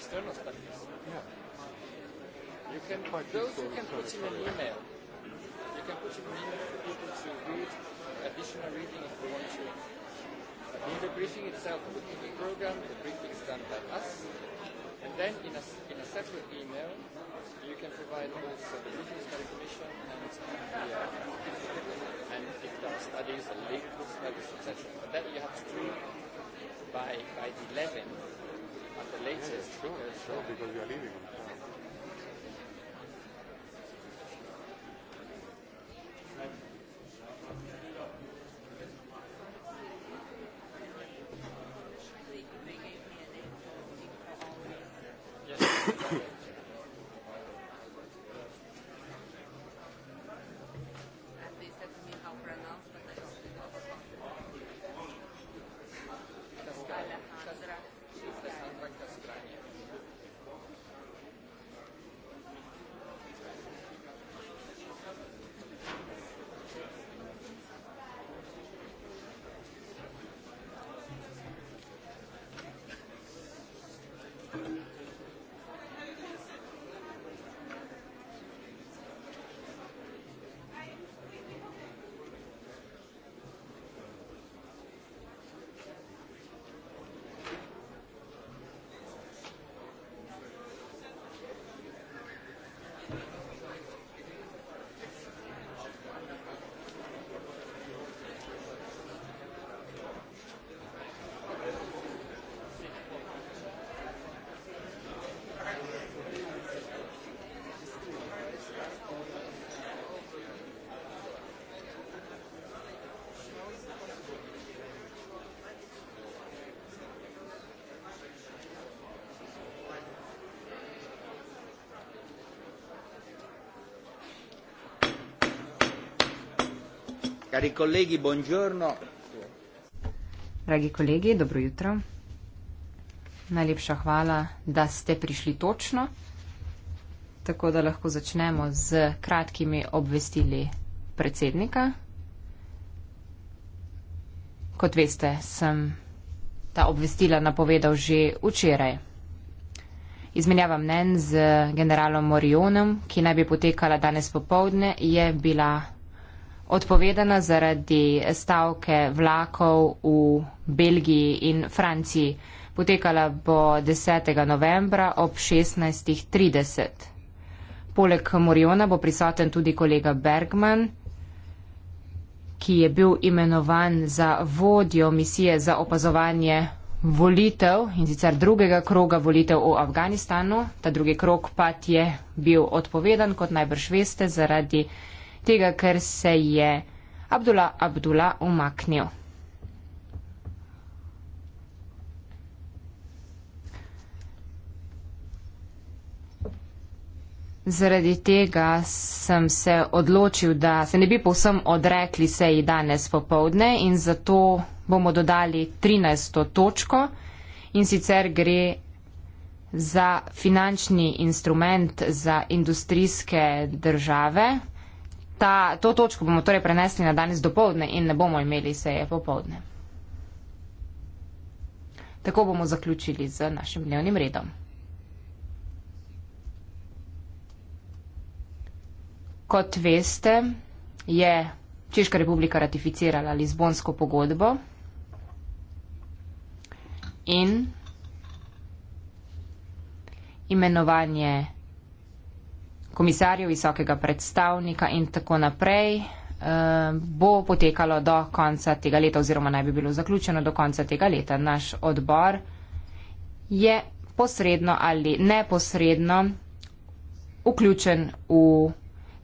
external studies. Yeah. You can, quite those you can put in an email. You can put in an email for people to read additional reading if they want to. In the briefing itself, in the program, the briefing is done by us. And then in a, in a separate email, you can provide also the briefing study commission and the uh, and if there are studies, a link to studies, etc. But then you have to do by, by the 11th later. Yeah, yeah, sure, sure, because we are leaving. Cari colleghi, buongiorno. Dragi kolegi, dobro jutro. Najlepša hvala, da ste prišli točno, tako da lahko začnemo z kratkimi obvestili predsednika. Kot veste, sem ta obvestila napovedal že včeraj. Izmenjava mnen z generalom Morionom, ki naj bi potekala danes popovdne, je bila odpovedana zaradi stavke vlakov v Belgiji in Franciji. Potekala bo 10. novembra ob 16.30. Poleg Moriona bo prisoten tudi kolega Bergman, ki je bil imenovan za vodjo misije za opazovanje volitev in sicer drugega kroga volitev v Afganistanu. Ta drugi krok pa je bil odpovedan, kot najbrž veste, zaradi tega, ker se je Abdullah Abdullah umaknil. Zaradi tega sem se odločil, da se ne bi povsem odrekli seji danes popovdne in zato bomo dodali 13. točko in sicer gre za finančni instrument za industrijske države, ta, to točko bomo torej prenesli na danes dopoledne in ne bomo imeli seje popoldne. Tako bomo zaključili z našim dnevnim redom. Kot veste, je Češka republika ratificirala Lizbonsko pogodbo in imenovanje komisarjev, visokega predstavnika in tako naprej eh, bo potekalo do konca tega leta oziroma naj bi bilo zaključeno do konca tega leta. Naš odbor je posredno ali neposredno vključen v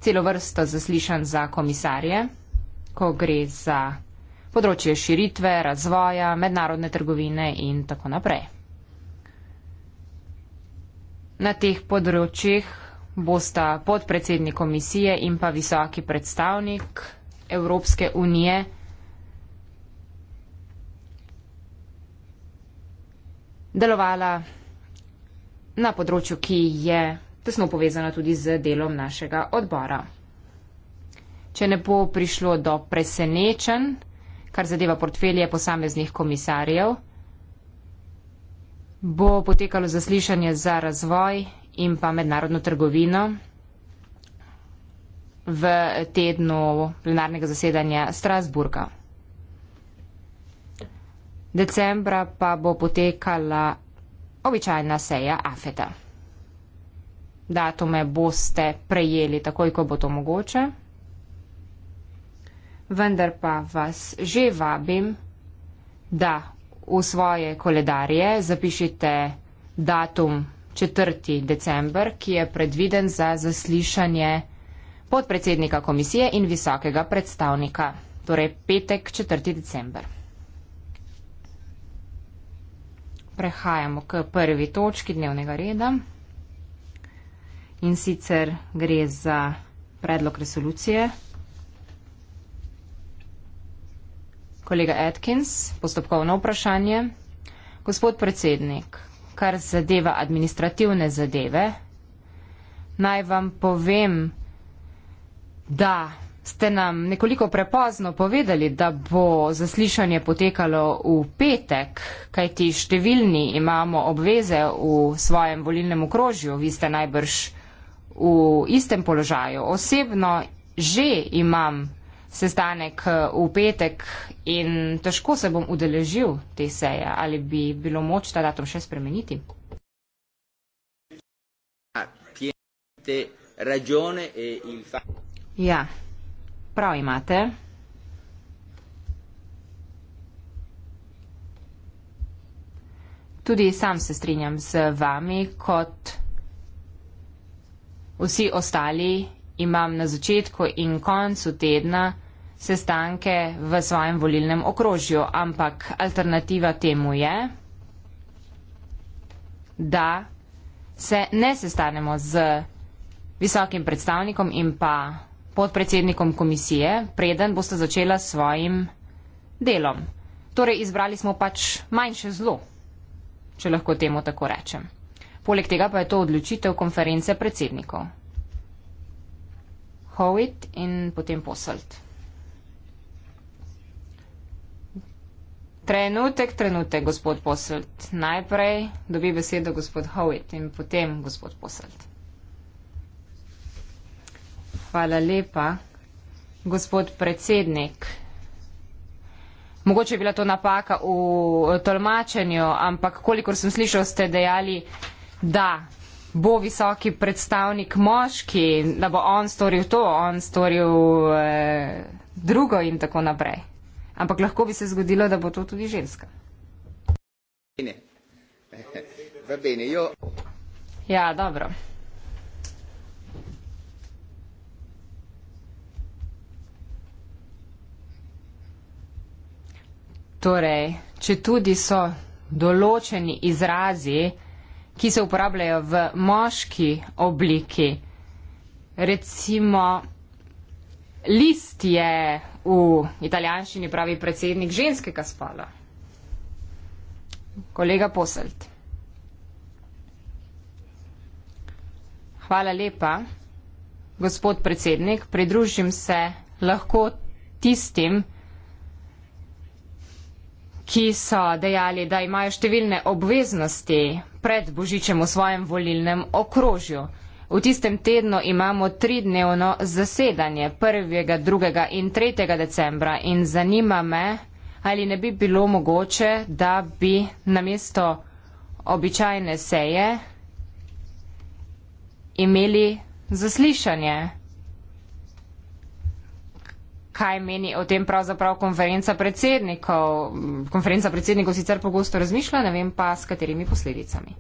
celo vrsto zaslišanj za komisarje, ko gre za področje širitve, razvoja, mednarodne trgovine in tako naprej. Na teh področjih bosta podpredsednik komisije in pa visoki predstavnik Evropske unije. Delovala na področju, ki je tesno povezana tudi z delom našega odbora. Če ne bo prišlo do presenečen, kar zadeva portfelje posameznih komisarjev, bo potekalo zaslišanje za razvoj in pa mednarodno trgovino v tednu plenarnega zasedanja Strasburga. Decembra pa bo potekala običajna seja AFETA. Datume boste prejeli takoj, ko bo to mogoče. Vendar pa vas že vabim, da v svoje koledarje zapišite datum 4. december, ki je predviden za zaslišanje podpredsednika komisije in visokega predstavnika. Torej petek 4. december. Prehajamo k prvi točki dnevnega reda in sicer gre za predlog resolucije. Kolega Atkins, postopkovno vprašanje. Gospod predsednik, kar zadeva administrativne zadeve, naj vam povem, da ste nam nekoliko prepozno povedali, da bo zaslišanje potekalo v petek, kajti številni imamo obveze v svojem volilnem okrožju, vi ste najbrž v istem položaju. Osebno že imam sestanek eh, v petek in težko se bom udeležil te seje. Ali bi bilo moč ta datum še spremeniti? E ja, prav imate. Tudi sam se strinjam z vami, kot vsi ostali imam na začetku in koncu tedna sestanke v svojem volilnem okrožju, ampak alternativa temu je, da se ne sestanemo z visokim predstavnikom in pa podpredsednikom komisije, preden boste začela svojim delom. Torej, izbrali smo pač manjše zlo, če lahko temu tako rečem. Poleg tega pa je to odločitev konference predsednikov. Hovit in potem posalt. Trenutek, trenutek, gospod Poselt. Najprej dobi besedo gospod Howitt in potem gospod Poselt. Hvala lepa. Gospod predsednik, mogoče je bila to napaka v eh, tolmačenju, ampak kolikor sem slišal, ste dejali, da bo visoki predstavnik moški, da bo on storil to, on storil eh, drugo in tako naprej. Ampak lahko bi se zgodilo, da bo to tudi ženska. V bene, jo. Ja, dobro. Torej, če tudi so določeni izrazi, ki se uporabljajo v moški obliki, recimo list je v italijanščini pravi predsednik ženskega spola. Kolega Poselt. Hvala lepa, gospod predsednik. Pridružim se lahko tistim, ki so dejali, da imajo številne obveznosti pred Božičem v svojem volilnem okrožju. V tistem tednu imamo tridnevno zasedanje 1., 2. in 3. decembra in zanima me, ali ne bi bilo mogoče, da bi namesto običajne seje imeli zaslišanje. Kaj meni o tem pravzaprav konferenca predsednikov? Konferenca predsednikov sicer pogosto razmišlja, ne vem pa s katerimi posledicami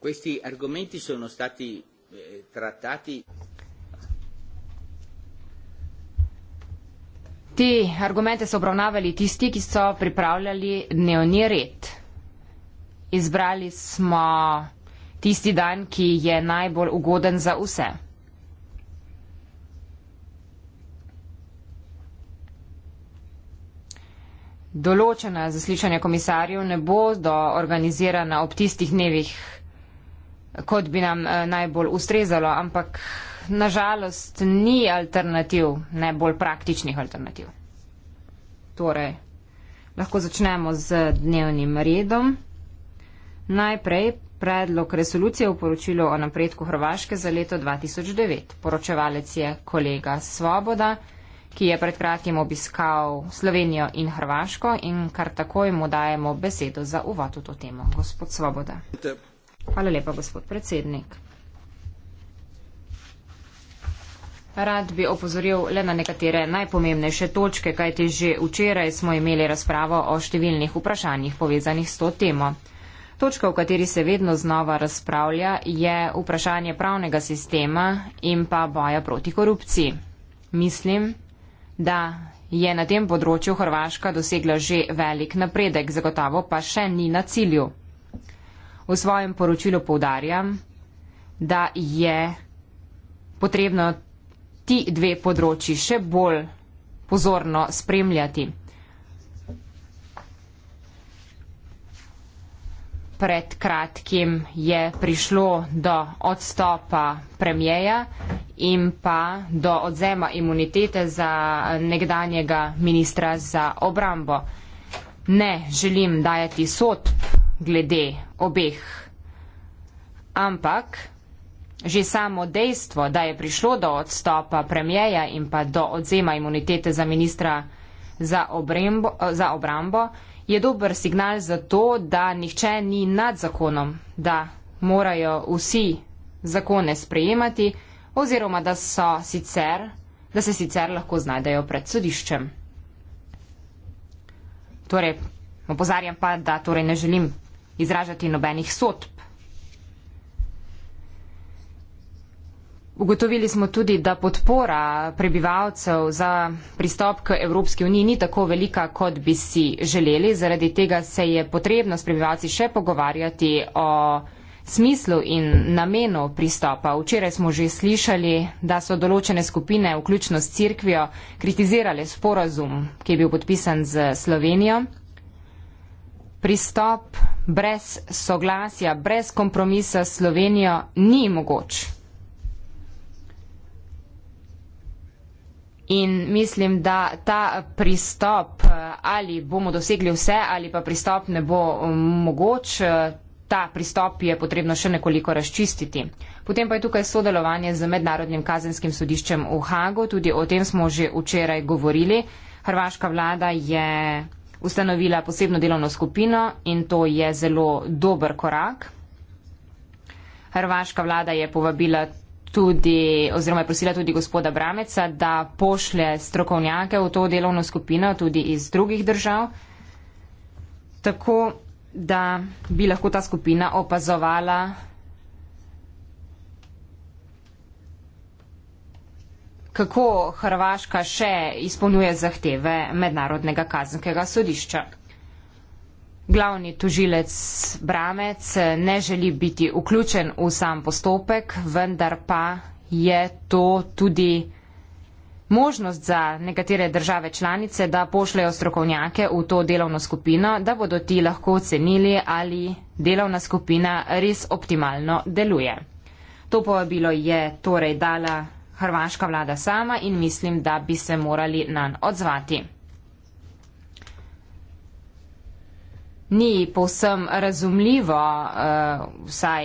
questi argomenti sono stati eh, trattati. Ti argumente so obravnavali tisti, ki so pripravljali dnevni red. Izbrali smo tisti dan, ki je najbolj ugoden za vse. Določena zaslišanja komisarjev ne bodo organizirana ob tistih dnevih, kot bi nam eh, najbolj ustrezalo, ampak nažalost ni alternativ, ne bolj praktičnih alternativ. Torej, lahko začnemo z dnevnim redom. Najprej predlog resolucije v poročilu o napredku Hrvaške za leto 2009. Poročevalec je kolega Svoboda, ki je pred kratkim obiskal Slovenijo in Hrvaško in kar takoj mu dajemo besedo za uvod v to temo. Gospod Svoboda. Hvala lepa, gospod predsednik. Rad bi opozoril le na nekatere najpomembnejše točke, kajti že včeraj smo imeli razpravo o številnih vprašanjih povezanih s to temo. Točka, o kateri se vedno znova razpravlja, je vprašanje pravnega sistema in pa boja proti korupciji. Mislim, da je na tem področju Hrvaška dosegla že velik napredek, zagotovo pa še ni na cilju v svojem poročilu povdarjam, da je potrebno ti dve področji še bolj pozorno spremljati. Pred kratkim je prišlo do odstopa premjeja in pa do odzema imunitete za nekdanjega ministra za obrambo. Ne želim dajati sodb glede obeh. Ampak že samo dejstvo, da je prišlo do odstopa premjeja in pa do odzema imunitete za ministra za, obrembo, za obrambo, je dober signal za to, da nihče ni nad zakonom, da morajo vsi zakone sprejemati oziroma da, sicer, da se sicer lahko znajdejo pred sodiščem. Torej, opozarjam pa, da torej ne želim izražati nobenih sodb. Ugotovili smo tudi, da podpora prebivalcev za pristop k Evropski uniji ni tako velika, kot bi si želeli. Zaradi tega se je potrebno s prebivalci še pogovarjati o smislu in namenu pristopa. Včeraj smo že slišali, da so določene skupine, vključno s crkvijo, kritizirale sporazum, ki je bil podpisan z Slovenijo pristop brez soglasja, brez kompromisa s Slovenijo ni mogoč. In mislim, da ta pristop ali bomo dosegli vse ali pa pristop ne bo um, mogoč, eh, ta pristop je potrebno še nekoliko razčistiti. Potem pa je tukaj sodelovanje z Mednarodnim kazenskim sodiščem v Hagu, tudi o tem smo že včeraj govorili. Hrvaška vlada je ustanovila posebno delovno skupino in to je zelo dober korak. Hrvaška vlada je povabila tudi oziroma je prosila tudi gospoda Brameca, da pošlje strokovnjake v to delovno skupino tudi iz drugih držav, tako da bi lahko ta skupina opazovala kako Hrvaška še izpolnjuje zahteve mednarodnega kazenskega sodišča. Glavni tožilec Bramec ne želi biti vključen v sam postopek, vendar pa je to tudi možnost za nekatere države članice, da pošljajo strokovnjake v to delovno skupino, da bodo ti lahko ocenili, ali delovna skupina res optimalno deluje. To povabilo je torej dala hrvaška vlada sama in mislim, da bi se morali na nj odzvati. Ni povsem razumljivo uh, vsaj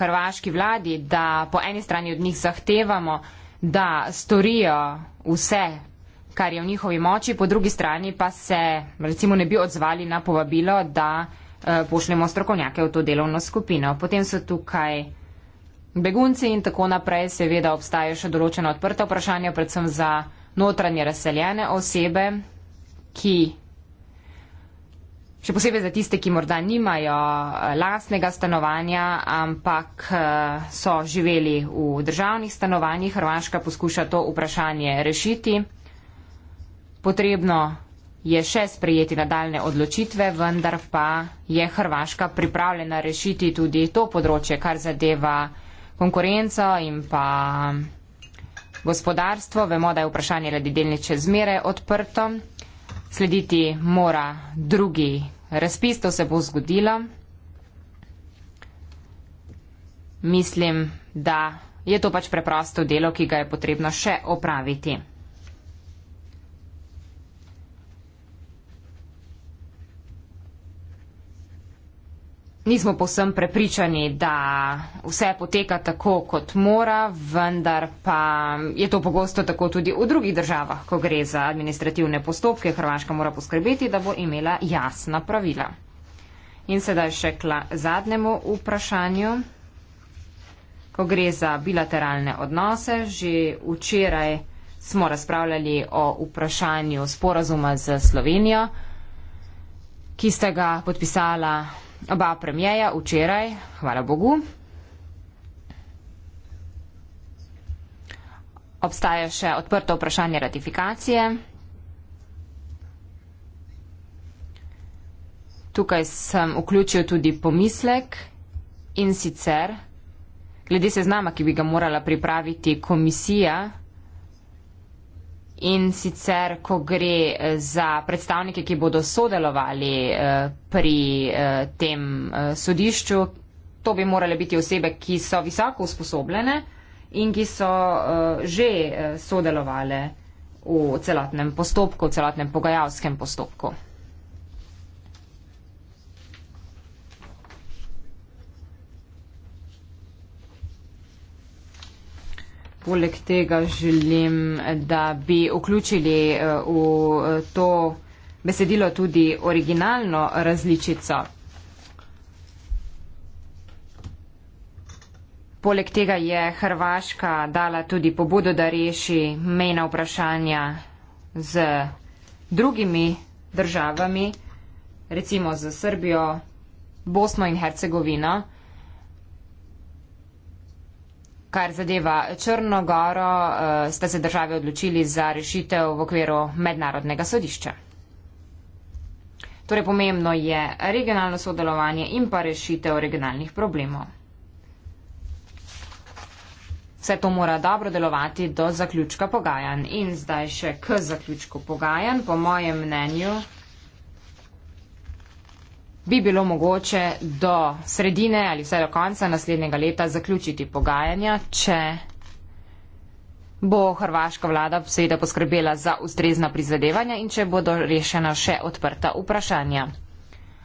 hrvaški vladi, da po eni strani od njih zahtevamo, da storijo vse, kar je v njihovi moči, po drugi strani pa se recimo ne bi odzvali na povabilo, da uh, pošljemo strokovnjake v to delovno skupino. Potem so tukaj uh, begunci in tako naprej, seveda obstaja še določena odprta vprašanja, predvsem za notranje razseljene osebe, ki. Še posebej za tiste, ki morda nimajo eh, lastnega stanovanja, ampak eh, so živeli v državnih stanovanjih, Hrvaška poskuša to vprašanje rešiti. Potrebno je še sprejeti nadaljne odločitve, vendar pa je Hrvaška pripravljena rešiti tudi to področje, kar zadeva konkurenco in pa gospodarstvo. Vemo, da je vprašanje ledidelniče zmere odprto. Slediti mora drugi razpis, to se bo zgodilo. Mislim, da je to pač preprosto delo, ki ga je potrebno še opraviti. nismo posem prepričani, da vse poteka tako, kot mora, vendar pa je to pogosto tako tudi v drugih državah, ko gre za administrativne postopke. Hrvaška mora poskrbeti, da bo imela jasna pravila. In sedaj še k zadnjemu vprašanju. Ko gre za bilateralne odnose, že včeraj smo razpravljali o vprašanju sporazuma z Slovenijo, ki ste ga podpisala oba premjeja včeraj, hvala Bogu. Obstaja še odprto vprašanje ratifikacije. Tukaj sem vključil tudi pomislek in sicer glede seznama, ki bi ga morala pripraviti komisija, in sicer, ko gre eh, za predstavnike, ki bodo sodelovali eh, pri eh, tem sodišču, to bi morale biti osebe, ki so visoko usposobljene in ki so že sodelovali v celotnem postopku, v celotnem pogajalskem postopku. poleg tega želim, da bi vključili eh, v eh, to besedilo tudi originalno različico. Poleg tega je Hrvaška dala tudi pobudo, da reši mejna vprašanja z drugimi državami, recimo z Srbijo, Bosno in Hercegovino. Kar zadeva Črnogoro, eh, sta se države odločili za rešitev v okviru mednarodnega sodišča. Torej pomembno je regionalno sodelovanje in pa rešitev regionalnih problemov. Vse to mora dobro delovati do zaključka pogajanj. In zdaj še k zaključku pogajanj. Po mojem mnenju bi bilo mogoče do sredine ali vse do konca naslednjega leta zaključiti pogajanja, če bo hrvaška vlada seveda poskrbela za ustrezna prizadevanja in če bodo rešena še odprta vprašanja.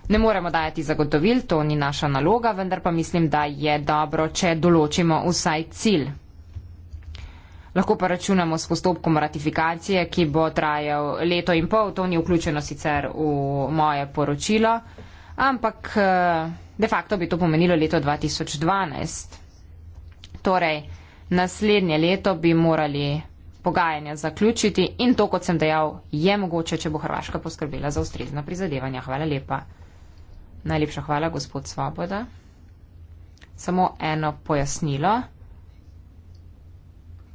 Ne moremo dajati zagotovil, to ni naša naloga, vendar pa mislim, da je dobro, če določimo vsaj cilj. Lahko pa računamo s postopkom ratifikacije, ki bo trajal leto in pol, to ni vključeno sicer v moje poročilo ampak eh, de facto bi to pomenilo leto 2012. Torej, naslednje leto bi morali pogajanja zaključiti in to, kot sem dejal, je mogoče, če bo Hrvaška poskrbela za ustrezna prizadevanja. Hvala lepa. Najlepša hvala, gospod Svoboda. Samo eno pojasnilo.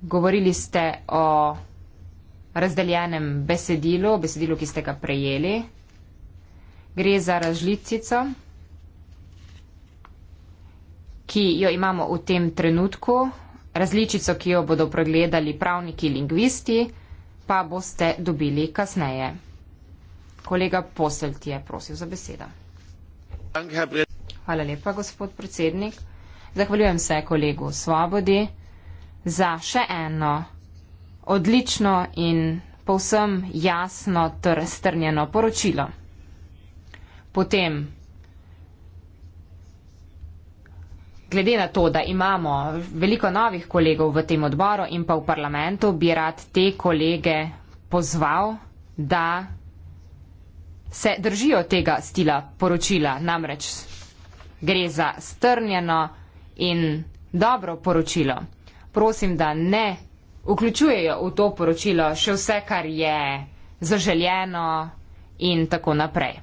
Govorili ste o razdeljenem besedilu, besedilu, ki ste ga prejeli gre za različico, ki jo imamo v tem trenutku, različico, ki jo bodo pregledali pravniki lingvisti, pa boste dobili kasneje. Kolega Posel ti je prosil za besedo. Hvala lepa, gospod predsednik. Zahvaljujem se kolegu Svobodi za še eno odlično in povsem jasno ter strnjeno poročilo potem glede na to, da imamo veliko novih kolegov v tem odboru in pa v parlamentu, bi rad te kolege pozval, da se držijo tega stila poročila, namreč gre za strnjeno in dobro poročilo. Prosim, da ne vključujejo v to poročilo še vse, kar je zaželjeno in tako naprej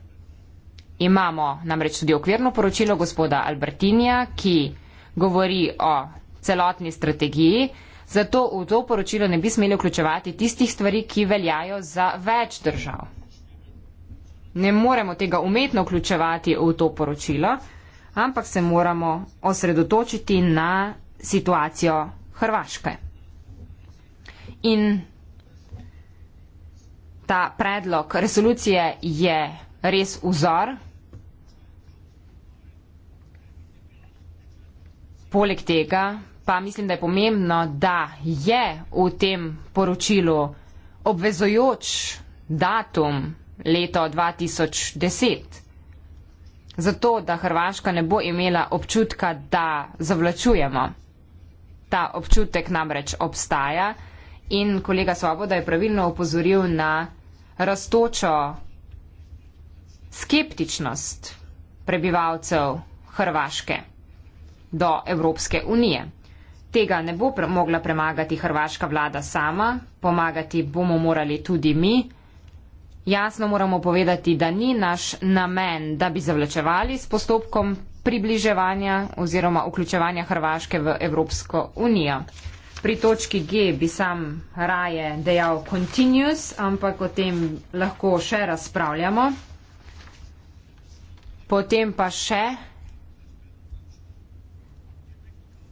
imamo namreč tudi okvirno poročilo gospoda Albertinija, ki govori o celotni strategiji, zato v to poročilo ne bi smeli vključevati tistih stvari, ki veljajo za več držav. Ne moremo tega umetno vključevati v to poročilo, ampak se moramo osredotočiti na situacijo Hrvaške. In ta predlog resolucije je res vzor, Poleg tega pa mislim, da je pomembno, da je v tem poročilu obvezojoč datum leto 2010. Zato, da Hrvaška ne bo imela občutka, da zavlačujemo. Ta občutek namreč obstaja in kolega Svoboda je pravilno upozoril na rastočo skeptičnost prebivalcev Hrvaške do Evropske unije. Tega ne bo pre mogla premagati hrvaška vlada sama, pomagati bomo morali tudi mi. Jasno moramo povedati, da ni naš namen, da bi zavlačevali s postopkom približevanja oziroma vključevanja Hrvaške v Evropsko unijo. Pri točki G bi sam raje dejal continuous, ampak o tem lahko še razpravljamo. Potem pa še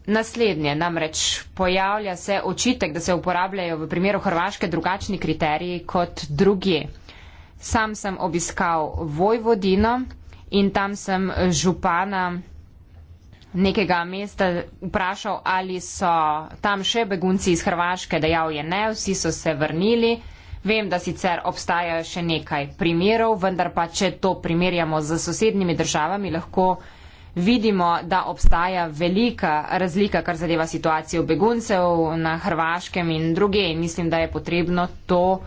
Naslednje, namreč pojavlja se očitek, da se uporabljajo v primeru Hrvaške drugačni kriteriji kot drugi. Sam sem obiskal Vojvodino in tam sem župana nekega mesta vprašal, ali so tam še begunci iz Hrvaške, dejal je ne, vsi so se vrnili. Vem, da sicer obstajajo še nekaj primerov, vendar pa če to primerjamo z sosednjimi državami, lahko vidimo, da obstaja velika razlika, kar zadeva situacijo beguncev na Hrvaškem in druge. Mislim, da je potrebno to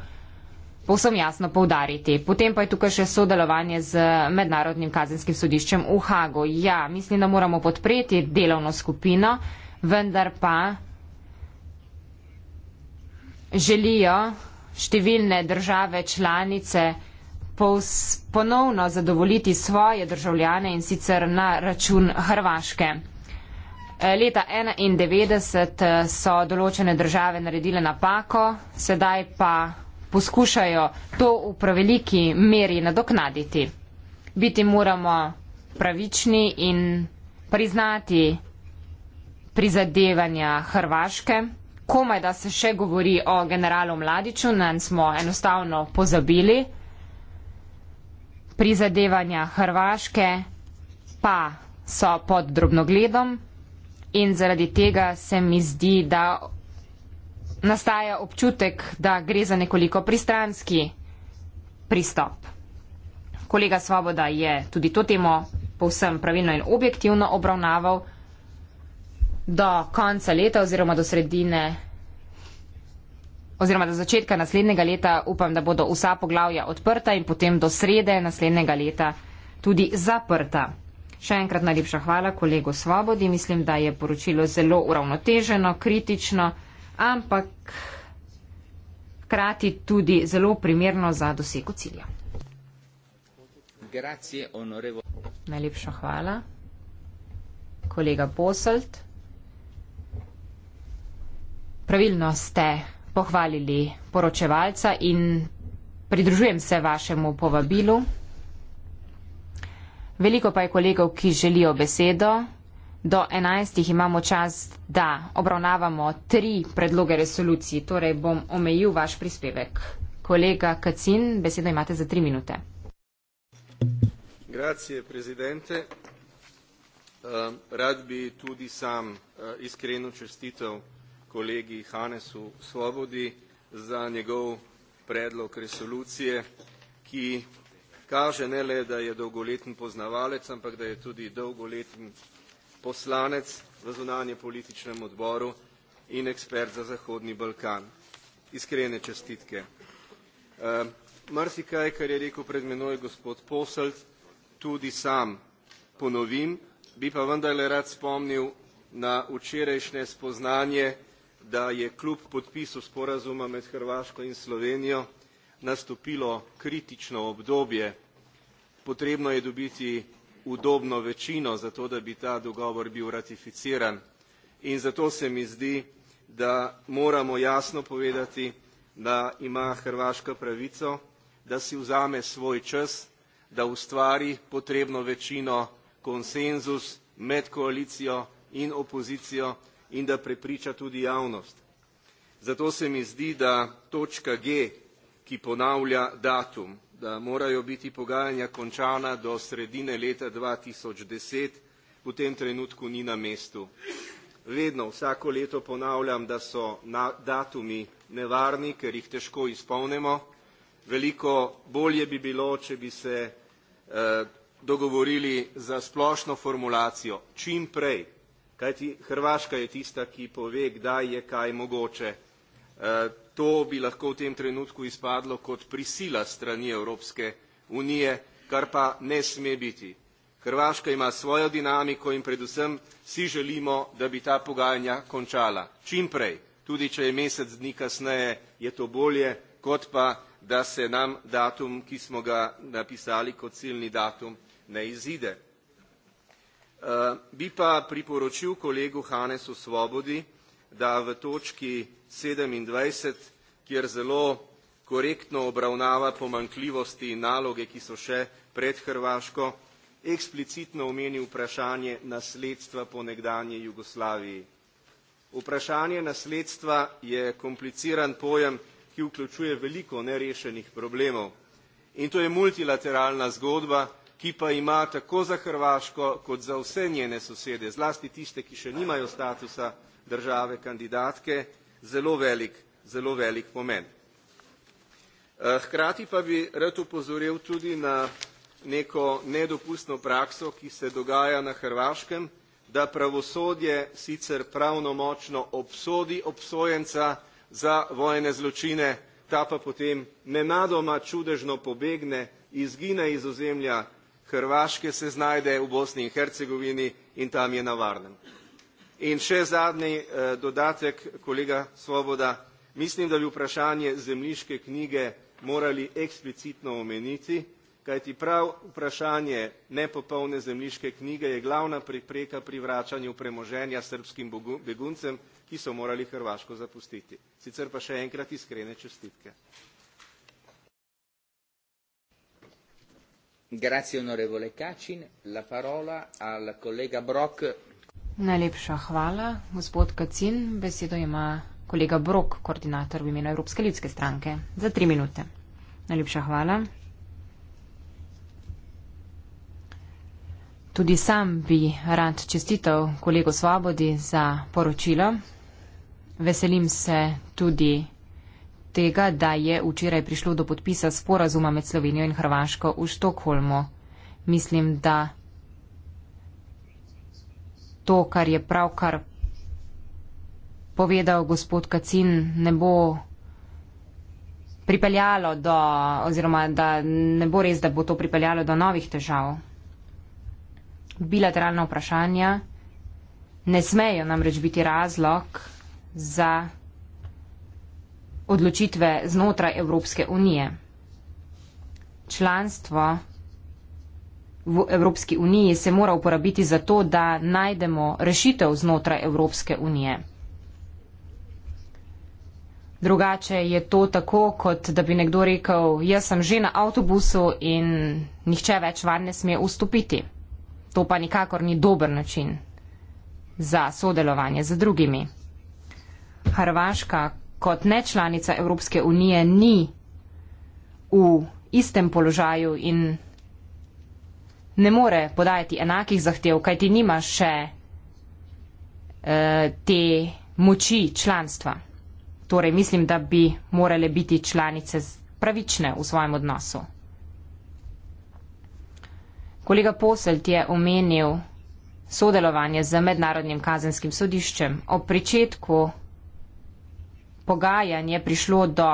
povsem jasno povdariti. Potem pa je tukaj še sodelovanje z Mednarodnim kazenskim sodiščem v Hagu. Ja, mislim, da moramo podpreti delovno skupino, vendar pa želijo številne države članice, ponovno zadovoljiti svoje državljane in sicer na račun Hrvaške. E, leta 1991 e, so določene države naredile napako, sedaj pa poskušajo to v preveliki meri nadoknaditi. Biti moramo pravični in priznati prizadevanja Hrvaške. Komaj da se še govori o generalu Mladiču, nam smo enostavno pozabili prizadevanja Hrvaške pa so pod drobnogledom in zaradi tega se mi zdi, da nastaja občutek, da gre za nekoliko pristranski pristop. Kolega Svoboda je tudi to temo povsem pravilno in objektivno obravnaval do konca leta oziroma do sredine leta oziroma do začetka naslednjega leta upam, da bodo vsa poglavja odprta in potem do srede naslednjega leta tudi zaprta. Še enkrat najlepša hvala kolegu Svobodi. Mislim, da je poročilo zelo uravnoteženo, kritično, ampak krati tudi zelo primerno za dosego cilja. Grazie, najlepša hvala. Kolega Poselt, pravilno ste pohvalili poročevalca in pridružujem se vašemu povabilu. Veliko pa je kolegov, ki želijo besedo. Do 11. imamo čas, da obravnavamo tri predloge resoluciji, torej bom omejil vaš prispevek. Kolega Kacin, besedo imate za tri minute. Grazie, prezidente. Eh, rad bi tudi sam eh, iskreno čestitev kolegi Hanesu Svobodi za njegov predlog resolucije, ki kaže ne le, da je dolgoletni poznavalec, ampak da je tudi dolgoletni poslanec v zunanje političnem odboru in ekspert za Zahodni Balkan. Iskrene čestitke. E, ehm, Mrsi kaj, kar je rekel pred menoj gospod Poselt, tudi sam ponovim, bi pa vendarle rad spomnil na včerajšnje spoznanje da je kljub podpisu sporazuma med Hrvaško in Slovenijo nastopilo kritično obdobje. Potrebno je dobiti udobno večino za to, da bi ta dogovor bil ratificiran. In zato se mi zdi, da moramo jasno povedati, da ima Hrvaška pravico, da si vzame svoj čas, da ustvari potrebno večino konsenzus med koalicijo in opozicijo, in da prepriča tudi javnost. Zato se mi zdi, da točka G, ki ponavlja datum, da morajo biti pogajanja končana do sredine leta 2010, v tem trenutku ni na mestu. Vedno, vsako leto ponavljam, da so na, datumi nevarni, ker jih težko izpolnemo. Veliko bolje bi bilo, če bi se eh, dogovorili za splošno formulacijo čim prej, kajti Hrvaška je tista, ki pove, kdaj je kaj mogoče. E, to bi lahko v tem trenutku izpadlo kot prisila strani Evropske unije, kar pa ne sme biti. Hrvaška ima svojo dinamiko in predvsem si želimo, da bi ta pogajanja končala čim prej, tudi če je mesec dni kasneje, je to bolje, kot pa, da se nam datum, ki smo ga napisali kot ciljni datum, ne izide. Eh, bi pa priporočil kolegu Hanesu Svobodi, da v točki 27, kjer zelo korektno obravnava pomankljivosti in naloge, ki so še pred Hrvaško, eksplicitno omeni vprašanje nasledstva po nekdanji Jugoslaviji. Vprašanje nasledstva je kompliciran pojem, ki vključuje veliko nerešenih problemov. In to je multilateralna zgodba, ki pa ima tako za Hrvaško kot za vse njene sosede, zlasti tiste, ki še nimajo statusa države kandidatke, zelo velik, zelo velik pomen. Eh, hkrati pa bi rad upozoril tudi na neko nedopustno prakso, ki se dogaja na Hrvaškem, da pravosodje sicer pravnomočno obsodi obsojenca za vojne zločine, ta pa potem nenadoma čudežno pobegne, izgine iz ozemlja Hrvaške se znajde v Bosni in Hercegovini in tam je na varnem. In še zadnji eh, dodatek, kolega Svoboda, mislim, da bi vprašanje zemljiške knjige morali eksplicitno omeniti, kajti prav vprašanje nepopolne zemljiške knjige je glavna prepreka pri vračanju premoženja srbskim beguncem, ki so morali Hrvaško zapustiti. Sicer pa še enkrat iskrene čestitke. Grazie onorevole Kacin. La parola al collega Brock. Najlepša hvala, gospod Kacin. Besedo ima kolega Brok, koordinator v imenu Evropske ljudske stranke, za tri minute. Najlepša hvala. Tudi sam bi rad čestitev kolego Svobodi za poročilo. Veselim se tudi tega, da je včeraj prišlo do podpisa sporazuma med Slovenijo in Hrvaško v Štokholmu. Mislim, da to, kar je pravkar povedal gospod Kacin, ne bo pripeljalo do, oziroma da ne bo res, da bo to pripeljalo do novih težav. Bilateralna vprašanja ne smejo namreč biti razlog za odločitve znotraj Evropske unije. Članstvo v Evropski uniji se mora uporabiti za to, da najdemo rešitev znotraj Evropske unije. Drugače je to tako, kot da bi nekdo rekel, jaz sem že na avtobusu in nihče več van ne sme vstopiti. To pa nikakor ni dober način za sodelovanje z drugimi. Hrvaška, kot ne članica Evropske unije ni v istem položaju in ne more podajati enakih zahtev, kaj ti nima še eh, te moči članstva. Torej, mislim, da bi morale biti članice pravične v svojem odnosu. Kolega Poselt je omenil sodelovanje z Mednarodnim kazenskim sodiščem. Ob pričetku pogajanj je prišlo do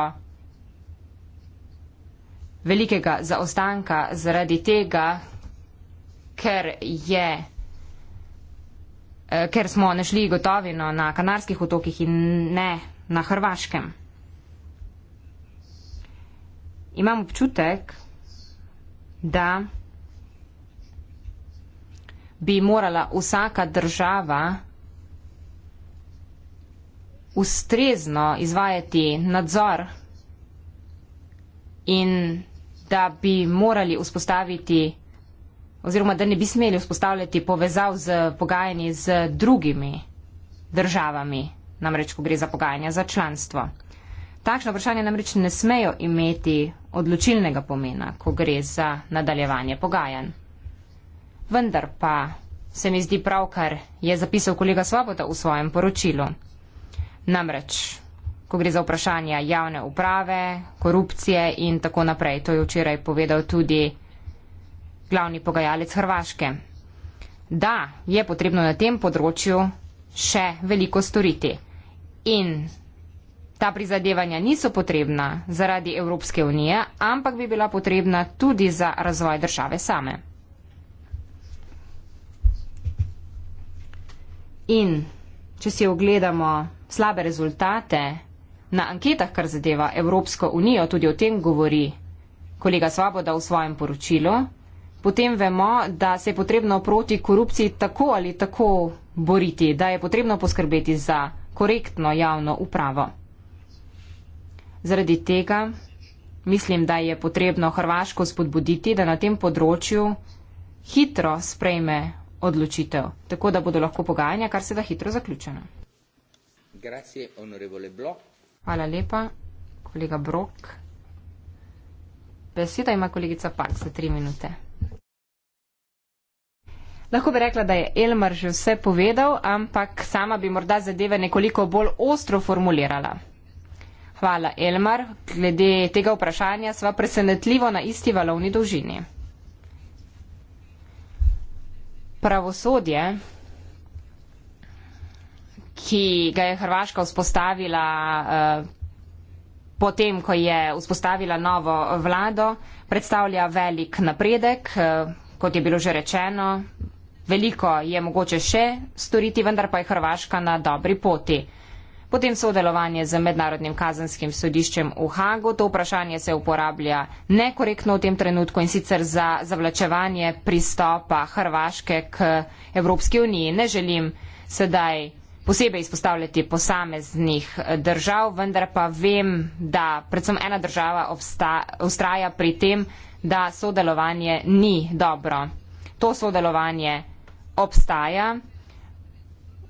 velikega zaostanka zaradi tega, ker je eh, ker smo našli gotovino na Kanarskih otokih in ne na Hrvaškem. Imam občutek, da bi morala vsaka država ustrezno izvajati nadzor in da bi morali vzpostaviti oziroma da ne bi smeli vzpostavljati povezav z pogajanji z drugimi državami, namreč ko gre za pogajanja za članstvo. Takšno vprašanje namreč ne smejo imeti odločilnega pomena, ko gre za nadaljevanje pogajanj. Vendar pa se mi zdi prav, kar je zapisal kolega Svoboda v svojem poročilu. Namreč, ko gre za vprašanja javne uprave, korupcije in tako naprej, to je včeraj povedal tudi glavni pogajalec Hrvaške. Da, je potrebno na tem področju še veliko storiti. In ta prizadevanja niso potrebna zaradi Evropske unije, ampak bi bila potrebna tudi za razvoj države same. In če si ogledamo slabe rezultate na anketah, kar zadeva Evropsko unijo, tudi o tem govori kolega Svoboda v svojem poročilu, potem vemo, da se je potrebno proti korupciji tako ali tako boriti, da je potrebno poskrbeti za korektno javno upravo. Zaradi tega mislim, da je potrebno Hrvaško spodbuditi, da na tem področju hitro sprejme odločitev, tako da bodo lahko pogajanja kar se da hitro zaključena. Hvala lepa, kolega Brok. Beseda ima kolegica Park za tri minute. Lahko bi rekla, da je Elmar že vse povedal, ampak sama bi morda zadeve nekoliko bolj ostro formulirala. Hvala, Elmar. Glede tega vprašanja sva presenetljivo na isti valovni dolžini. Pravosodje ki ga je Hrvaška vzpostavila eh, potem, ko je vzpostavila novo vlado, predstavlja velik napredek, eh, kot je bilo že rečeno. Veliko je mogoče še storiti, vendar pa je Hrvaška na dobri poti. Potem sodelovanje z Mednarodnim kazenskim sodiščem v Hagu. To vprašanje se uporablja nekorektno v tem trenutku in sicer za zavlačevanje pristopa Hrvaške k Evropski uniji. Ne želim sedaj posebej izpostavljati posameznih eh, držav, vendar pa vem, da predvsem ena država obsta, ustraja pri tem, da sodelovanje ni dobro. To sodelovanje obstaja.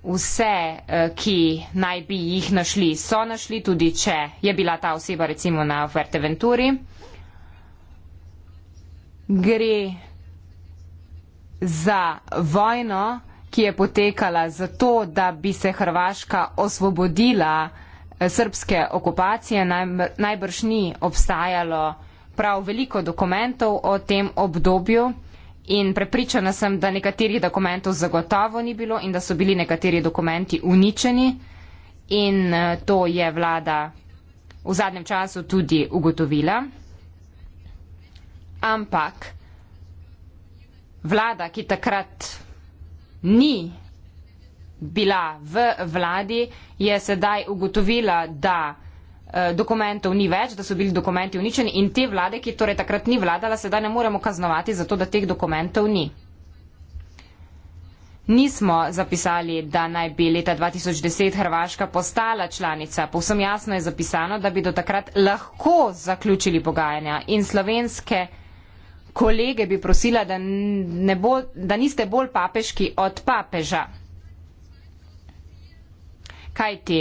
Vse, eh, ki naj bi jih našli, so našli, tudi če je bila ta oseba recimo na Fuerteventuri. Gre za vojno, ki je potekala za to, da bi se Hrvaška osvobodila eh, srpske okupacije, najbrž ni obstajalo prav veliko dokumentov o tem obdobju in prepričana sem, da nekaterih dokumentov zagotovo ni bilo in da so bili nekateri dokumenti uničeni in eh, to je vlada v zadnjem času tudi ugotovila. Ampak vlada, ki takrat ni bila v vladi, je sedaj ugotovila, da eh, dokumentov ni več, da so bili dokumenti uničeni in te vlade, ki torej takrat ni vladala, sedaj ne moremo kaznovati za to, da teh dokumentov ni. Nismo zapisali, da naj bi leta 2010 Hrvaška postala članica. Povsem jasno je zapisano, da bi do takrat lahko zaključili pogajanja in slovenske kolege bi prosila, da, ne bo, da niste bolj papeški od papeža. Kaj ti?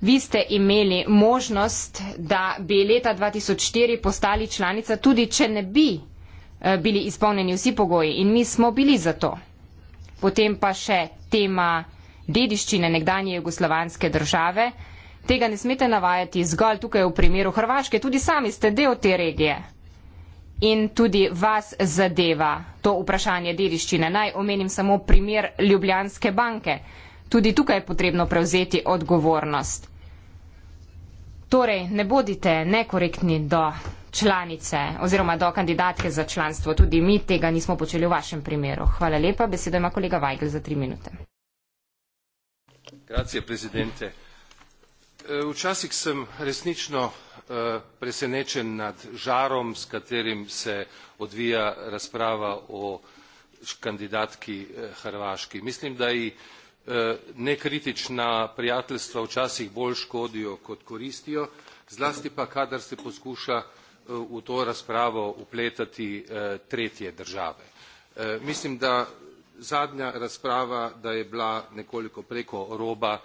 Vi ste imeli možnost, da bi leta 2004 postali članica, tudi če ne bi eh, bili izpolnjeni vsi pogoji in mi smo bili za to. Potem pa še tema dediščine nekdanje jugoslovanske države. Tega ne smete navajati zgolj tukaj v primeru Hrvaške, tudi sami ste del te regije in tudi vas zadeva to vprašanje dediščine. Naj omenim samo primer Ljubljanske banke. Tudi tukaj je potrebno prevzeti odgovornost. Torej, ne bodite nekorektni do članice oziroma do kandidatke za članstvo. Tudi mi tega nismo počeli v vašem primeru. Hvala lepa. Besedo ima kolega Vajgl za tri minute. Grazie, prezidente. Eh, včasih sem resnično Eh, presenečen nad žarom s katerim se odvija razprava o kandidatki eh, hrvaški. mislim da ji eh, nekritična prijateljstva včasih bolj škodijo kot koristijo zlasti pa kadar se poskuša v to razpravo vpletati tretje države. mislim da zadnja razprava da je bila nekoliko preko roba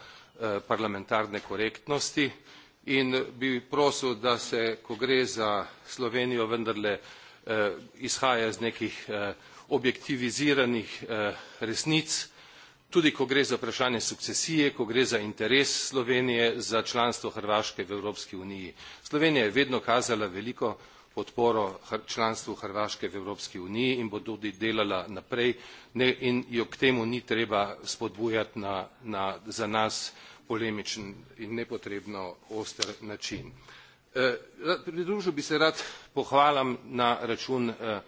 parlamentarne korektnosti in bi prosil da se ko gre za slovenijo vendarle eh, izhaja iz nekih eh, objektiviziranih eh, resnic tudi ko gre za vprašanje sukcesije ko gre za interes slovenije za članstvo hrvaške v evropski uniji. slovenija je vedno kazala veliko podporo članstvu hrvaške v evropski uniji in bo tudi delala naprej in jo k temu ni treba spodbujati na za nas polemičen in nepotrebno oster način. Eh, pridružil bi se rad pohvalam na račun eh,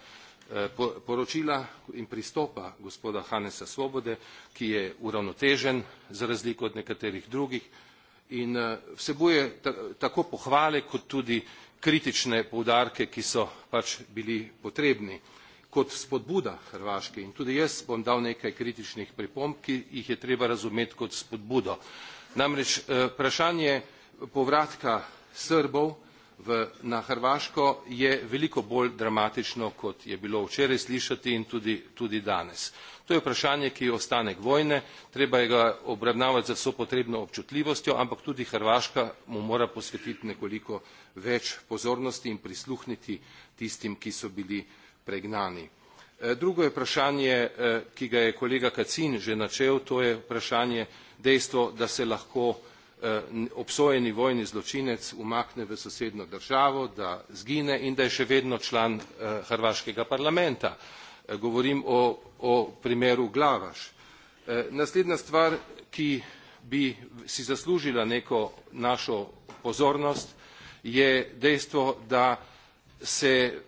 eh, poročila in pristopa gospoda Hannesa Svobode, ki je uravnotežen za razliko od nekaterih drugih in vsebuje tako pohvale kot tudi kritične poudarke, ki so pač bili potrebni. Kot spodbuda Hrvaške in tudi jaz bom dal nekaj kritičnih pripomb, ki jih je treba razumeti kot spodbudo namreč eh, vprašanje povratka srbov na hrvaško je veliko bolj dramatično kot je bilo včeraj slišati in tudi danes. to je vprašanje ki je ostanek vojne treba ga je obravnavati z vso potrebno občutljivostjo ampak tudi hrvaška mu mora posvetiti nekoliko več pozornosti in prisluhniti tistim ki so bili pregnani. E, drugo je vprašanje e, ki ga je kolega kacin že načel to je vprašanje dejstvo da se lahko e, obsojeni vojni zločinec umakne v sosednjo državo da izgine in da je še vedno član hrvaškega parlamenta govorim o primeru glavaš. naslednja stvar ki bi si zaslužila neko našo pozornost je dejstvo da se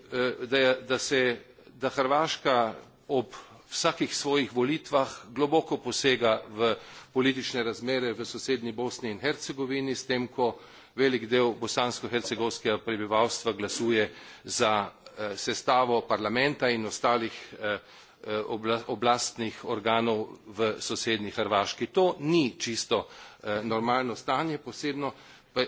da hrvaška ob vsakih svojih volitvah globoko posega v politične razmere v sosednji bosni in hercegovini s tem ko velik del bosansko hercegovskega prebivalstva glasuje za eh, sestavo parlamenta in ostalih eh, eh, oblastnih organov v sosednji hrvaški. to ni čisto normalno stanje posebno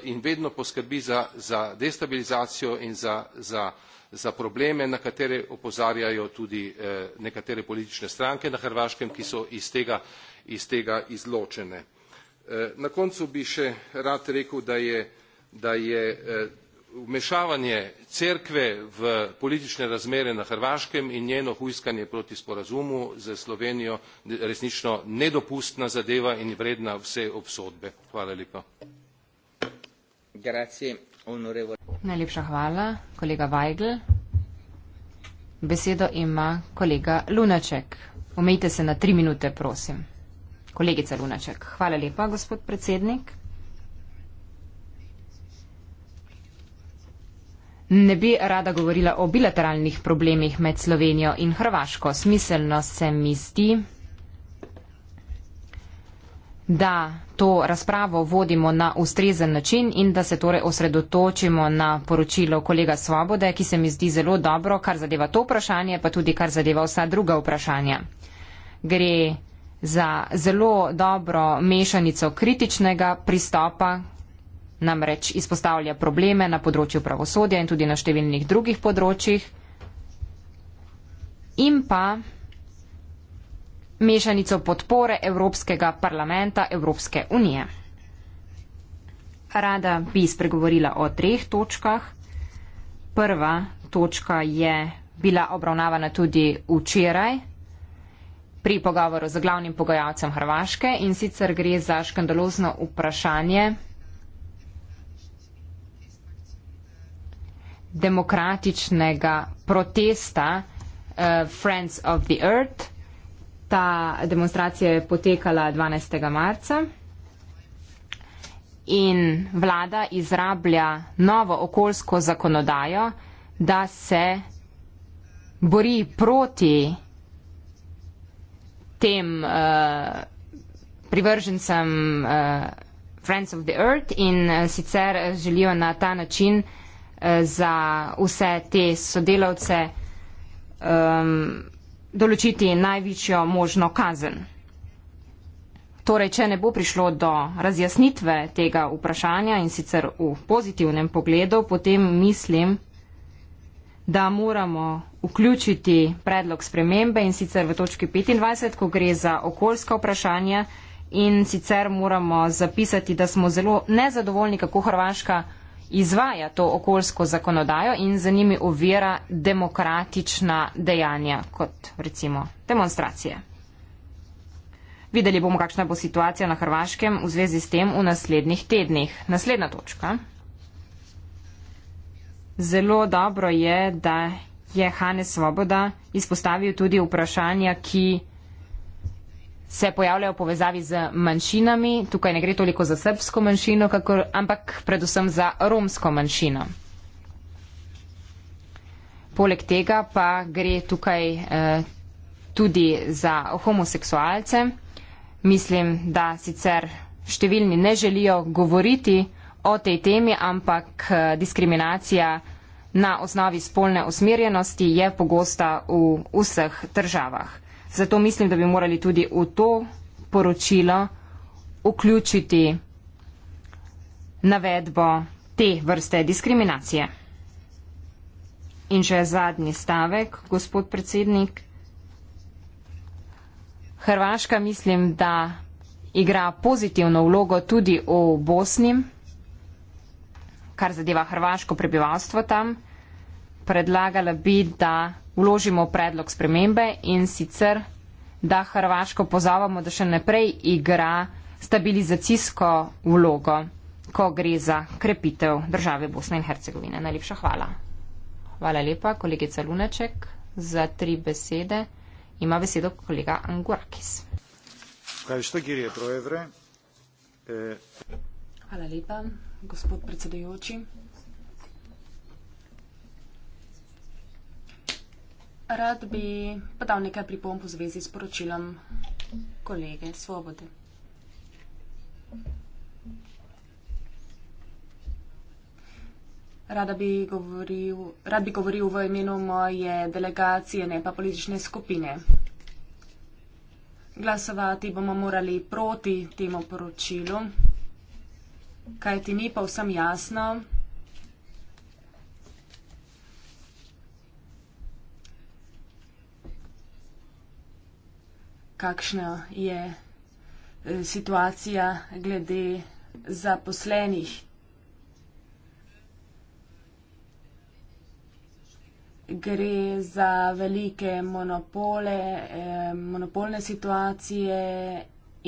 in vedno poskrbi za destabilizacijo in za za probleme na katere opozarjajo tudi eh, nekatere politične stranke na hrvaškem ki so iz tega, iz tega izločene. Eh, na koncu bi še rad rekel da je, da je eh, vmešavanje cerkve v politične razmere na hrvaškem in njeno hujskanje proti sporazumu s slovenijo resnično nedopustna zadeva in vredna vse obsodbe. hvala lepa. Najlepša hvala, kolega Vajgl. Besedo ima kolega Lunaček. Omejite se na tri minute, prosim. Kolegica Lunaček. Hvala lepa, gospod predsednik. Ne bi rada govorila o bilateralnih problemih med Slovenijo in Hrvaško. Smiselno se mi zdi, da to razpravo vodimo na ustrezen način in da se torej osredotočimo na poročilo kolega Svobode, ki se mi zdi zelo dobro, kar zadeva to vprašanje, pa tudi kar zadeva vsa druga vprašanja. Gre za zelo dobro mešanico kritičnega pristopa, namreč izpostavlja probleme na področju pravosodja in tudi na številnih drugih področjih. In pa mešanico podpore Evropskega parlamenta Evropske unije. Rada bi spregovorila o treh točkah. Prva točka je bila obravnavana tudi včeraj pri pogovoru z glavnim pogajalcem Hrvaške in sicer gre za škandalozno vprašanje demokratičnega protesta uh, Friends of the Earth ta demonstracija je potekala 12. marca in vlada izrablja novo okoljsko zakonodajo, da se bori proti tem uh, privržencem uh, Friends of the Earth in uh, sicer želijo na ta način uh, za vse te sodelavce um, določiti največjo možno kazen. Torej, če ne bo prišlo do razjasnitve tega vprašanja in sicer v pozitivnem pogledu, potem mislim, da moramo vključiti predlog spremembe in sicer v točki 25, ko gre za okoljska vprašanja in sicer moramo zapisati, da smo zelo nezadovoljni, kako Hrvaška izvaja to okoljsko zakonodajo in za njimi uvira demokratična dejanja, kot recimo demonstracije. Videli bomo, kakšna bo situacija na Hrvaškem v zvezi s tem v naslednjih tednih. Naslednja točka. Zelo dobro je, da je Hane Svoboda izpostavil tudi vprašanja, ki se pojavljajo povezavi z manjšinami, tukaj ne gre toliko za srpsko manjšino, kakor, ampak predvsem za romsko manjšino. Poleg tega pa gre tukaj eh, tudi za homoseksualce. Mislim, da sicer številni ne želijo govoriti o tej temi, ampak eh, diskriminacija na osnovi spolne usmerjenosti je pogosta v vseh državah. Zato mislim, da bi morali tudi v to poročilo vključiti navedbo te vrste diskriminacije. In še zadnji stavek, gospod predsednik. Hrvaška mislim, da igra pozitivno vlogo tudi v Bosni, kar zadeva hrvaško prebivalstvo tam. Predlagala bi, da vložimo predlog spremembe in sicer, da Hrvaško pozovemo, da še naprej igra stabilizacijsko vlogo, ko gre za krepitev države Bosne in Hercegovine. Najlepša hvala. Hvala lepa, kolegica Lunaček, za tri besede. Ima besedo kolega Angurakis. Hvala lepa, gospod predsedujoči. Rad bi podal nekaj pripomb v zvezi s poročilom kolege Svobode. Rada bi govoril, rad bi govoril v imenu moje delegacije, ne pa politične skupine. Glasovati bomo morali proti temu poročilu, kajti ni povsem jasno, kakšna je eh, situacija glede zaposlenih. Gre za velike monopole, eh, monopolne situacije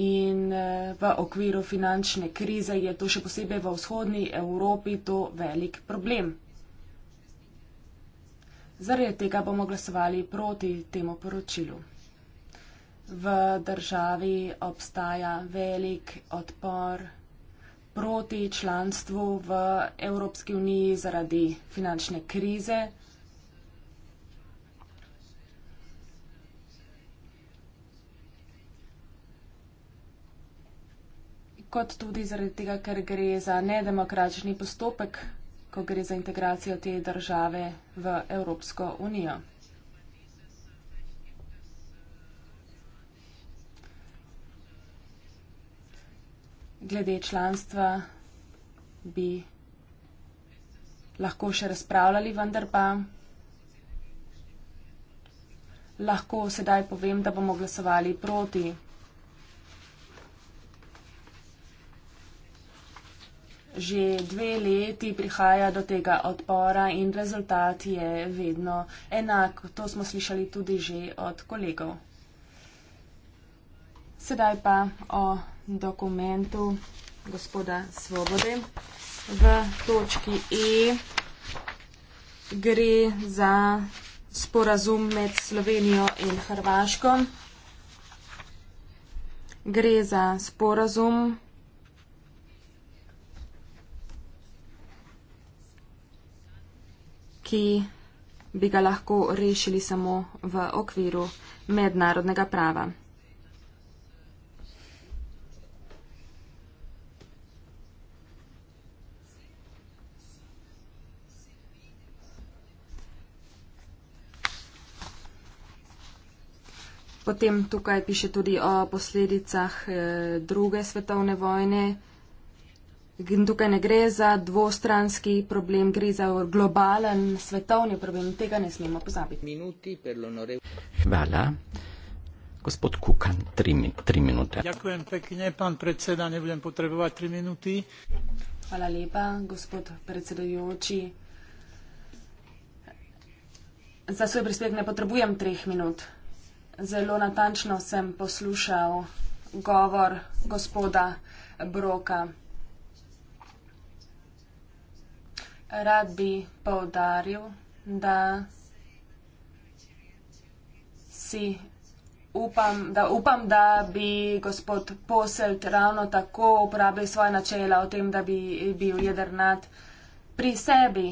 in eh, v okviru finančne krize je to še posebej v vzhodni Evropi to velik problem. Zaradi tega bomo glasovali proti temu poročilu v državi obstaja velik odpor proti članstvu v Evropski uniji zaradi finančne krize. kot tudi zaradi tega, ker gre za nedemokratični postopek, ko gre za integracijo te države v Evropsko unijo. glede članstva bi lahko še razpravljali, vendar pa lahko sedaj povem, da bomo glasovali proti. Že dve leti prihaja do tega odpora in rezultat je vedno enak. To smo slišali tudi že od kolegov. Sedaj pa o dokumentu gospoda Svobode. V točki E gre za sporazum med Slovenijo in Hrvaško. Gre za sporazum, ki bi ga lahko rešili samo v okviru mednarodnega prava. Potem tukaj piše tudi o posledicah eh, druge svetovne vojne. In tukaj ne gre za dvostranski problem, gre za globalen svetovni problem. Tega ne smemo pozabiti. Minuti per l'onore. Hvala. Gospod Kukan, tri, tri minute. Zahvaljujem pekne, pan predseda, ne budem potrebovati tri minuti. Hvala lepa, gospod predsedajoči. Za svoj prispevek ne potrebujem treh minut zelo natančno sem poslušal govor gospoda Broka. Rad bi povdaril, da si upam, da, upam, da bi gospod Poselt ravno tako uporabil svoje načela o tem, da bi bil jedrnat pri sebi.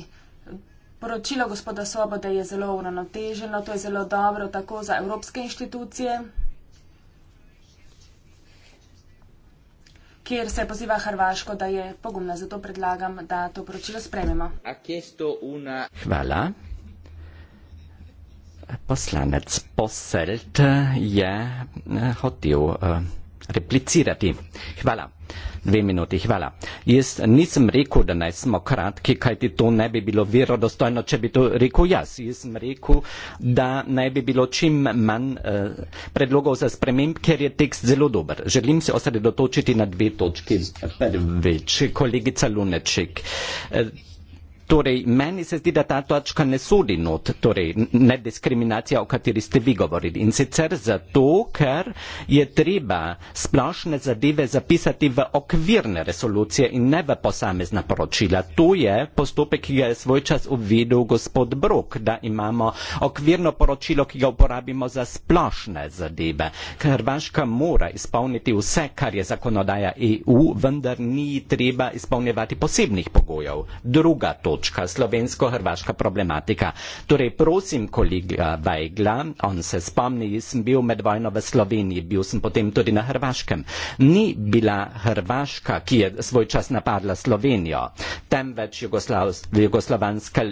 Poročilo gospoda Svobode je zelo uravnoteženo, to je zelo dobro tako za evropske inštitucije, kjer se poziva Hrvaško, da je pogumna. Zato predlagam, da to poročilo sprememo. Hvala. Poslanec Poselt je eh, hotel. Uh, replicirati. Hvala. Dve minuti, hvala. Jaz nisem rekel, da naj smo kratki, kajti to ne bi bilo verodostojno, če bi to rekel jaz. Jaz sem rekel, da naj bi bilo čim manj eh, predlogov za spremem, ker je tekst zelo dober. Želim se osredotočiti na dve točki. Prvič, kolegica Luneček. Eh, Torej, meni se zdi, da ta točka ne sodi not, torej ne diskriminacija, o kateri ste vi govorili. In sicer zato, ker je treba splošne zadeve zapisati v okvirne resolucije in ne v posamezna poročila. To je postopek, ki ga je svoj čas uvedel gospod Brok, da imamo okvirno poročilo, ki ga uporabimo za splošne zadeve. Hrvaška mora izpolniti vse, kar je zakonodaja EU, vendar ni treba izpolnjevati posebnih pogojev. Druga točka točka, slovensko-hrvaška problematika. Torej, prosim, kolega Vajgla, on se spomni, sem bil med vojno v Sloveniji, bil sem potem tudi na Hrvaškem. Ni bila Hrvaška, ki je svoj čas napadla Slovenijo, temveč Jugoslovanska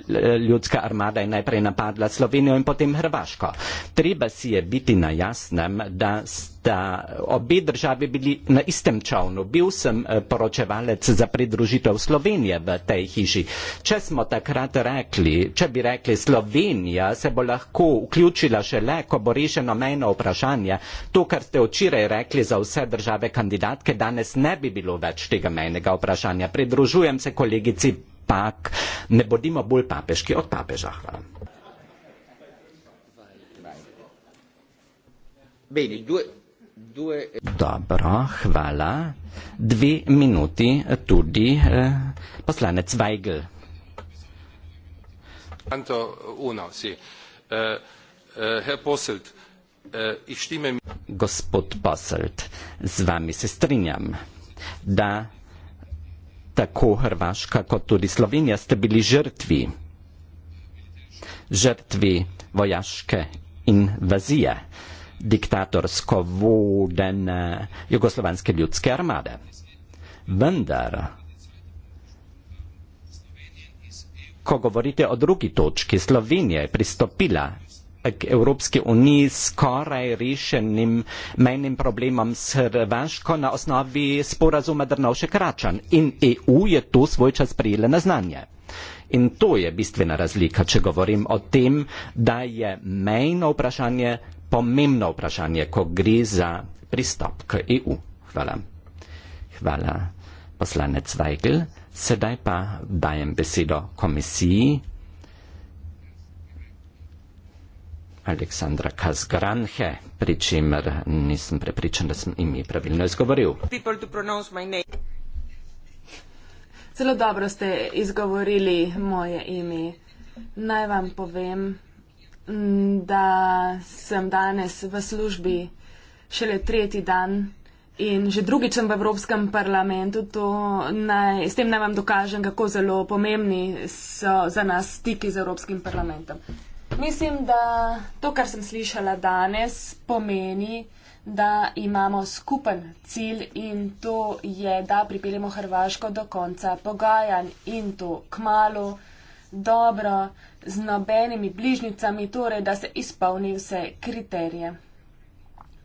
ljudska armada je najprej napadla Slovenijo in potem Hrvaško. Treba si je biti na jasnem, da da obe državi bili na istem čovnu. Bil sem eh, poročevalec za pridružitev Slovenije v tej hiši. Če smo takrat rekli, če bi rekli Slovenija se bo lahko vključila šele, ko bo rešeno mejno vprašanje, to, kar ste včeraj rekli za vse države kandidatke, danes ne bi bilo več tega mejnega vprašanja. Pridružujem se kolegici Pak, ne bodimo bolj papeški od papeža. Hvala. Bene, due... Dobro, hvala. Dve minuti tudi eh, poslanec Weigl. Eh, eh, eh, Gospod Poselt, z vami se strinjam, da tako Hrvaška kot tudi Slovenija ste bili žrtvi, žrtvi vojaške invazije diktatorsko vodene eh, jugoslovanske ljudske armade. Vendar, ko govorite o drugi točki, Slovenija je pristopila k Evropski uniji skoraj rešenim menim problemom s Hrvaško na osnovi sporazuma Drnovšek Račan in EU je to svoj čas prijela na znanje. In to je bistvena razlika, če govorim o tem, da je mejno vprašanje pomembno vprašanje, ko gre za pristop k EU. Hvala. Hvala, poslanec Weigl. Sedaj pa dajem besedo komisiji. Aleksandra Kazgranhe, pri čemer nisem prepričan, da sem ime pravilno izgovoril. Zelo dobro ste izgovorili moje ime. Naj vam povem, da sem danes v službi šele tretji dan in že drugič sem v Evropskem parlamentu. Naj, s tem naj vam dokažem, kako zelo pomembni so za nas stiki z Evropskim parlamentom. Mislim, da to, kar sem slišala danes, pomeni, da imamo skupen cilj in to je, da pripeljemo Hrvaško do konca pogajanj in to k malu, dobro, z nobenimi bližnicami, torej, da se izpolni vse kriterije.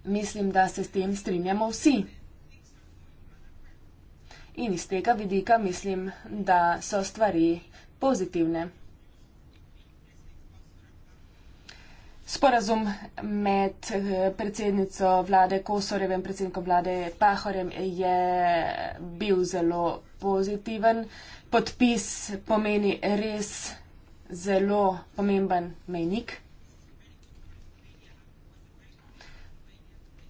Mislim, da se s tem strinjamo vsi. In iz tega vidika mislim, da so stvari pozitivne. Sporazum med eh, predsednico vlade Kosorjevem in predsednikom vlade Pahorjem je bil zelo pozitiven. Podpis pomeni res zelo pomemben mejnik.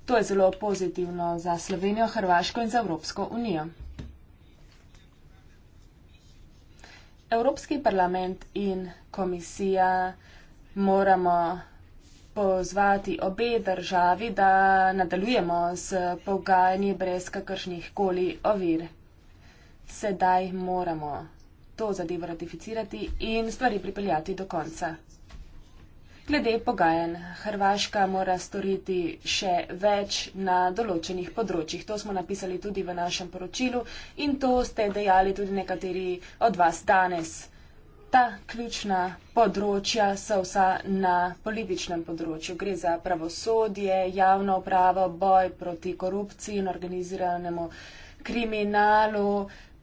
To je zelo pozitivno za Slovenijo, Hrvaško in za Evropsko unijo. Evropski parlament in komisija moramo pozvati obe državi, da nadaljujemo s pogajanji brez kakršnih koli ovir. Sedaj moramo to zadevo ratificirati in stvari pripeljati do konca. Glede pogajanj, Hrvaška mora storiti še več na določenih področjih. To smo napisali tudi v našem poročilu in to ste dejali tudi nekateri od vas danes ta ključna področja so vsa na političnem področju. Gre za pravosodje, javno upravo, boj proti korupciji in organiziranemu kriminalu,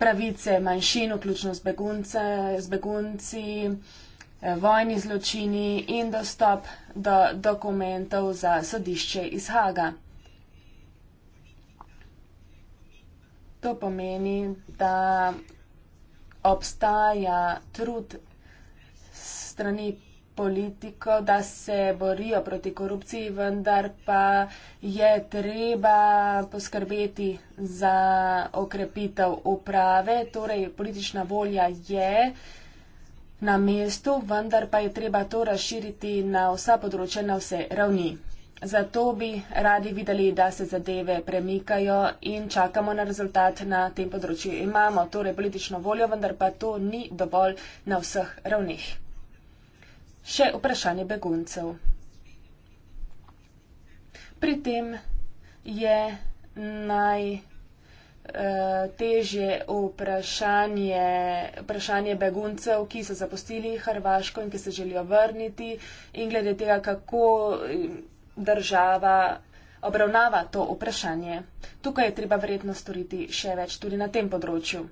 pravice manjšin, vključno z, begunce, z begunci, eh, vojni zločini in dostop do dokumentov za sodišče iz Haga. To pomeni, da obstaja trud strani politiko, da se borijo proti korupciji, vendar pa je treba poskrbeti za okrepitev uprave. Torej, politična volja je na mestu, vendar pa je treba to razširiti na vsa področja, na vse ravni. Zato bi radi videli, da se zadeve premikajo in čakamo na rezultat na tem področju. Imamo torej politično voljo, vendar pa to ni dovolj na vseh ravneh. Še vprašanje beguncev. Pri tem je najtežje eh, vprašanje, vprašanje beguncev, ki so zapustili Hrvaško in ki se želijo vrniti in glede tega, kako država obravnava to vprašanje. Tukaj je treba vredno storiti še več tudi na tem področju.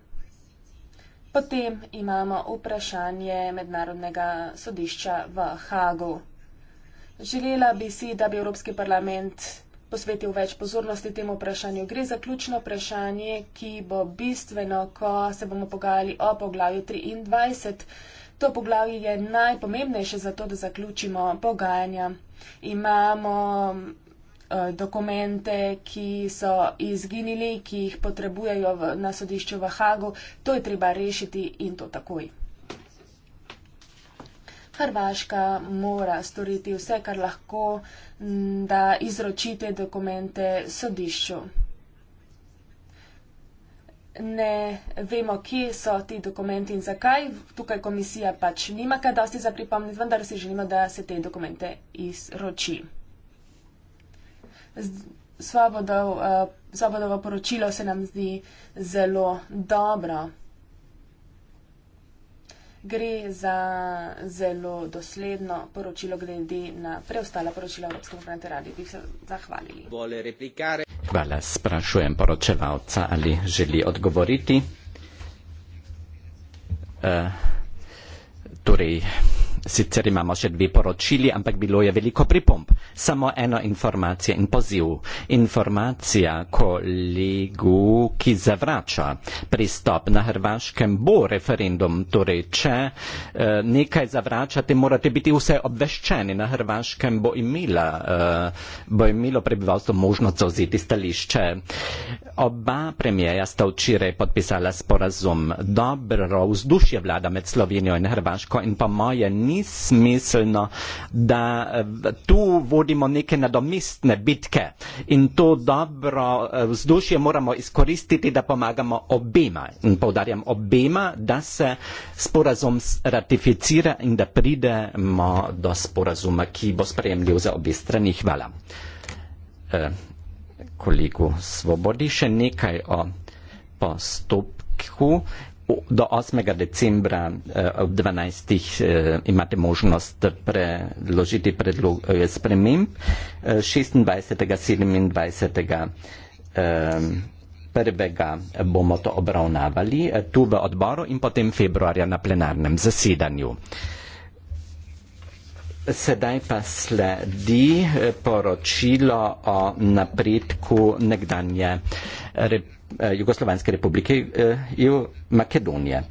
Potem imamo vprašanje Mednarodnega sodišča v Hagu. Želela bi si, da bi Evropski parlament posvetil več pozornosti temu vprašanju. Gre za ključno vprašanje, ki bo bistveno, ko se bomo pogajali o poglavju 23. To poglavje je najpomembnejše za to, da zaključimo pogajanja imamo eh, dokumente, ki so izginili, ki jih potrebujejo na sodišču v Hagu. To je treba rešiti in to takoj. Hrvaška mora storiti vse, kar lahko, da izročite dokumente sodišču ne vemo, kje so ti dokumenti in zakaj. Tukaj komisija pač nima kaj dosti za pripomniti, vendar si želimo, da se te dokumente izroči. Svobodov, uh, eh, svobodovo poročilo se nam zdi zelo dobro gre za zelo dosledno poročilo glede na preostala poročila Evropskega parlamenta. Radi bi se zahvalili. Hvala, sprašujem poročevalca, ali želi odgovoriti. Uh, torej, sicer imamo še dve poročili, ampak bilo je veliko pripomp. Samo eno informacijo in poziv. Informacija kolegu, ki zavrača pristop na Hrvaškem, bo referendum. Torej, če uh, nekaj zavračate, morate biti vse obveščeni. Na Hrvaškem bo, imela, uh, bo imelo prebivalstvo možnost zauzeti stališče. Oba premijeja sta včeraj podpisala sporazum. Dobro vzdušje vlada med Slovenijo in Hrvaško in pa moje ni ni smiselno, da eh, tu vodimo neke nadomestne bitke in to dobro eh, vzdušje moramo izkoristiti, da pomagamo obema in povdarjam obema, da se sporazum ratificira in da pridemo do sporazuma, ki bo sprejemljiv za obe strani. Hvala. Eh, kolegu Svobodi še nekaj o postopku, do 8. decembra eh, ob 12. Eh, imate možnost predložiti predlog eh, sprememb, 26. 27. 1. bomo to obravnavali tu v odboru in potem februarja na plenarnem zasedanju. Sedaj pa sledi eh, poročilo o napredku nekdanje rep eh, Jugoslovanske republike v eh, Makedonije.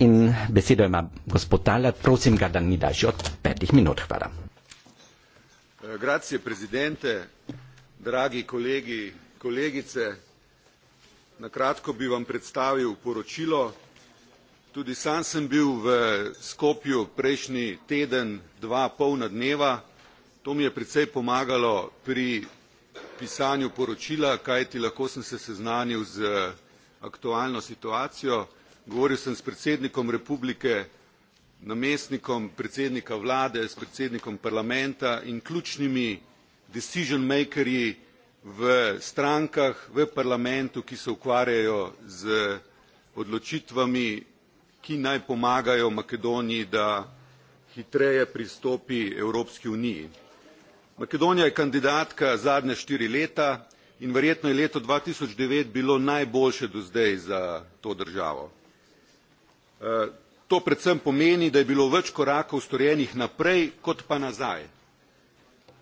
In besedo ima gospod Talat, prosim ga, da ni daljši od petih minut. Hvala. Gracije prezidente, dragi kolegi, kolegice, na kratko bi vam predstavil poročilo Tudi sam sem bil v Skopju prejšnji teden, dva polna dneva. To mi je precej pomagalo pri pisanju poročila, kajti lahko sem se seznanil z aktualno situacijo. Govoril sem s predsednikom republike, namestnikom predsednika vlade, s predsednikom parlamenta in ključnimi decision makerji v strankah, v parlamentu, ki se ukvarjajo z odločitvami ki naj pomagajo Makedoniji, da hitreje pristopi Evropski uniji. Makedonija je kandidatka zadnje štiri leta in verjetno je leto 2009 bilo najboljše do zdaj za to državo. Eh, to predvsem pomeni, da je bilo več korakov storjenih naprej kot pa nazaj.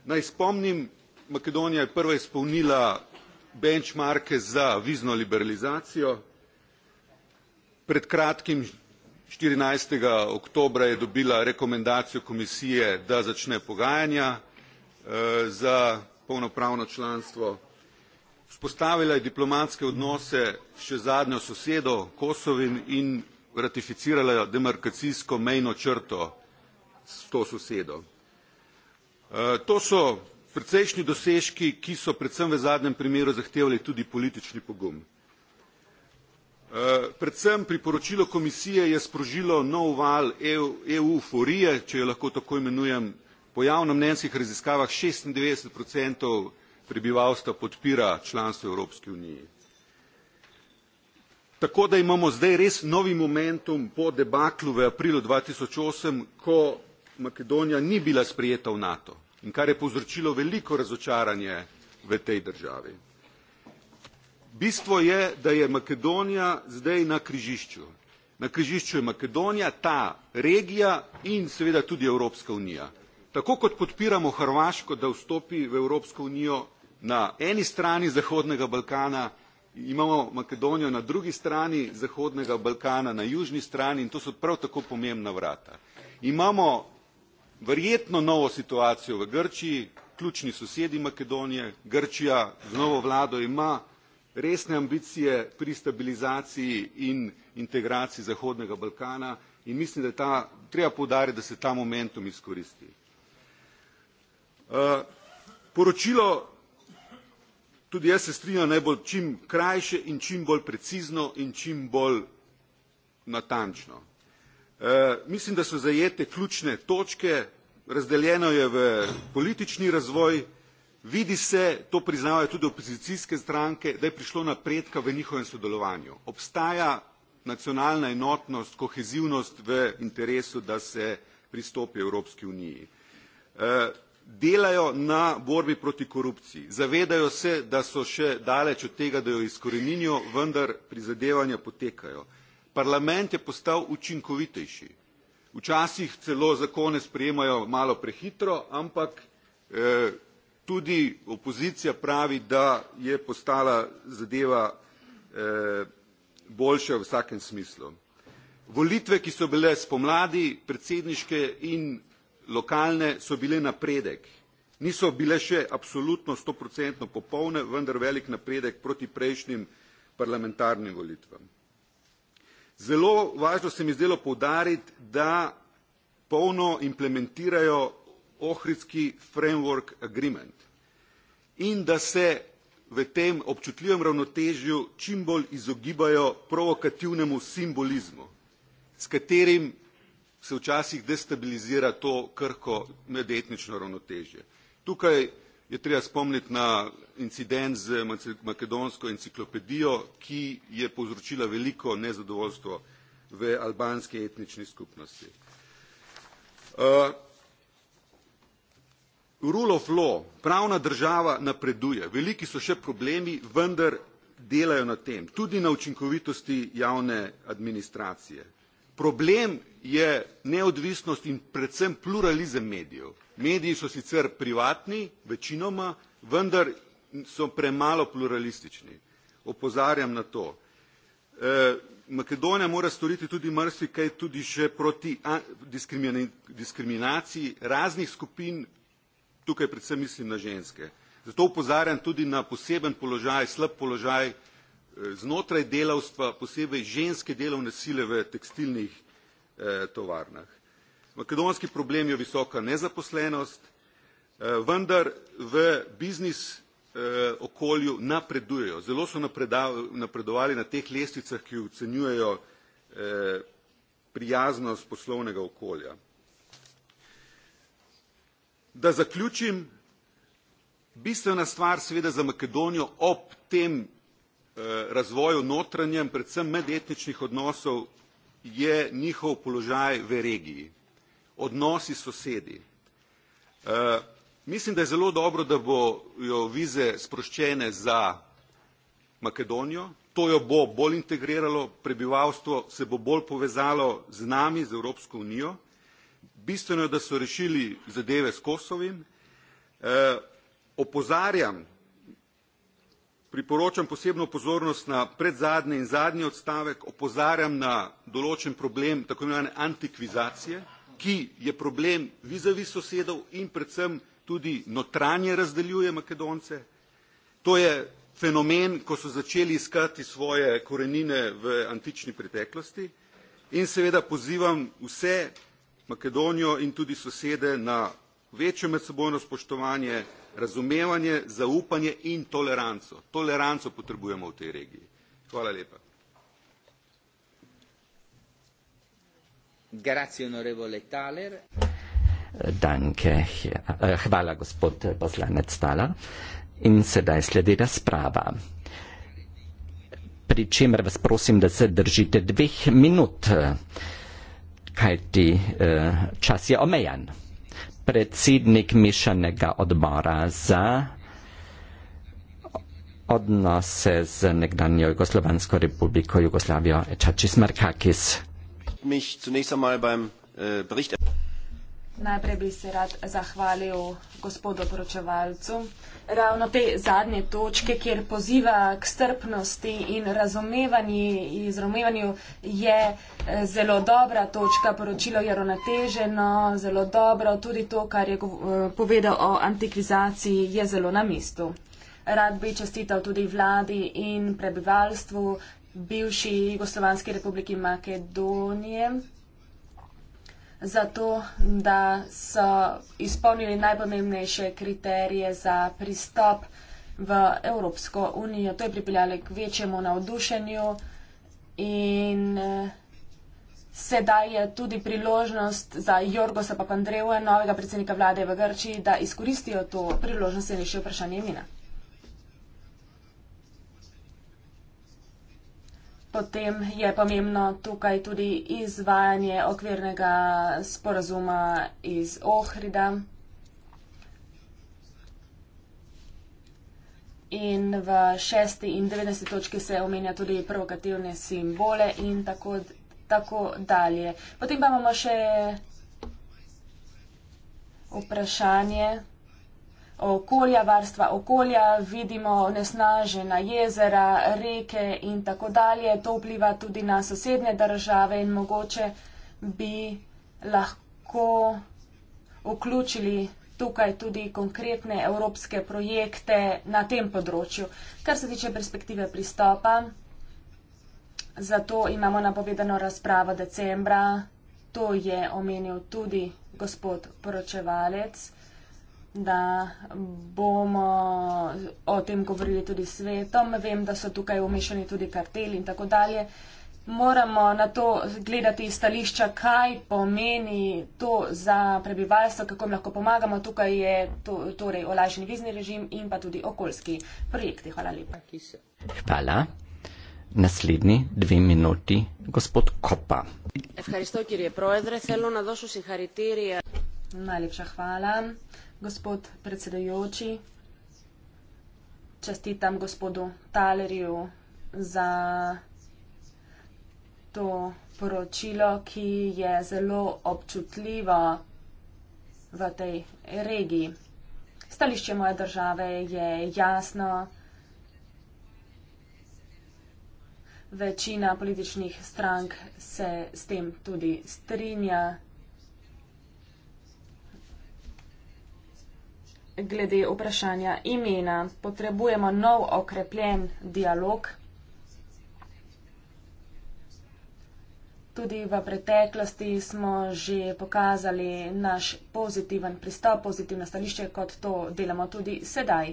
Naj spomnim, Makedonija je prva izpolnila benchmarke za vizno liberalizacijo, pred kratkim štirinajst oktobra je dobila rekomendacijo komisije da začne pogajanja eh, za polnopravno članstvo vzpostavila je diplomatske odnose s še zadnjo sosedo kosovim in ratificirala demarkacijsko mejno črto s to sosedo eh, to so precejšnji dosežki ki so predvsem v zadnjem primeru zahtevali tudi politični pogum. Eh, predvsem priporočilo komisije je sprožilo nov val e eu forije če jo lahko tako imenujem po javnomnenjskih raziskavah šestindevetdeset prebivalstva podpira članstvo v evropski uniji tako da imamo zdaj res novi momentum po debaklu v aprilu dva tisoč osem ko makedonija ni bila sprejeta v nato in kar je povzročilo veliko razočaranje v tej državi. Bistvo je, da je Makedonija zdaj na križišču. Na križišču je Makedonija, ta regija in seveda tudi Evropska unija. Tako kot podpiramo Hrvaško, da vstopi v Evropsko unijo na eni strani Zahodnega Balkana, imamo Makedonijo na drugi strani Zahodnega Balkana, na južni strani in to so prav tako pomembna vrata. Imamo verjetno novo situacijo v Grčiji, ključni sosedi Makedonije, Grčija z novo vlado ima resne ambicije pri stabilizaciji in integraciji zahodnega balkana in mislim da je ta treba poudariti da se ta momentum izkoristi. Eh, poročilo tudi jaz se strinjam naj bo čim krajše in čim bolj precizno in čim bolj natančno. Eh, mislim da so zajete ključne točke razdeljeno je v politični razvoj Vidi se, to priznavajo tudi opozicijske stranke, da je prišlo napredka v njihovem sodelovanju. Obstaja nacionalna enotnost, kohezivnost v interesu, da se pristopi Evropski uniji. Eh, delajo na borbi proti korupciji, zavedajo se, da so še daleč od tega, da jo izkoreninijo, vendar prizadevanja potekajo. Parlament je postal učinkovitejši. Včasih celo zakone sprejemajo malo prehitro, ampak eh, tudi opozicija pravi, da je postala zadeva eh, boljša v vsakem smislu. Volitve, ki so bile spomladi predsedniške in lokalne, so bile napredek. Niso bile še absolutno stoprocentno popolne, vendar velik napredek proti prejšnjim parlamentarnim volitvam. Zelo važno se mi zdelo poudariti, da polno implementirajo ohridski framework agreement in da se v tem občutljivem ravnotežju čim bolj izogibajo provokativnemu simbolizmu, s katerim se včasih destabilizira to krhko medetnično ravnotežje. Tukaj je treba spomniti na incident z makedonsko enciklopedijo, ki je povzročila veliko nezadovoljstvo v albanski etnični skupnosti. Uh, rule of law pravna država napreduje veliki so še problemi vendar delajo na tem tudi na učinkovitosti javne administracije problem je neodvisnost in predvsem pluralizem medijev mediji so sicer privatni večinoma vendar so premalo pluralistični opozarjam na to e, makedonija mora storiti tudi marsikaj tudi še proti diskriminaciji raznih skupin tukaj predvsem mislim na ženske. Zato upozarjam tudi na poseben položaj, slab položaj eh, znotraj delavstva, posebej ženske delovne sile v tekstilnih eh, tovarnah. Makedonski problem je visoka nezaposlenost, eh, vendar v biznis eh, okolju napredujejo. Zelo so napredovali na teh lestvicah, ki ocenjujejo eh, prijaznost poslovnega okolja. Da zaključim, bistvena stvar seveda za Makedonijo ob tem eh, razvoju notranjem, predvsem medetničnih odnosov, je njihov položaj v regiji, odnosi sosedi. Eh, mislim, da je zelo dobro, da bojo vize sproščene za Makedonijo, to jo bo bolj integriralo, prebivalstvo se bo bolj povezalo z nami, z Evropsko unijo bistveno je, da so rešili zadeve s Kosovim. Eh, opozarjam, priporočam posebno pozornost na predzadnji in zadnji odstavek, opozarjam na določen problem tako imenovane antikvizacije, ki je problem vizavi sosedov in predvsem tudi notranje razdeljuje Makedonce. To je fenomen, ko so začeli iskati svoje korenine v antični preteklosti in seveda pozivam vse Makedonijo in tudi sosede na večje medsebojno spoštovanje, razumevanje, zaupanje in toleranco. Toleranco potrebujemo v tej regiji. Hvala lepa. Grazie onorevole Taler. Danke, ja, eh, hvala gospod poslanec Taler. In sedaj sledi razprava. Pri čemer vas prosim, da se držite dveh minut. Eh, kaj ti eh, čas je omejen. Predsednik mišanega odbora za odnose z nekdanjo Jugoslovansko republiko Jugoslavijo Čačis Markakis. Mich zunächst einmal beim, eh, bericht... Najprej bi se rad zahvalil gospodu poročevalcu. Ravno te zadnje točke, kjer poziva k strpnosti in razumevanju, je eh, zelo dobra točka. Poročilo je ravnoteženo, zelo dobro. Tudi to, kar je eh, povedal o antikrizaciji, je zelo na mestu. Rad bi čestital tudi vladi in prebivalstvu bivši Jugoslovanski republiki Makedonije za to, da so izpolnili najpomembnejše kriterije za pristop v Evropsko unijo. To je pripeljalo k večjemu navdušenju in eh, sedaj je tudi priložnost za Jorgosa Papandreua, novega predsednika vlade v Grčiji, da izkoristijo to priložnost in rešijo vprašanje imena. Potem je pomembno tukaj tudi izvajanje okvirnega sporazuma iz Ohrida. In v 96. točki se omenja tudi provokativne simbole in tako, tako dalje. Potem pa imamo še vprašanje okolja, varstva okolja, vidimo onesnažena jezera, reke in tako dalje. To vpliva tudi na sosednje države in mogoče bi lahko vključili tukaj tudi konkretne evropske projekte na tem področju. Kar se tiče perspektive pristopa, zato imamo napovedano razpravo decembra, to je omenil tudi gospod poročevalec da bomo o tem govorili tudi s svetom. Vem, da so tukaj umešani tudi karteli in tako dalje. Moramo na to gledati iz stališča, kaj pomeni to za prebivalstvo, kako jim lahko pomagamo. Tukaj je to, torej olajšen vizni režim in pa tudi okoljski projekti. Hvala lepa. Hvala. Naslednji dve minuti, gospod Kopa. Najlepša hvala. Gospod predsedajoči, čestitam gospodu Talerju za to poročilo, ki je zelo občutljivo v tej regiji. Stališče moje države je jasno. Večina političnih strank se s tem tudi strinja. glede vprašanja imena. Potrebujemo nov okrepljen dialog. Tudi v preteklosti smo že pokazali naš pozitiven pristop, pozitivno stališče, kot to delamo tudi sedaj.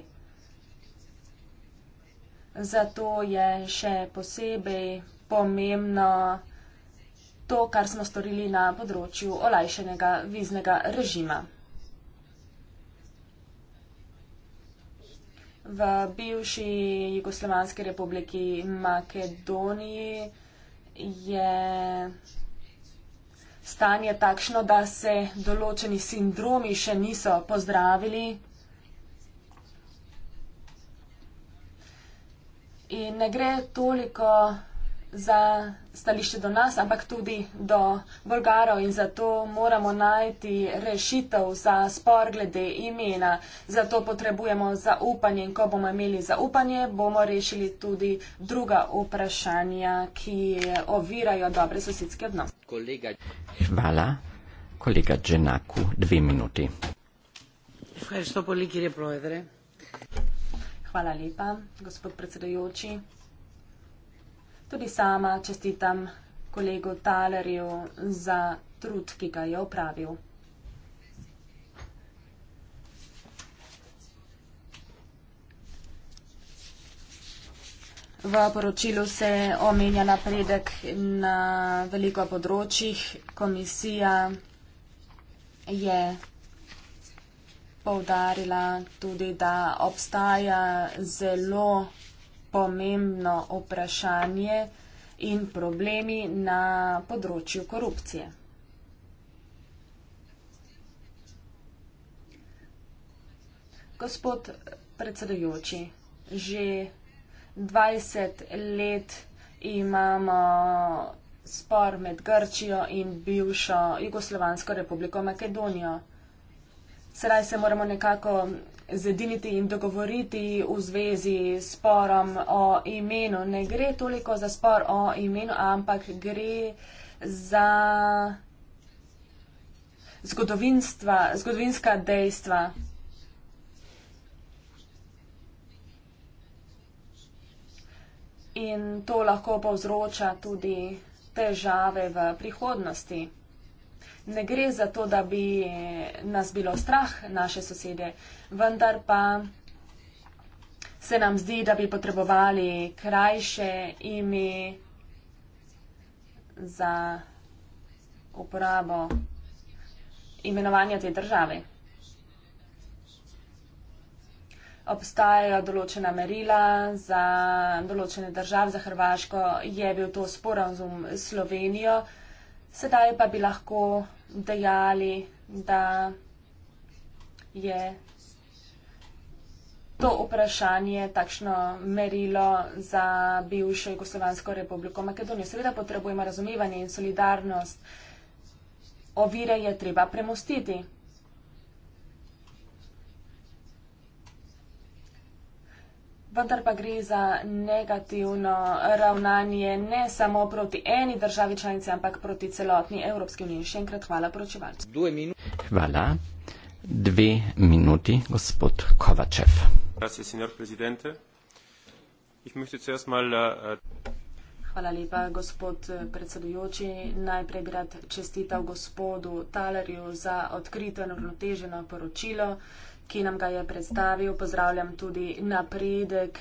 Zato je še posebej pomembno to, kar smo storili na področju olajšenega viznega režima. v bivši Jugoslovanski republiki Makedoniji je stanje takšno, da se določeni sindromi še niso pozdravili. In ne gre toliko za stališče do nas, ampak tudi do Bolgarov in zato moramo najti rešitev za spor glede imena. Zato potrebujemo zaupanje in ko bomo imeli zaupanje, bomo rešili tudi druga vprašanja, ki ovirajo dobre sosedske odnose. Kolega... Hvala. Kolega Dženaku, dve minuti. Hvala lepa, gospod predsedujoči. Tudi sama čestitam kolegu Talerju za trud, ki ga je opravil. V poročilu se omenja napredek na veliko področjih. Komisija je povdarila tudi, da obstaja zelo pomembno vprašanje in problemi na področju korupcije. Gospod predsedujoči, že 20 let imamo spor med Grčijo in bivšo Jugoslovansko republiko Makedonijo. Sedaj se moramo nekako zediniti in dogovoriti v zvezi s sporom o imenu. Ne gre toliko za spor o imenu, ampak gre za zgodovinska dejstva. In to lahko povzroča tudi težave v prihodnosti ne gre za to, da bi nas bilo strah naše sosede, vendar pa se nam zdi, da bi potrebovali krajše ime za uporabo imenovanja te države. Obstajajo določena merila za določene države, za Hrvaško je bil to sporazum s Slovenijo sedaj pa bi lahko dejali, da je to vprašanje takšno merilo za bivšo Jugoslovansko republiko Makedonijo. Seveda potrebujemo razumevanje in solidarnost. Ovire je treba premustiti. vendar pa gre za negativno ravnanje ne samo proti eni državi članici, ampak proti celotni Evropski uniji. Še enkrat hvala, poročevalci. Hvala. Dve minuti, gospod Kovačev. Äh, hvala lepa, gospod predsedujoči. Najprej bi rad čestital gospodu Talerju za odkrito in uravnoteženo poročilo ki nam ga je predstavil. Pozdravljam tudi napredek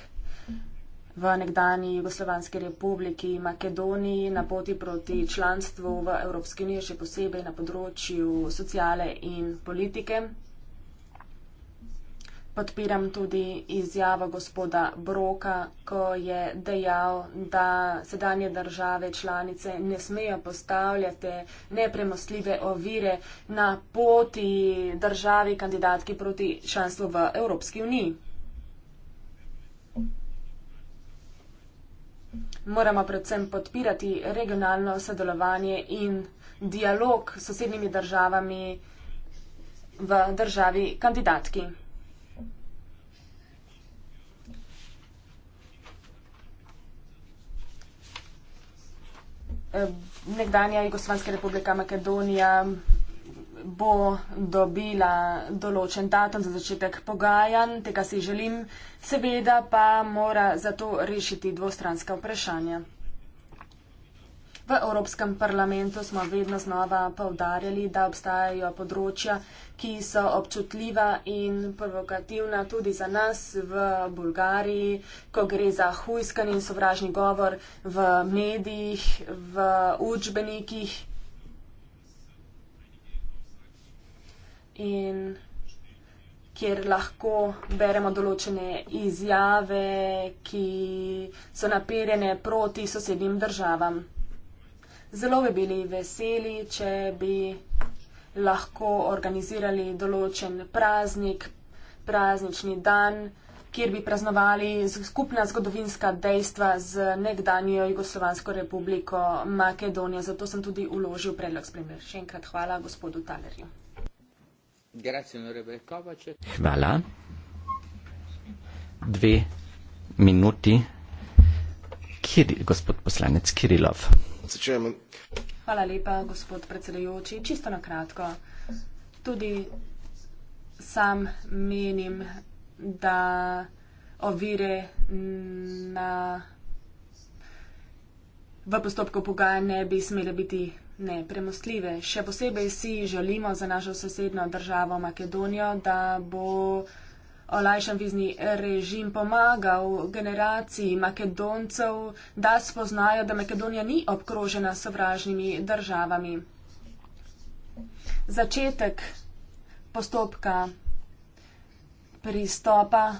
v nekdani Jugoslovanski republiki Makedoniji na poti proti članstvu v Evropski uniji, še posebej na področju sociale in politike podpiram tudi izjavo gospoda Broka, ko je dejal, da sedanje države članice ne smejo postavljati nepremostljive ovire na poti državi kandidatki proti članstvu v Evropski uniji. Moramo predvsem podpirati regionalno sodelovanje in dialog s sosednjimi državami v državi kandidatki. Eh, nekdanja Jugoslavijska republika Makedonija bo dobila določen datum za začetek pogajanj, tega si želim, seveda pa mora za to rešiti dvostranska vprašanja. V Evropskem parlamentu smo vedno znova povdarjali, da obstajajo področja, ki so občutljiva in provokativna tudi za nas v Bulgariji, ko gre za hujskan in sovražni govor v medijih, v učbenikih. In kjer lahko beremo določene izjave, ki so naperjene proti sosednjim državam zelo bi bili veseli, če bi lahko organizirali določen praznik, praznični dan, kjer bi praznovali skupna zgodovinska dejstva z nekdanjo Jugoslovansko republiko Makedonijo. Zato sem tudi uložil predlog spremljev. Še enkrat hvala gospodu Talerju. Hvala. Dve minuti. Kiri, gospod poslanec Kirilov začnemo. Hvala lepa, gospod predsedujoči. Čisto na kratko. Tudi sam menim, da ovire na, v postopku pogajanj ne bi smele biti nepremostljive. Še posebej si želimo za našo sosedno državo Makedonijo, da bo olajšan vizni režim pomagal generaciji Makedoncev, da spoznajo, da Makedonija ni obkrožena sovražnimi državami. Začetek postopka pristopa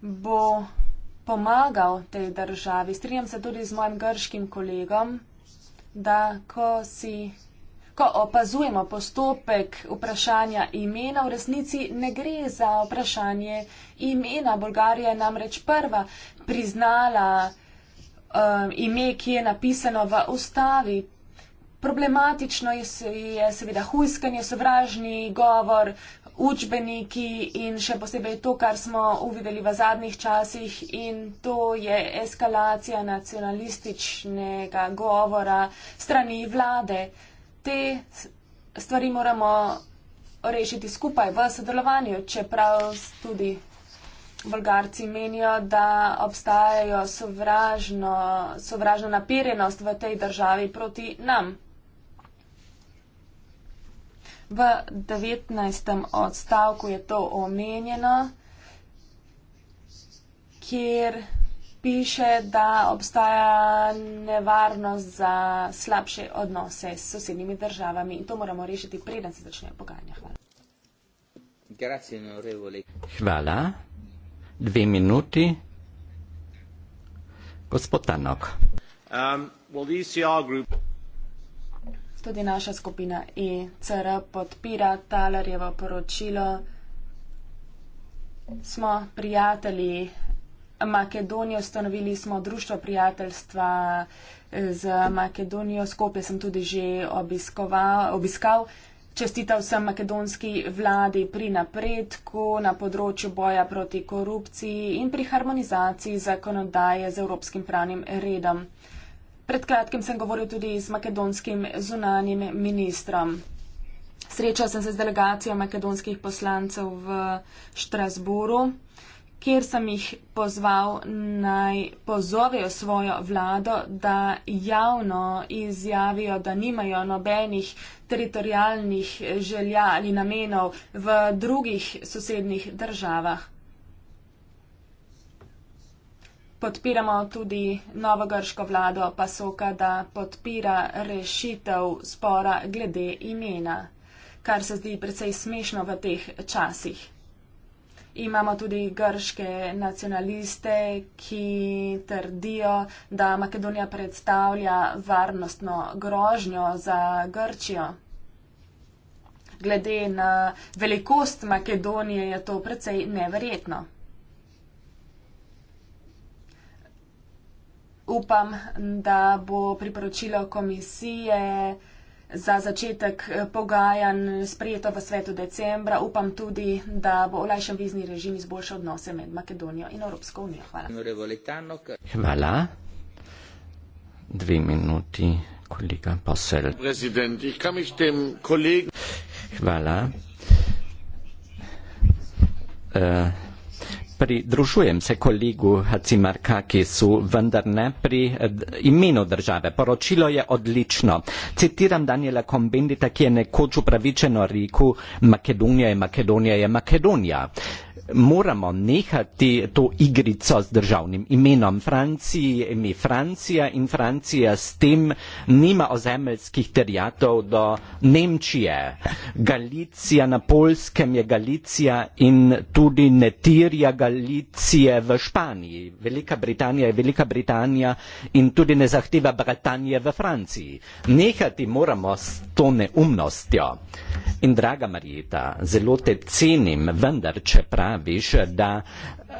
bo pomagal tej državi. Strinjam se tudi z mojim grškim kolegom, da ko si Ko opazujemo postopek vprašanja imena, v resnici ne gre za vprašanje imena. Bolgarija je namreč prva priznala um, ime, ki je napisano v ustavi. Problematično je seveda hujskanje, sovražni govor, učbeniki in še posebej to, kar smo uvideli v zadnjih časih in to je eskalacija nacionalističnega govora strani vlade te stvari moramo rešiti skupaj v sodelovanju, čeprav tudi bolgarci menijo, da obstajajo sovražno, sovražno napirjenost v tej državi proti nam. V 19. odstavku je to omenjeno, kjer piše, da obstaja nevarnost za slabše odnose s sosednjimi državami in to moramo rešiti, preden se začnejo pogajanja. Hvala. Hvala. Dve minuti. Gospod Tanok. Um, well, e group... Tudi naša skupina ECR podpira Talarjevo poročilo. Smo prijatelji Makedonijo, ustanovili smo društvo prijateljstva eh, z Makedonijo, Skopje sem tudi že obiskal. Čestital sem makedonski vladi pri napredku na področju boja proti korupciji in pri harmonizaciji zakonodaje z evropskim pravnim redom. Pred kratkim sem govoril tudi z makedonskim zunanjim ministrom. Srečal sem se z delegacijo makedonskih poslancev v Štrasburu kjer sem jih pozval naj pozovejo svojo vlado, da javno izjavijo, da nimajo nobenih teritorijalnih želja ali namenov v drugih sosednjih državah. Podpiramo tudi novo grško vlado Pasoka, da podpira rešitev spora glede imena, kar se zdi precej smešno v teh časih. Imamo tudi grške nacionaliste, ki trdijo, da Makedonija predstavlja varnostno grožnjo za Grčijo. Glede na velikost Makedonije je to precej neverjetno. Upam, da bo priporočilo komisije za začetek eh, pogajanj sprejeto v svetu decembra. Upam tudi, da bo olajšan vizni režim izboljšal odnose med Makedonijo in Evropsko unijo. Hvala. Hvala. Dve minuti, kolega Posel. Hvala. Uh, pridružujem se kolegu Cimarkakisu, vendar ne pri eh, imenu države. Poročilo je odlično. Citiram Daniela Kombendita, ki je nekoč upravičeno rekel, Makedonija je Makedonija je Makedonija moramo nehati to igrico z državnim imenom. Franciji ime Francija in Francija s tem nima ozemeljskih terjatov do Nemčije. Galicija na Polskem je Galicija in tudi ne tirja Galicije v Španiji. Velika Britanija je Velika Britanija in tudi ne zahteva Britanije v Franciji. Nehati moramo s to neumnostjo. In draga Marijeta, zelo te cenim, vendar če pravi, veš, da eh,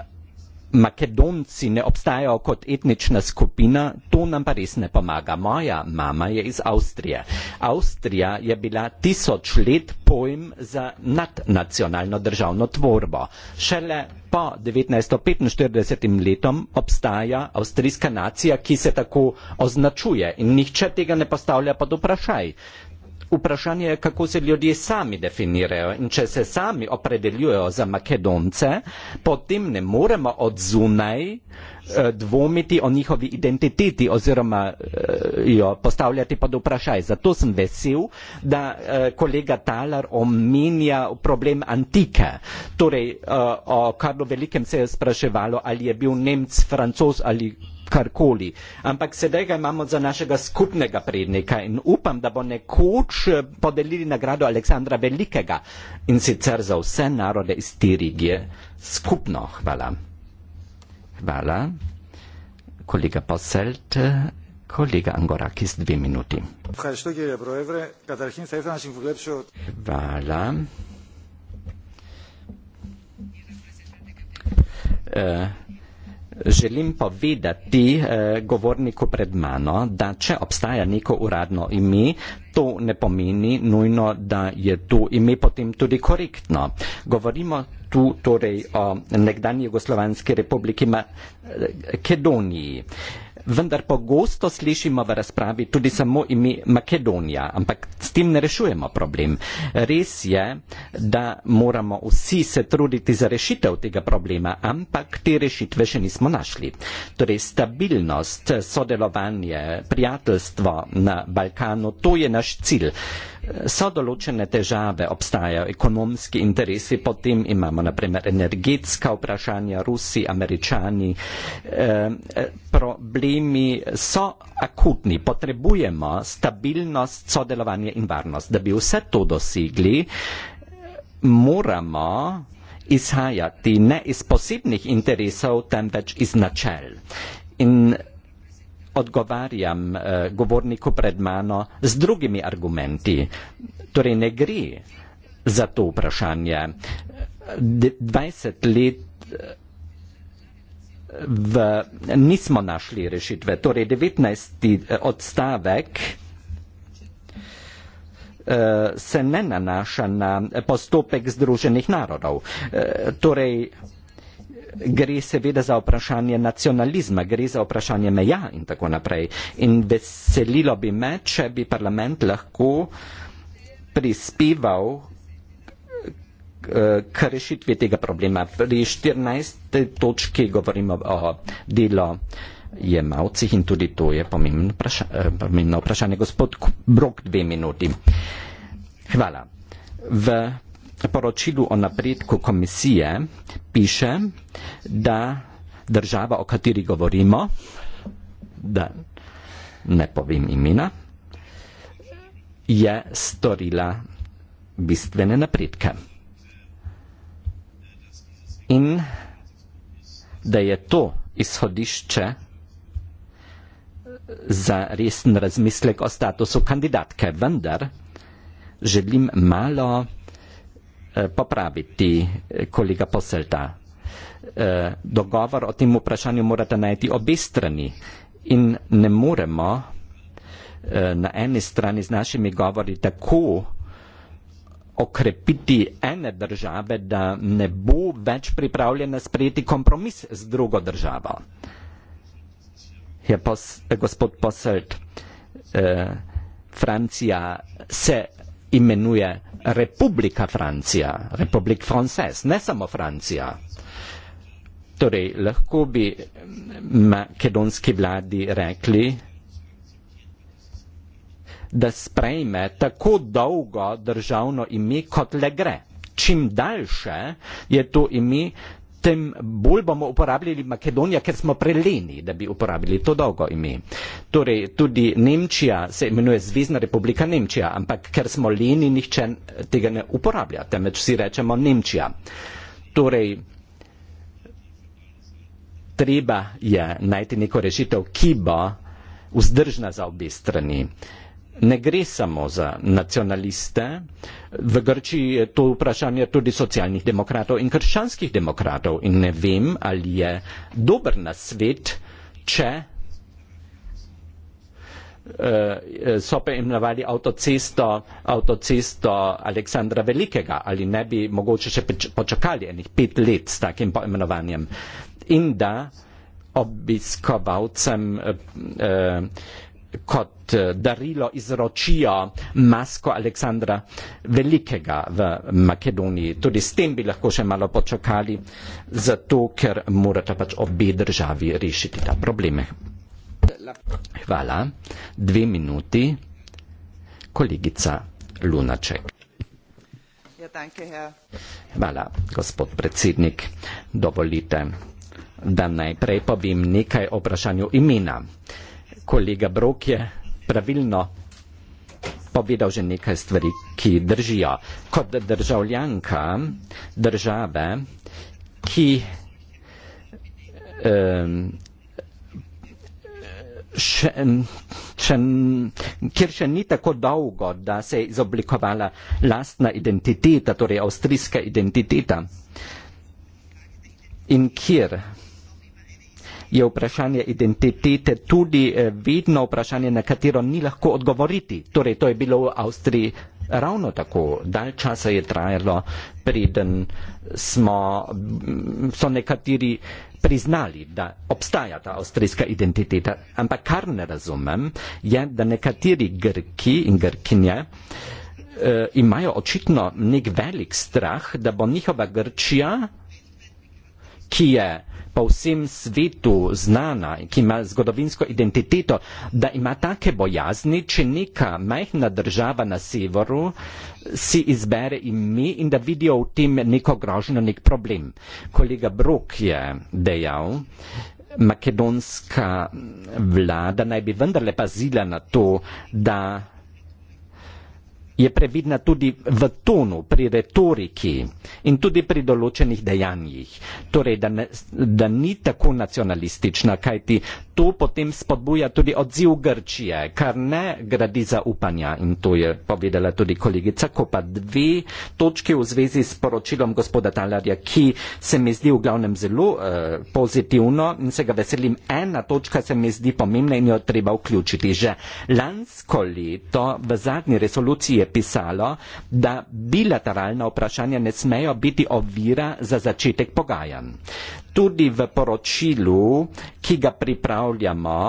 Makedonci ne obstajajo kot etnična skupina, to nam pa res ne pomaga. Moja mama je iz Avstrije. Avstrija je bila tisoč let pojem za nadnacionalno državno tvorbo. Šele po 1945. letom obstaja avstrijska nacija, ki se tako označuje in nihče tega ne postavlja pod vprašaj vprašanje je, kako se ljudje sami definirajo in če se sami opredeljujejo za Makedonce, potem ne moremo od zunaj eh, dvomiti o njihovi identiteti oziroma eh, jo postavljati pod vprašaj. Zato sem vesel, da eh, kolega Talar omenja problem antike. Torej, o Karlu Velikem se je spraševalo, ali je bil Nemc, Francoz ali karkoli. Ampak sedaj ga imamo za našega skupnega prednika in upam, da bo nekoč eh, podelili nagrado Aleksandra Velikega in sicer za vse narode iz Tirigije. Skupno hvala. Hvala. Kolega Poselt, kolega Angorakis, dve minuti. Hvala. Uh, Želim povedati eh, govorniku pred mano, da če obstaja neko uradno ime, to ne pomeni nujno, da je to ime potem tudi korektno. Govorimo tu torej o nekdanji Jugoslovanski republiki Makedoniji. Eh, vendar pogosto slišimo v razpravi tudi samo ime Makedonija, ampak s tem ne rešujemo problem. Res je, da moramo vsi se truditi za rešitev tega problema, ampak te rešitve še nismo našli. Torej, stabilnost, sodelovanje, prijateljstvo na Balkanu, to je naš cilj so določene težave, obstajajo ekonomski interesi, potem imamo naprimer energetska vprašanja, Rusi, Američani, eh, problemi so akutni, potrebujemo stabilnost, sodelovanje in varnost. Da bi vse to dosegli, moramo izhajati ne iz posebnih interesov, temveč iz načel. In odgovarjam eh, govorniku pred mano z drugimi argumenti. Torej ne gre za to vprašanje. D 20 let v, nismo našli rešitve. Torej 19. Eh, odstavek eh, se ne nanaša na postopek Združenih narodov. Eh, torej, gre seveda za vprašanje nacionalizma, gre za vprašanje meja in tako naprej. In veselilo bi me, če bi parlament lahko prispeval k rešitvi tega problema. Pri 14. točki govorimo o delo jemalcih in tudi to je pomembno vprašanje. Pomembno vprašanje. Gospod Brok, dve minuti. Hvala. V poročilu o napredku komisije piše, da država, o kateri govorimo, da ne povem imena, je storila bistvene napredke. In da je to izhodišče za resen razmislek o statusu kandidatke. Vendar želim malo Eh, popraviti, eh, kolega Poselta. Eh, dogovor o tem vprašanju morate najti obe strani in ne moremo na eni strani z našimi govori tako okrepiti ene države, da ne bo več pripravljena sprejeti kompromis z drugo državo. Je pos, gospod Poselt, eh, Francija se imenuje Republika Francija, Republik Frances, ne samo Francija. Torej, lahko bi makedonski vladi rekli, da sprejme tako dolgo državno ime, kot le gre. Čim daljše je to ime, tem bolj bomo uporabljali Makedonija, ker smo preleni, da bi uporabili to dolgo ime. Torej, tudi Nemčija se imenuje Zvezdna republika Nemčija, ampak ker smo leni, nihče tega ne uporablja, temveč si rečemo Nemčija. Torej, treba je najti neko rešitev, ki bo vzdržna za obe strani. Uh, ne gre samo za nacionaliste, v Grčiji je to vprašanje tudi socialnih demokratov in krščanskih demokratov in ne vem, ali je dober na svet, če uh, so pa imenovali avtocesto, avtocesto Aleksandra Velikega ali ne bi mogoče še počakali enih pet let s takim poimenovanjem in da obiskovalcem uh, uh, kot eh, darilo izročijo masko Aleksandra Velikega v Makedoniji. Tudi s tem bi lahko še malo počakali, zato ker morata pač obe državi rešiti ta probleme. Hvala. Dve minuti. Kolegica Lunaček. Ja, Hvala, gospod predsednik. Dovolite, da najprej povem nekaj o vprašanju imena kolega Brok je pravilno povedal že nekaj stvari, ki držijo. Kot državljanka države, ki um, Še, če, kjer še ni tako dolgo, da se je izoblikovala lastna identiteta, torej avstrijska identiteta. In kjer je vprašanje identitete tudi eh, vidno vprašanje, na katero ni lahko odgovoriti. Torej, to je bilo v Avstriji ravno tako. Dalj časa je trajalo, preden so nekateri priznali, da obstaja ta avstrijska identiteta. Ampak kar ne razumem, je, da nekateri Grki in Grkinje eh, imajo očitno nek velik strah, da bo njihova Grčija, ki je eh, po vsem svetu znana, ki ima zgodovinsko identiteto, da ima take bojazni, če neka majhna država na severu si izbere ime in da vidijo v tem neko grožno, nek problem. Kolega Brok je dejal, makedonska vlada naj bi vendarle pazila na to, da je previdna tudi v tonu, pri retoriki in tudi pri določenih dejanjih. Torej, da, ne, da ni tako nacionalistična, kajti to potem spodbuja tudi odziv Grčije, kar ne gradi zaupanja in to je povedala tudi kolegica Kopa. Dve točke v zvezi s poročilom gospoda Talarja, ki se mi zdi v glavnem zelo uh, pozitivno in se ga veselim. Ena točka se mi zdi pomembna in jo treba vključiti. Že lansko leto v zadnji resoluciji je pisalo, da bilateralna vprašanja ne smejo biti ovira za začetek pogajanj. Tudi v poročilu, ki ga pripravljamo,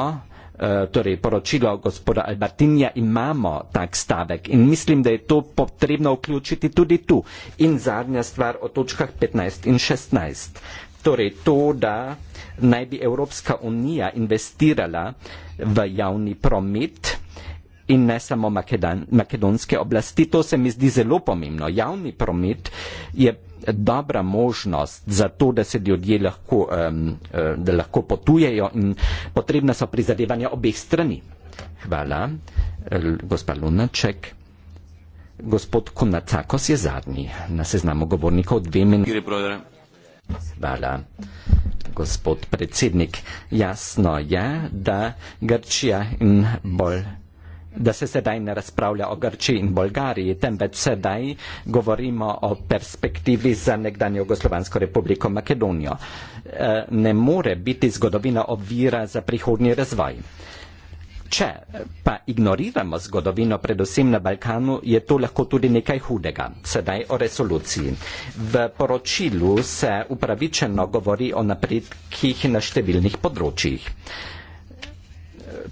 eh, torej poročilo gospoda Albertinja, imamo tak stavek in mislim, da je to potrebno vključiti tudi tu. In zadnja stvar o točkah 15 in 16. Torej to, da naj bi Evropska unija investirala v javni promet, in ne samo Makedan, makedonske oblasti. To se mi zdi zelo pomembno. Javni promet je dobra možnost za to, da se ljudje lahko, um, da lahko potujejo in potrebna so prizadevanja obeh strani. Hvala, eh, gospa Lunaček. Gospod Konacakos je zadnji na seznamu govornikov dve minuti. Hvala, gospod predsednik. Jasno je, da Grčija in bolj da se sedaj ne razpravlja o Grčiji in Bolgariji, temveč sedaj govorimo o perspektivi za nekdanjo Jugoslovansko republiko Makedonijo. E, ne more biti zgodovina ovira za prihodnji razvoj. Če pa ignoriramo zgodovino predvsem na Balkanu, je to lahko tudi nekaj hudega. Sedaj o resoluciji. V poročilu se upravičeno govori o napredkih na številnih področjih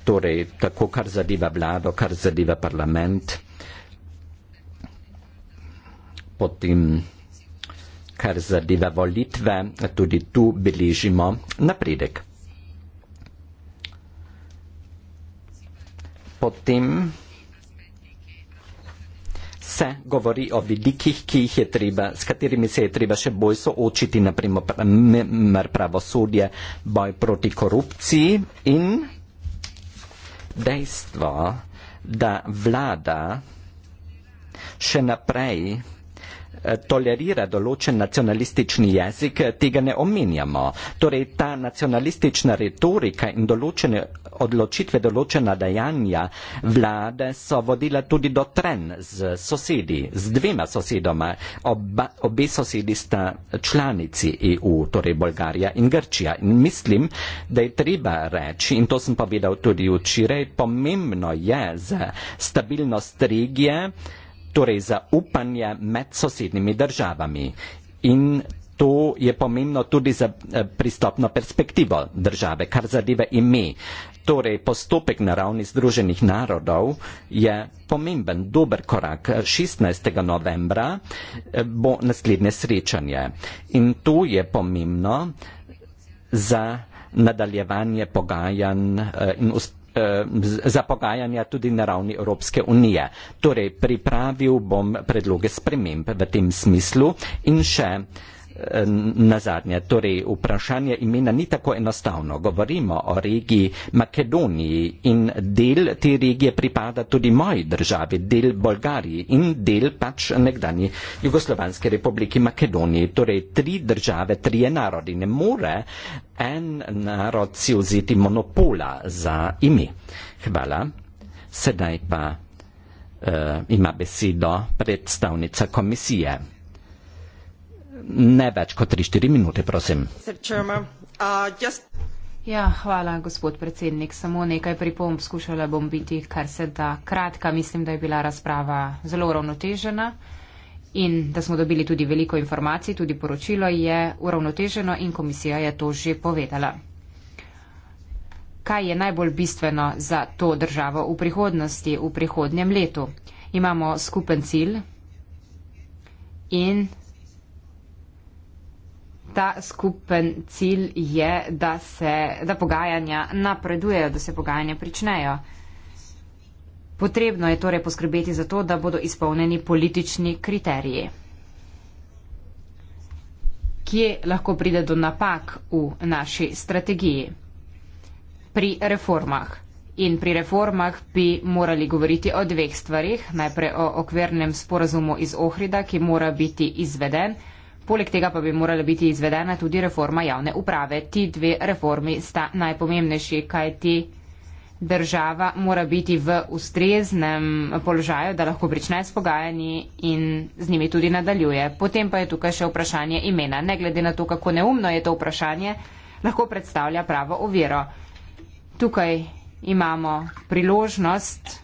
torej tako, kar zadeva vlado, kar zadeva parlament, potem, kar zadeva volitve, tudi tu beležimo napredek. Potem se govori o vidikih, ki jih je treba, s katerimi se je treba še bolj soočiti, naprimer pravosodje, boj proti korupciji in dejstvo, da vlada še naprej Eh, tolerira določen nacionalistični jezik, eh, tega ne omenjamo. Torej, ta nacionalistična retorika in določene odločitve, določena dejanja vlade so vodila tudi do tren z sosedi, z dvema sosedoma. Oba, obe sosedi sta članici EU, torej Bolgarija in Grčija. In mislim, da je treba reči, in to sem povedal tudi včeraj, pomembno je za stabilnost regije, torej zaupanje med sosednimi državami. In to je pomembno tudi za eh, pristopno perspektivo države, kar zadeva ime. Torej, postopek na ravni Združenih narodov je pomemben, dober korak. 16. novembra eh, bo naslednje srečanje in to je pomembno za nadaljevanje pogajanj eh, in uspešnosti Eh, zapogajanja tudi na ravni Evropske unije. Torej, pripravil bom predloge sprememb v tem smislu in še nazadnje, torej vprašanje imena ni tako enostavno. Govorimo o regiji Makedoniji in del te regije pripada tudi moji državi, del Bolgariji in del pač nekdani Jugoslovanske republiki Makedoniji. Torej tri države, trije narodi ne more en narod si vzeti monopola za ime. Hvala. Sedaj pa uh, ima besedo predstavnica komisije ne več kot 3-4 minute, prosim. Ja, hvala, gospod predsednik. Samo nekaj pripomb skušala bom biti, kar se da kratka. Mislim, da je bila razprava zelo ravnotežena in da smo dobili tudi veliko informacij. Tudi poročilo je uravnoteženo in komisija je to že povedala. Kaj je najbolj bistveno za to državo v prihodnosti, v prihodnjem letu? Imamo skupen cilj in ta skupen cilj je, da, se, da pogajanja napredujejo, da se pogajanja pričnejo. Potrebno je torej poskrbeti za to, da bodo izpolneni politični kriteriji. Kje lahko pride do napak v naši strategiji? Pri reformah. In pri reformah bi morali govoriti o dveh stvarih. Najprej o okvirnem sporazumu iz Ohrida, ki mora biti izveden. Poleg tega pa bi morala biti izvedena tudi reforma javne uprave. Ti dve reformi sta najpomembnejši, kaj ti država mora biti v ustreznem položaju, da lahko prične s pogajanji in z njimi tudi nadaljuje. Potem pa je tukaj še vprašanje imena. Ne glede na to, kako neumno je to vprašanje, lahko predstavlja pravo oviro. Tukaj imamo priložnost,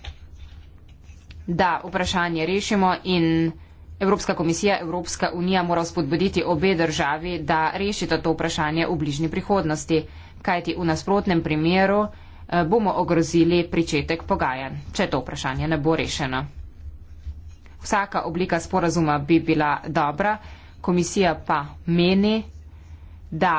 da vprašanje rešimo in Evropska komisija, Evropska unija mora spodbuditi obe državi, da rešita to vprašanje v bližnji prihodnosti, kajti v nasprotnem primeru eh, bomo ogrozili pričetek pogajanj, če to vprašanje ne bo rešeno. Vsaka oblika sporazuma bi bila dobra, komisija pa meni, da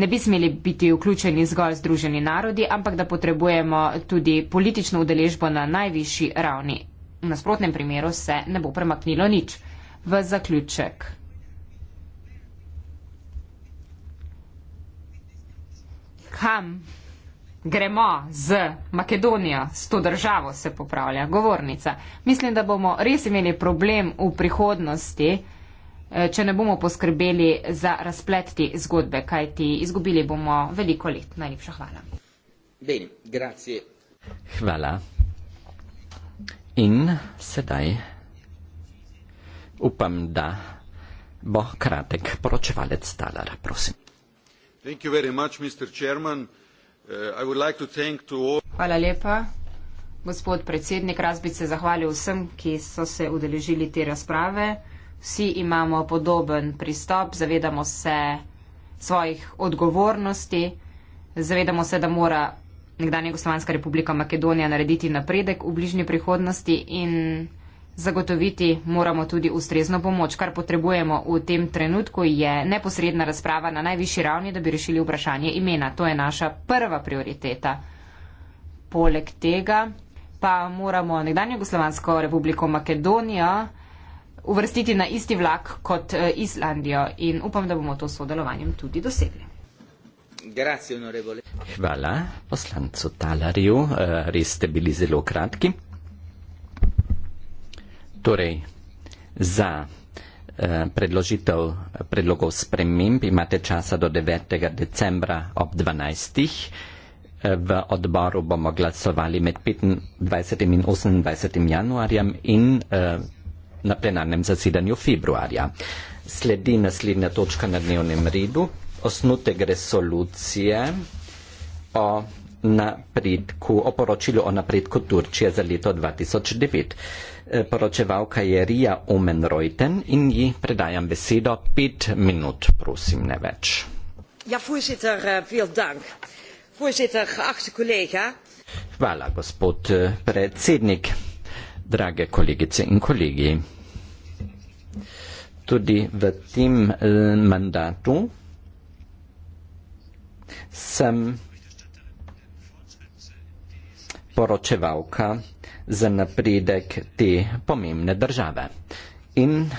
ne bi smeli biti vključeni zgolj združeni narodi, ampak da potrebujemo tudi politično udeležbo na najvišji ravni V nasprotnem primeru se ne bo premaknilo nič. V zaključek. Kam gremo z Makedonijo, s to državo se popravlja govornica. Mislim, da bomo res imeli problem v prihodnosti, eh, če ne bomo poskrbeli za razplet te zgodbe, kajti izgubili bomo veliko let. Najlepša hvala. Bene, grazie. Hvala. In sedaj upam, da bo kratek poročevalec Talar, prosim. Uh, Hvala lepa, gospod predsednik. Raz bi se zahvalil vsem, ki so se udeležili te razprave. Vsi imamo podoben pristop, zavedamo se svojih odgovornosti, zavedamo se, da mora nekdanja Jugoslovanska republika Makedonija narediti napredek v bližnji prihodnosti in zagotoviti moramo tudi ustrezno pomoč. Kar potrebujemo v tem trenutku je neposredna razprava na najvišji ravni, da bi rešili vprašanje imena. To je naša prva prioriteta. Poleg tega pa moramo nekdanjo Jugoslovansko republiko Makedonijo uvrstiti na isti vlak kot eh, Islandijo in upam, da bomo to sodelovanjem tudi dosegli. Grazie, onorevole. Hvala, poslancu Talarju, eh, res ste bili zelo kratki. Torej, za eh, predložitev predlogov sprememb imate časa do 9. decembra ob 12. Eh, v odboru bomo glasovali med 25. in 28. januarjem in na plenarnem zasedanju februarja. Sledi naslednja točka na dnevnem redu osnutek resolucije o napredku, o poročilu o napredku Turčije za leto 2009. E, poročevalka je Rija Umenrojten in ji predajam besedo pet minut, prosim, ne več. Ja, fujšiter, eh, vil dank. Fujšiter, ahši kolega. Hvala, gospod eh, predsednik, drage kolegice in kolegi. Tudi v tem eh, mandatu jsem poročevalka za napredek te pomembne države in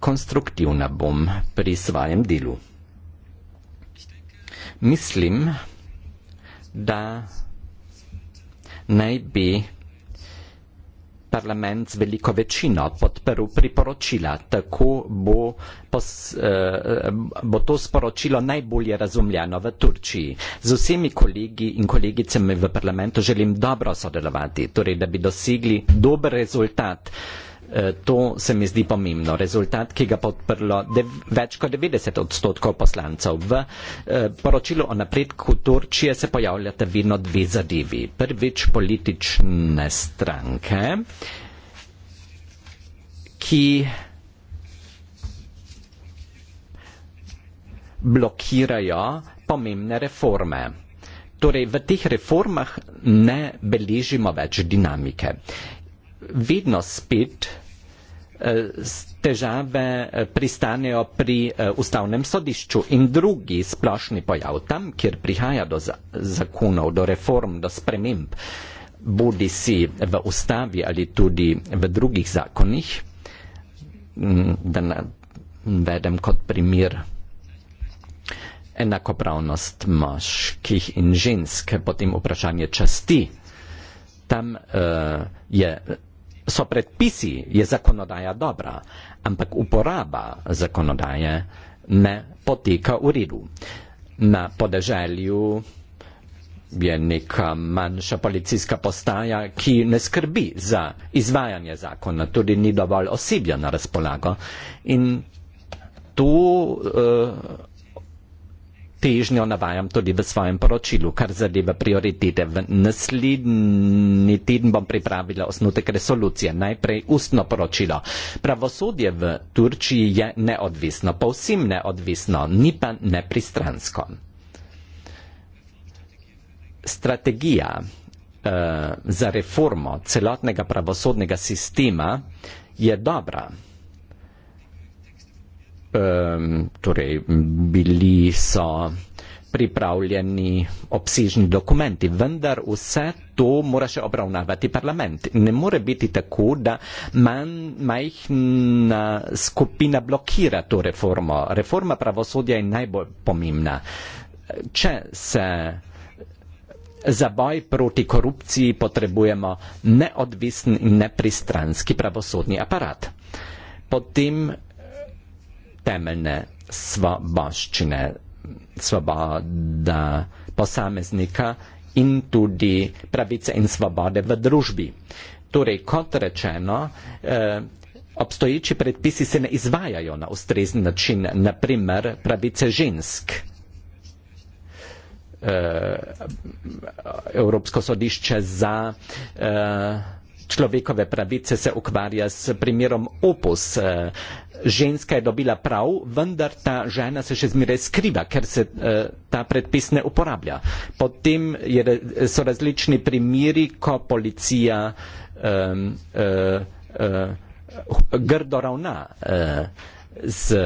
konstruktivna bom pri svojem delu. Mislim, da naj bi parlament z veliko večino podprl priporočila. Tako bo, pos, eh, bo to sporočilo najbolje razumljeno v Turčiji. Z vsemi kolegi in kolegicami v parlamentu želim dobro sodelovati, torej da bi dosegli dober rezultat. Eh, to se mi zdi pomembno. Rezultat, ki ga podprlo več kot 90 odstotkov poslancev. V eh, poročilu o napredku Turčije se pojavljata vedno dve zadevi. Prvič politične stranke, ki blokirajo pomembne reforme. Torej, v teh reformah ne beležimo več dinamike vedno spet eh, težave eh, pristanejo pri eh, ustavnem sodišču. In drugi splošni pojav tam, kjer prihaja do zakonov, do reform, do sprememb, bodi si v ustavi ali tudi v drugih zakonih, da navedem kot primer enakopravnost moških in žensk, potem vprašanje časti. Tam uh, je so predpisi, je zakonodaja dobra, ampak uporaba zakonodaje ne poteka v redu. Na podeželju je neka manjša policijska postaja, ki ne skrbi za izvajanje zakona, tudi ni dovolj osebja na razpolago. In tu uh, težnjo navajam tudi v svojem poročilu, kar zadeva prioritete. V naslednji teden bom pripravila osnutek resolucije, najprej ustno poročilo. Pravosodje v Turčiji je neodvisno, povsem neodvisno, ni pa nepristransko. Strategija uh, za reformo celotnega pravosodnega sistema je dobra. Ehm, torej bili so pripravljeni obsežni dokumenti, vendar vse to mora še obravnavati parlament. Ne more biti tako, da manj, majhna skupina blokira to reformo. Reforma pravosodja je najbolj pomembna. Če se za boj proti korupciji potrebujemo neodvisen in nepristranski pravosodni aparat, potem temeljne svobaščine, svoboda posameznika in tudi pravice in svobode v družbi. Torej, kot rečeno, eh, obstoječi predpisi se ne izvajajo na ustrezen način, naprimer pravice žensk. Eh, Evropsko sodišče za eh, človekove pravice se ukvarja s primerom opus, ženska je dobila prav, vendar ta žena se še zmeraj skriva, ker se uh, ta predpis ne uporablja. Potem je, so različni primiri, ko policija um, uh, uh, grdo ravna uh, z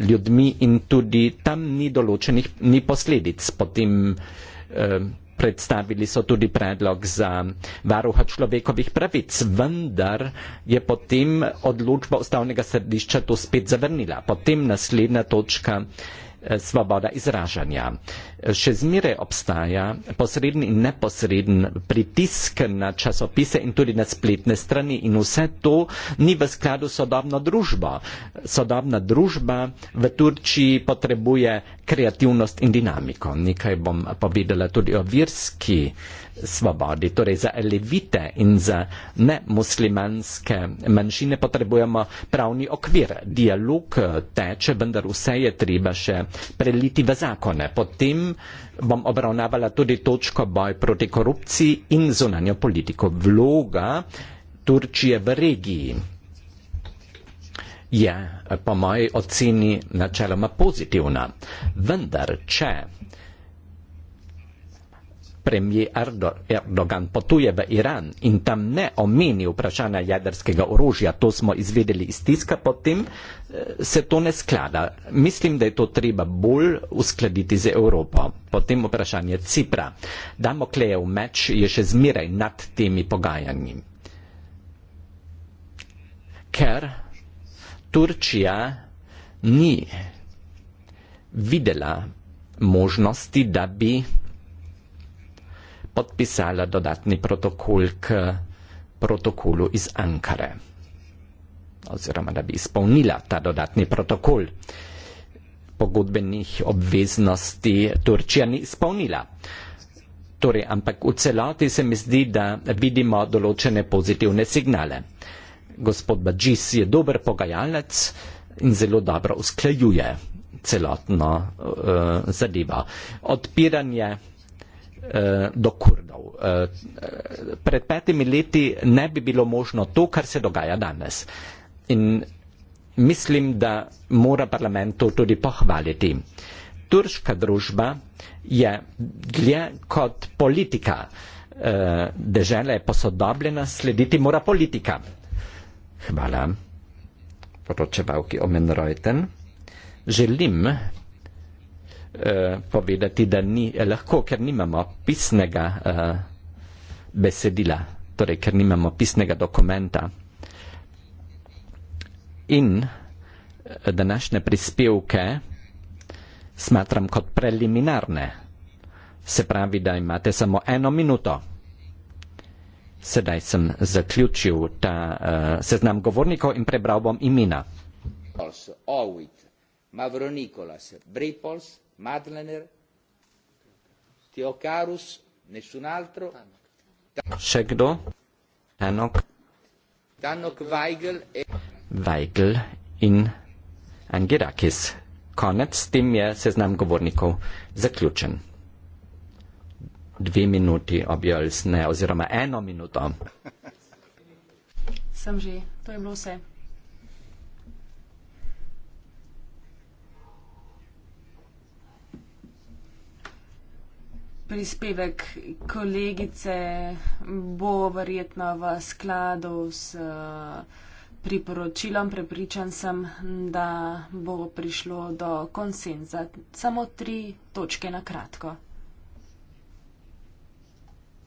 ljudmi in tudi tam ni določenih, ni posledic. Potem, uh, predstavili so tudi predlog za varuha človekovih pravic, vendar je potem odločba ustavnega središča to spet zavrnila. Potem naslednja točka eh, svoboda izražanja še zmeraj obstaja posreden in neposreden pritisk na časopise in tudi na spletne strani in vse to ni v skladu s sodobno družbo. Sodobna družba v Turčiji potrebuje kreativnost in dinamiko. Nekaj bom povedala tudi o virski svobodi, torej za elevite in za nemuslimanske manjšine potrebujemo pravni okvir. Dialog teče, vendar vse je treba še preliti v zakone. Potem bom obravnavala tudi točko boj proti korupciji in zunanjo politiko. Vloga Turčije v regiji je po moji oceni načeloma pozitivna. Vendar, če premijer Erdo Erdogan potuje v Iran in tam ne omeni vprašanja jedrskega orožja, to smo izvedeli iz tiska, potem eh, se to ne sklada. Mislim, da je to treba bolj uskladiti z Evropo. Potem vprašanje Cipra. Damoklejev meč je še zmeraj nad temi pogajanji. Ker Turčija ni videla možnosti, da bi podpisala dodatni protokol k protokolu iz Ankare. Oziroma, da bi izpolnila ta dodatni protokol. Pogodbenih obveznosti Turčija ni izpolnila. Torej, ampak v celoti se mi zdi, da vidimo določene pozitivne signale. Gospod Bajis je dober pogajalec in zelo dobro usklajuje celotno uh, zadevo. Odpiranje eh, do Kurdov. Eh, eh, pred petimi leti ne bi bilo možno to, kar se dogaja danes. In mislim, da mora parlament to tudi pohvaliti. Turška družba je dlje kot politika eh, dežele posodobljena, slediti mora politika. Hvala. Poročevalki Omen Reuten. Želim Eh, povedati, da ni eh, lahko, ker nimamo pisnega uh, besedila, torej ker nimamo pisnega dokumenta. In današnje prispevke smatram kot preliminarne. Se pravi, da imate samo eno minuto. Sedaj sem zaključil ta uh, seznam govornikov in prebral bom imena. Also, Owit, Mavro Nikolas, Bripols, Madlener, Teokarus, nessun altro. Še kdo? Tanok. Tanok Weigel. E Weigel in Angirakis. Konec, s tem je seznam govornikov zaključen. Dve minuti objavljene, oziroma eno minuto. Sem že, to je bilo vse. prispevek kolegice bo verjetno v skladu s eh, priporočilom. Prepričan sem, da bo prišlo do konsenza. Samo tri točke na kratko.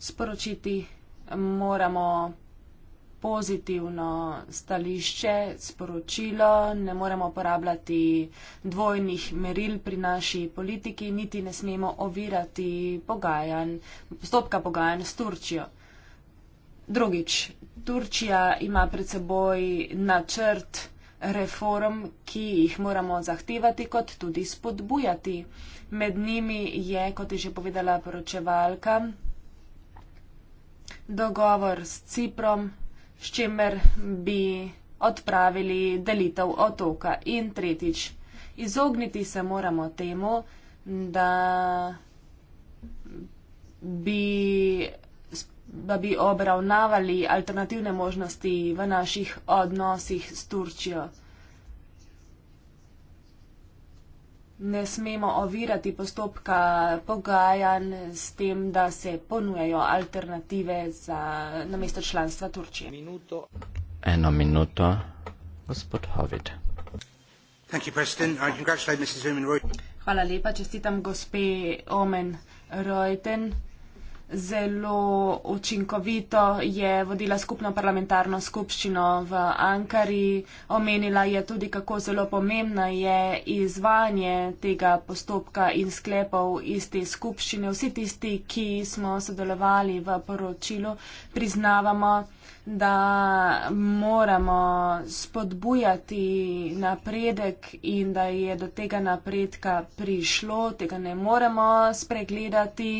Sporočiti moramo pozitivno stališče, sporočilo, ne moremo uporabljati dvojnih meril pri naši politiki, niti ne smemo ovirati pogajanj, postopka pogajanj s Turčijo. Drugič, Turčija ima pred seboj načrt reform, ki jih moramo zahtevati kot tudi spodbujati. Med njimi je, kot je že povedala poročevalka, dogovor s Ciprom, s čimer bi odpravili delitev otoka. In tretjič, izogniti se moramo temu, da bi, da bi obravnavali alternativne možnosti v naših odnosih s Turčijo. ne smemo ovirati postopka pogajanj s tem, da se ponujejo alternative za namesto članstva Turčije. Minuto. Eno minuto, gospod Hovid. Hvala lepa, čestitam gospe Omen Reuten zelo učinkovito je vodila skupno parlamentarno skupščino v Ankari. Omenila je tudi, kako zelo pomembna je izvanje tega postopka in sklepov iz te skupščine. Vsi tisti, ki smo sodelovali v poročilu, priznavamo, da moramo spodbujati napredek in da je do tega napredka prišlo. Tega ne moremo spregledati.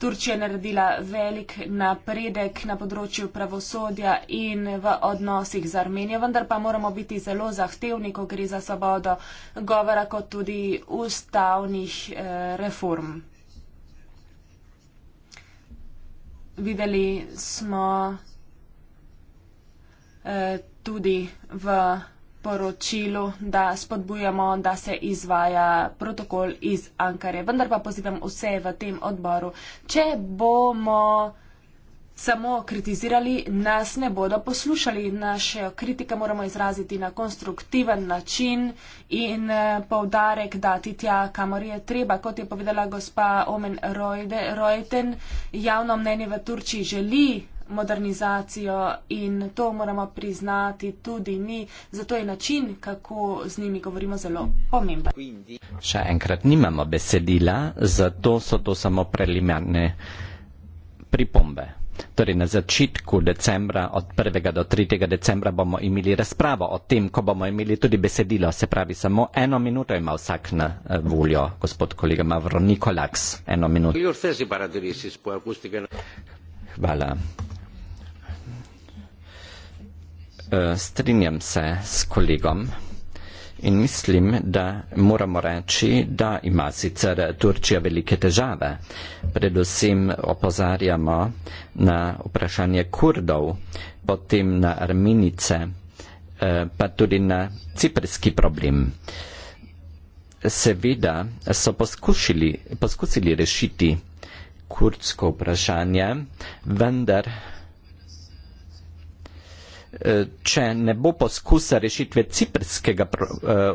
Turčija naredila velik napredek na področju pravosodja in v odnosih z Armenijo, vendar pa moramo biti zelo zahtevni, ko gre za svobodo govora, kot tudi ustavnih eh, reform. Videli smo eh, tudi v poročilu, da spodbujamo, da se izvaja protokol iz Ankare. Vendar pa pozivam vse v tem odboru, če bomo samo kritizirali, nas ne bodo poslušali. Naše kritike moramo izraziti na konstruktiven način in eh, povdarek dati tja, kamor je treba. Kot je povedala gospa Omen Rojten, javno mnenje v Turčiji želi modernizacijo in to moramo priznati tudi mi, zato je način, kako z njimi govorimo, zelo pomemben. Še enkrat nimamo besedila, zato so to samo preliminarne pripombe. Torej na začetku decembra, od 1. do 3. decembra bomo imeli razpravo o tem, ko bomo imeli tudi besedilo, se pravi samo eno minuto ima vsak na eh, voljo, gospod kolega Mavro Nikolaks, eno minuto. Hvala. Eh, strinjam se s kolegom in mislim, da moramo reči, da ima sicer Turčija velike težave. Predvsem opozarjamo na vprašanje Kurdov, potem na Arminice, eh, pa tudi na ciprski problem. Seveda so poskušili, poskusili rešiti kurdsko vprašanje, vendar Eh, če ne bo poskusa rešitve ciprskega eh,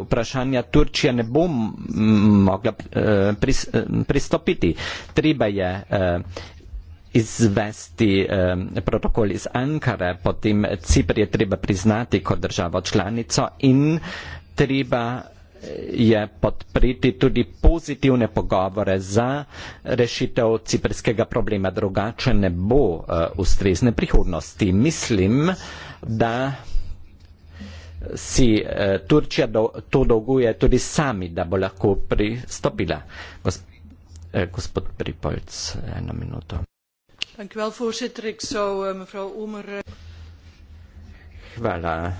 vprašanja, Turčija ne bo mogla eh, pristopiti. Treba je izvesti protokol iz Ankare, potem Cipr je treba priznati kot državo članico in treba je podpriti tudi pozitivne pogovore za rešitev ciprskega problema. Drugače ne bo ustrezne prihodnosti. Mislim, da si eh, Turčija do, to dolguje tudi sami, da bo lahko pristopila. Gos, eh, gospod Pripolc, eno minuto. Eh, eh, Hvala.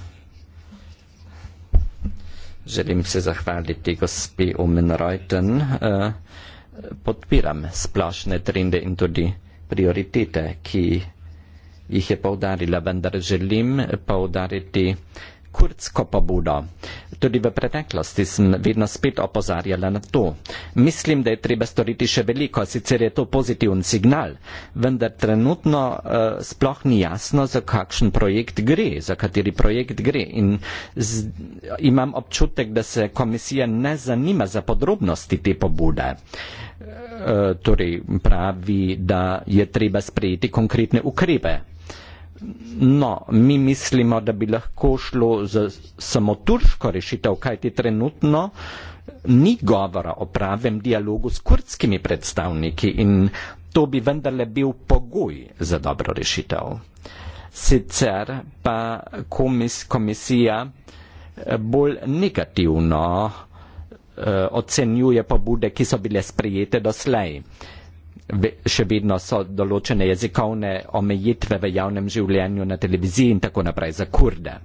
Želim se zahvaliti gospi Omen Reuten. Eh, podpiram splošne trende in tudi prioritete, ki jih je povdarila, vendar želim povdariti kurdsko pobudo. Tudi v preteklosti sem vedno spet opozarjala na to. Mislim, da je treba storiti še veliko, sicer je to pozitiven signal, vendar trenutno uh, sploh ni jasno, za kakšen projekt gre, za kateri projekt gre. In z, imam občutek, da se komisija ne zanima za podrobnosti te pobude. Uh, torej pravi, da je treba sprejeti konkretne ukrepe. No, mi mislimo, da bi lahko šlo za samo turško rešitev, kajti trenutno ni govora o pravem dialogu s kurdskimi predstavniki in to bi vendarle bil pogoj za dobro rešitev. Sicer pa komis, komisija eh, bolj negativno eh, ocenjuje pobude, ki so bile sprejete doslej. Eh, še vedno so določene jezikovne omejitve v javnem življenju na televiziji in tako naprej za kurde.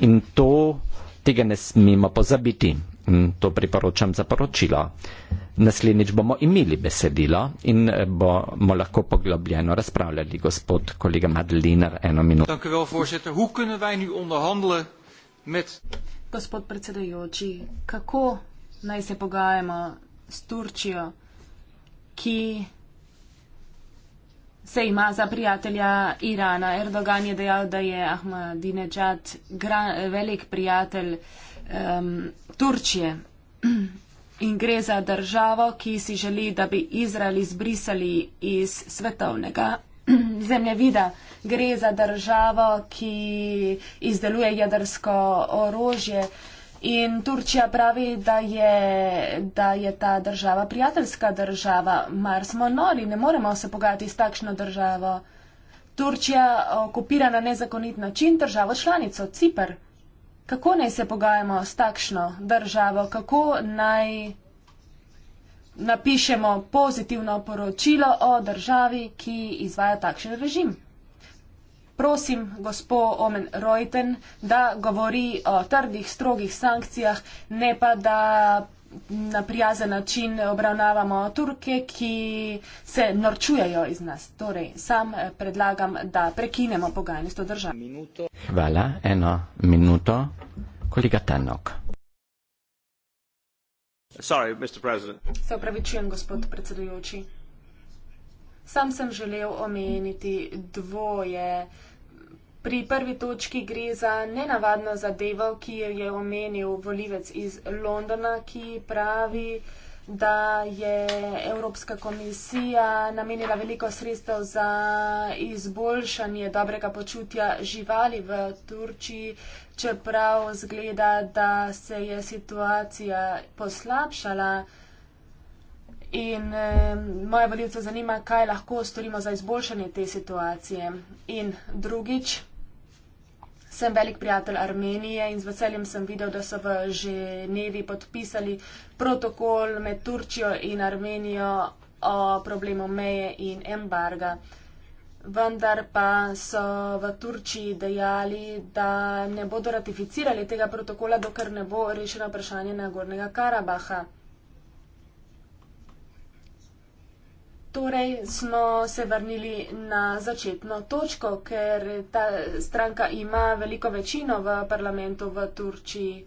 In to, tega ne smemo pozabiti. In to priporočam za poročilo. Naslednjič bomo imeli besedilo in eh, bomo lahko poglobljeno razpravljali, gospod kolega Madlinar, eno minuto. Met... Gospod predsedajoči, kako naj se pogajamo s Turčijo? ki se ima za prijatelja Irana. Erdogan je dejal, da je Ahmadinejad gran, velik prijatelj um, Turčije. In gre za državo, ki si želi, da bi Izrael izbrisali iz svetovnega zemljevida. Gre za državo, ki izdeluje jedrsko orožje. In Turčija pravi, da je, da je ta država prijateljska država. Mar smo nori, ne moremo se pogajati s takšno državo. Turčija okupira na nezakonit način državo članico, Cipr. Kako naj se pogajamo s takšno državo? Kako naj napišemo pozitivno poročilo o državi, ki izvaja takšen režim? prosim gospo Omen Reuten, da govori o trdih, strogih sankcijah, ne pa da na prijazen način obravnavamo Turke, ki se norčujejo iz nas. Torej, sam eh, predlagam, da prekinemo pogajanje s to državo. Hvala. Eno minuto. Kolega Tanok. Sorry, Mr. Se upravičujem, gospod predsedujoči. Sam sem želel omeniti dvoje. Pri prvi točki gre za nenavadno zadevo, ki jo je omenil volivec iz Londona, ki pravi, da je Evropska komisija namenila veliko sredstev za izboljšanje dobrega počutja živali v Turčiji, čeprav zgleda, da se je situacija poslabšala. In eh, moje voljivce zanima, kaj lahko storimo za izboljšanje te situacije. In drugič, sem velik prijatelj Armenije in z veseljem sem videl, da so v Ženevi podpisali protokol med Turčijo in Armenijo o problemu meje in embarga. Vendar pa so v Turčiji dejali, da ne bodo ratificirali tega protokola, dokler ne bo rešeno vprašanje Nagornega Karabaha. Torej smo se vrnili na začetno točko, ker ta stranka ima veliko večino v parlamentu v Turčiji.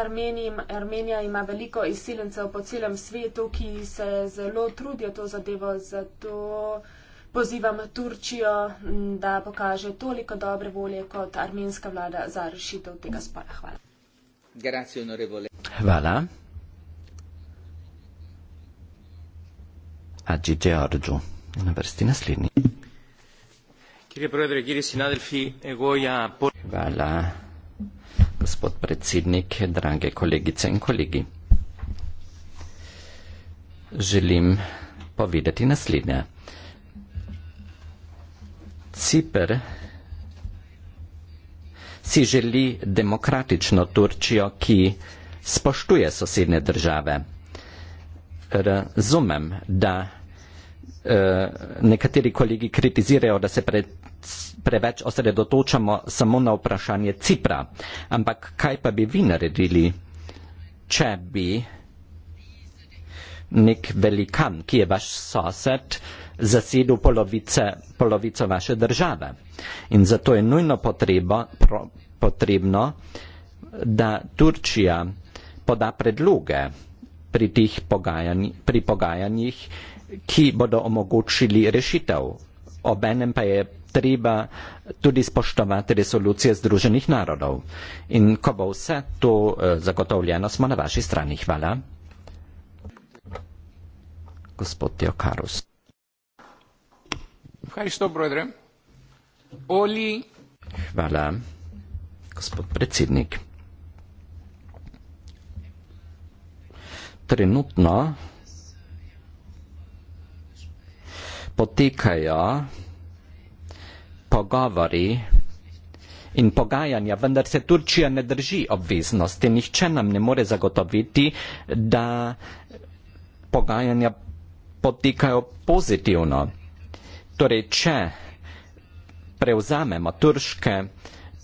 Armenijim, Armenija ima veliko izsilencev po celem svetu, ki se zelo trudijo to zadevo, zato pozivam Turčijo, da pokaže toliko dobre volje kot armenska vlada za rešitev tega spora. Hvala. Grazie, Hvala. Adži Džeorđu. Na vrsti naslednji. Ja, Hvala, gospod predsednik, drage kolegice in kolegi. Želim povedati naslednje. Cipr si želi demokratično Turčijo, ki spoštuje sosednje države. Razumem, da Eh, nekateri kolegi kritizirajo, da se pre, preveč osredotočamo samo na vprašanje Cipra. Ampak kaj pa bi vi naredili, če bi nek velikan, ki je vaš sosed, zasedil polovice, polovico vaše države. In zato je nujno potrebo, pro, potrebno, da Turčija poda predloge pri, pri pogajanjih ki bodo omogočili rešitev. Obenem pa je treba tudi spoštovati resolucije Združenih narodov. In ko bo vse to eh, zagotovljeno, smo na vaši strani. Hvala. Gospod Teokarus. Hvala, gospod predsednik. Trenutno potekajo pogovori in pogajanja, vendar se Turčija ne drži obveznosti. Nihče nam ne more zagotoviti, da pogajanja potekajo pozitivno. Torej, če prevzamemo turške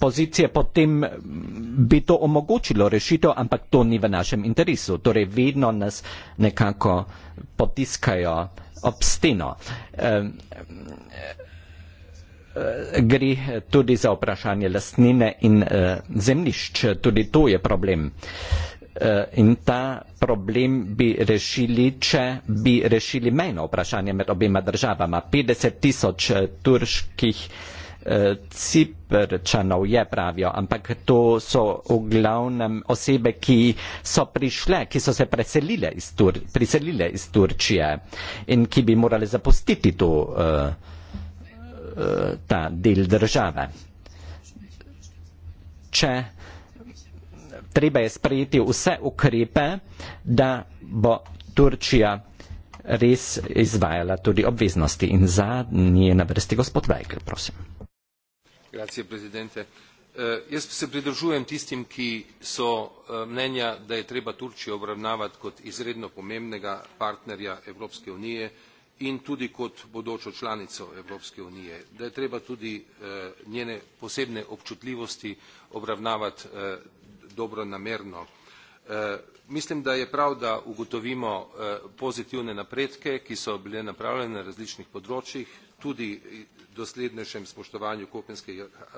pozicije, potem bi to omogočilo rešitev, ampak to ni v našem interesu. Torej, vedno nas nekako potiskajo ob steno. Eh, gre tudi za vprašanje lastnine in eh, zemljišč, tudi to je problem. Eh, in ta problem bi rešili, če bi rešili mejno vprašanje med obima državama. 50 tisoč turških Ciprčanov je pravijo, ampak to so v glavnem osebe, ki so prišle, ki so se preselile iz, Tur priselile iz Turčije in ki bi morali zapustiti tu, uh, eh, eh, ta del države. Če treba je sprejeti vse ukrepe, da bo Turčija res izvajala tudi obveznosti. In za nje na vrsti gospod Vajkl, prosim. Grazie, prezidente. Eh, jaz se pridržujem tistim, ki so eh, mnenja, da je treba Turčijo obravnavati kot izredno pomembnega partnerja Evropske unije in tudi kot bodočo članico Evropske unije, da je treba tudi eh, njene posebne občutljivosti obravnavati dobronamerno. Mislim, da je prav, da ugotovimo eh, pozitivne napredke, ki so bile napravljene na različnih področjih, tudi doslednejšem spoštovanju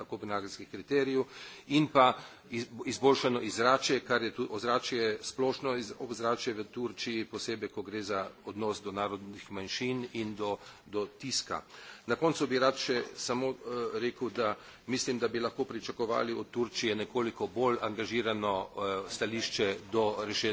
kopenhagenskih kriterijev in pa izboljšano izračje, kar je tu ozračje, splošno ozračje v Turčiji, posebej, ko gre za odnos do narodnih manjšin in do, do tiska. Na koncu bi rad še samo eh, rekel, da mislim, da bi lahko pričakovali od Turčije nekoliko bolj angažirano eh, stališče do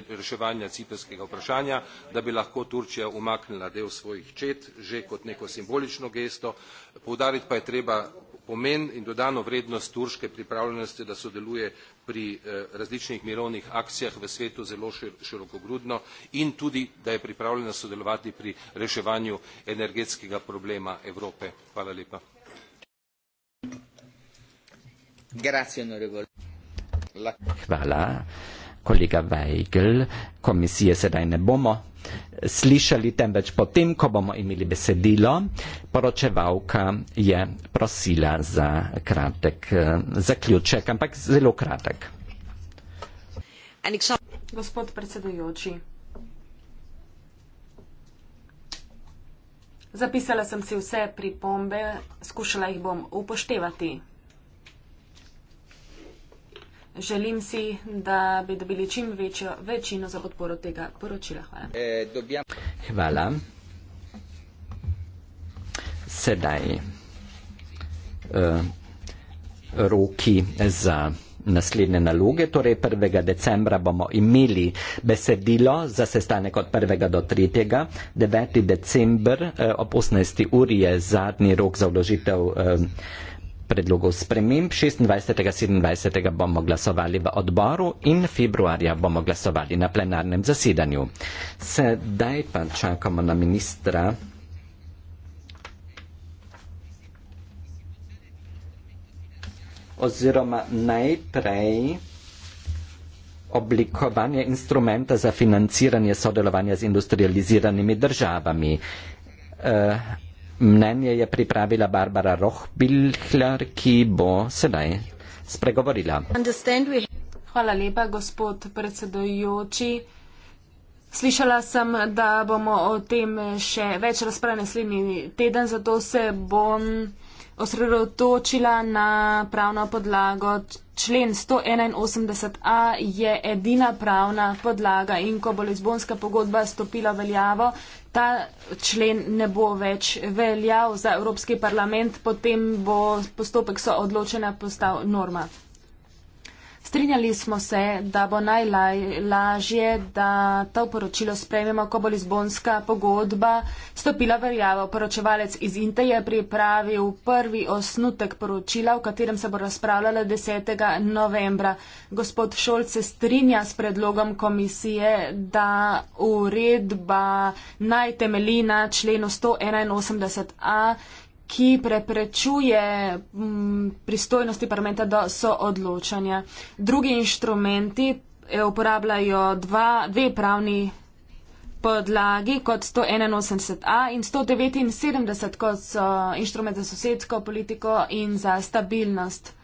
reševanja ciprskega vprašanja, da bi lahko Turčija umaknila del svojih čet že kot neko simbolično gesto, Poudariti pa je treba pomen in dodano vrednost turške pripravljenosti, da sodeluje pri eh, različnih mirovnih akcijah v svetu zelo širokogrudno in tudi, da je pripravljena sodelovati pri reševanju energetskega problema Evrope. Hvala lepa. Hvala kolega Weigel, komisije sedaj ne bomo slišali, temveč potem, ko bomo imeli besedilo, poročevalka je prosila za kratek eh, zaključek, ampak zelo kratek. Gospod predsedujoči. Zapisala sem si vse pripombe, skušala jih bom upoštevati. Želim si, da bi dobili čim večjo večino za podporo tega poročila. Hvala. E, Hvala. Sedaj uh, roki za naslednje naloge. Torej 1. decembra bomo imeli besedilo za sestanek od 1. do 3. 9. december uh, ob 18. uri je zadnji rok za vložitev. Uh, predlogov sprememb 26. in 27. bomo glasovali v odboru in februarja bomo glasovali na plenarnem zasedanju. Sedaj pa čakamo na ministra. Oziroma najprej oblikovanje instrumenta za financiranje sodelovanja z industrializiranimi državami. Uh, mnenje je pripravila Barbara Rohbilhler, ki bo sedaj spregovorila. Hvala lepa, gospod predsedojoči. Slišala sem, da bomo o tem še več razpravljali naslednji teden, zato se bom osredotočila na pravno podlago. Člen 181a je edina pravna podlaga in ko bo Lizbonska pogodba stopila veljavo, ta člen ne bo več veljal za Evropski parlament, potem bo postopek soodločena postal norma. Strinjali smo se, da bo najlažje, da to poročilo sprejmemo, ko bo Lizbonska pogodba stopila v javo. Poročevalec iz Inte je pripravil prvi osnutek poročila, v katerem se bo razpravljala 10. novembra. Gospod Šolc se strinja s predlogom komisije, da uredba naj temeli na členu 181a ki preprečuje m, mm, pristojnosti parlamenta do soodločanja. Drugi inštrumenti eh, uporabljajo dva, dve pravni podlagi kot 181a in 179 kot so inštrument za sosedsko politiko in za stabilnost.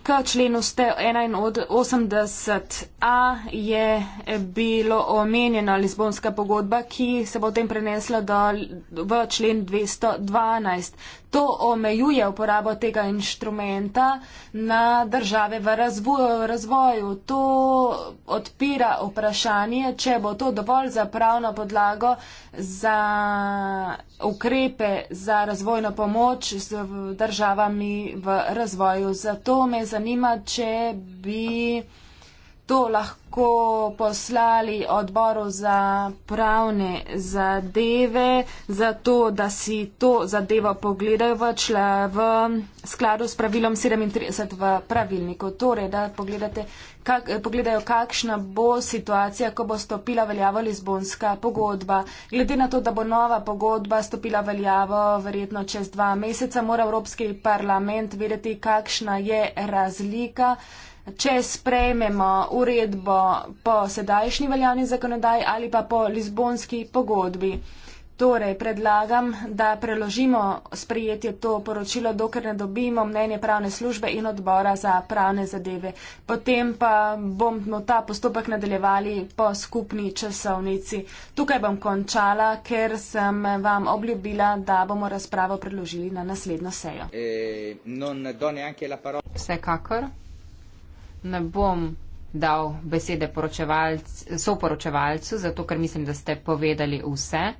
K členu 181a je bilo omenjena Lizbonska pogodba, ki se bo potem prenesla do, v člen 212. To omejuje uporabo tega inštrumenta na države v razvoju. To odpira vprašanje, če bo to dovolj za pravno podlago za ukrepe za razvojno pomoč z državami v razvoju. Zato me zanima, če bi to lahko poslali odboru za pravne zadeve, zato da si to zadevo pogledajo v, čla, v skladu s pravilom 37 v pravilniku. Torej, da pogledate, kak, pogledajo, kakšna bo situacija, ko bo stopila veljavo Lizbonska pogodba. Glede na to, da bo nova pogodba stopila veljavo verjetno čez dva meseca, mora Evropski parlament vedeti, kakšna je razlika če sprejmemo uredbo po sedajšnji veljavni zakonodaji ali pa po Lizbonski pogodbi. Torej, predlagam, da preložimo sprejetje to poročilo, dokler ne dobimo mnenje pravne službe in odbora za pravne zadeve. Potem pa bomo ta postopek nadaljevali po skupni časovnici. Tukaj bom končala, ker sem vam obljubila, da bomo razpravo preložili na naslednjo sejo. E, non do Vsekakor ne bom dal besede soporočevalcu, zato ker mislim, da ste povedali vse.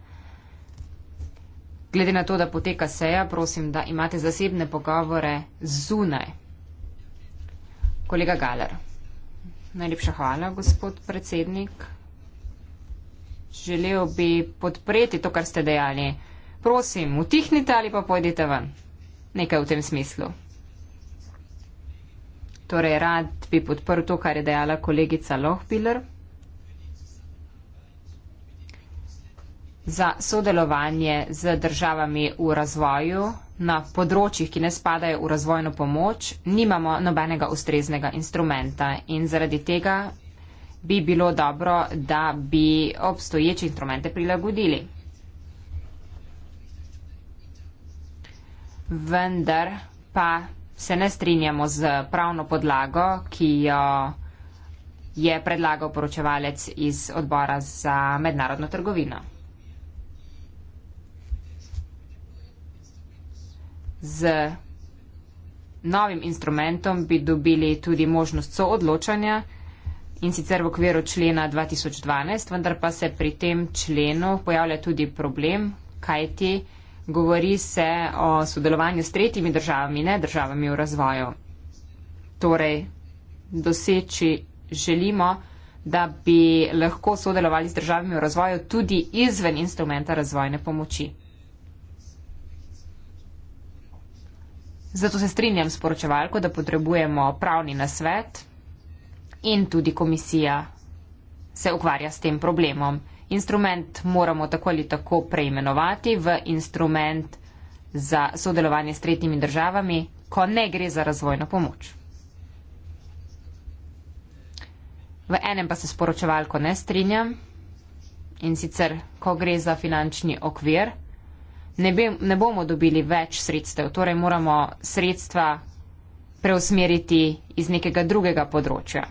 Glede na to, da poteka seja, prosim, da imate zasebne pogovore zunaj. Kolega Galer. Najlepša hvala, gospod predsednik. Želel bi podpreti to, kar ste dejali. Prosim, utihnite ali pa pojdite ven. Nekaj v tem smislu. Torej, rad bi podprl to, kar je dejala kolegica Lohbiller. Za sodelovanje z državami v razvoju na področjih, ki ne spadajo v razvojno pomoč, nimamo nobenega ustreznega instrumenta in zaradi tega bi bilo dobro, da bi obstoječe instrumente prilagodili. Vendar pa se ne strinjamo z pravno podlago, ki jo je predlagal poročevalec iz odbora za mednarodno trgovino. Z novim instrumentom bi dobili tudi možnost soodločanja in sicer v okviru člena 2012, vendar pa se pri tem členu pojavlja tudi problem, kajti govori se o sodelovanju s tretjimi državami, ne državami v razvoju. Torej, doseči želimo, da bi lahko sodelovali z državami v razvoju tudi izven instrumenta razvojne pomoči. Zato se strinjam s poročevalko, da potrebujemo pravni nasvet in tudi komisija se ukvarja s tem problemom instrument moramo tako ali tako preimenovati v instrument za sodelovanje s tretjimi državami, ko ne gre za razvojno pomoč. V enem pa se sporočevalko ne strinjam in sicer, ko gre za finančni okvir, ne, bi, ne bomo dobili več sredstev, torej moramo sredstva preusmeriti iz nekega drugega področja.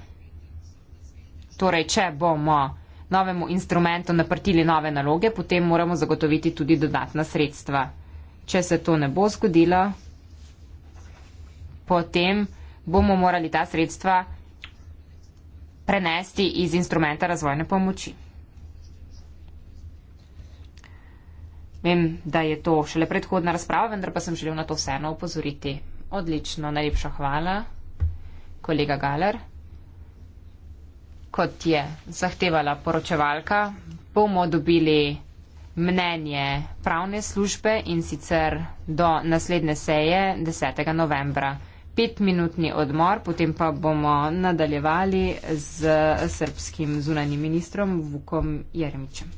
Torej, če bomo novemu instrumentu naprtili nove naloge, potem moramo zagotoviti tudi dodatna sredstva. Če se to ne bo zgodilo, potem bomo morali ta sredstva prenesti iz instrumenta razvojne pomoči. Vem, da je to šele predhodna razprava, vendar pa sem želel na to vseeno upozoriti. Odlično, najlepša hvala, kolega Galer kot je zahtevala poročevalka, bomo dobili mnenje pravne službe in sicer do naslednje seje 10. novembra. Petminutni odmor, potem pa bomo nadaljevali z srpskim zunanim ministrom Vukom Jeremičem.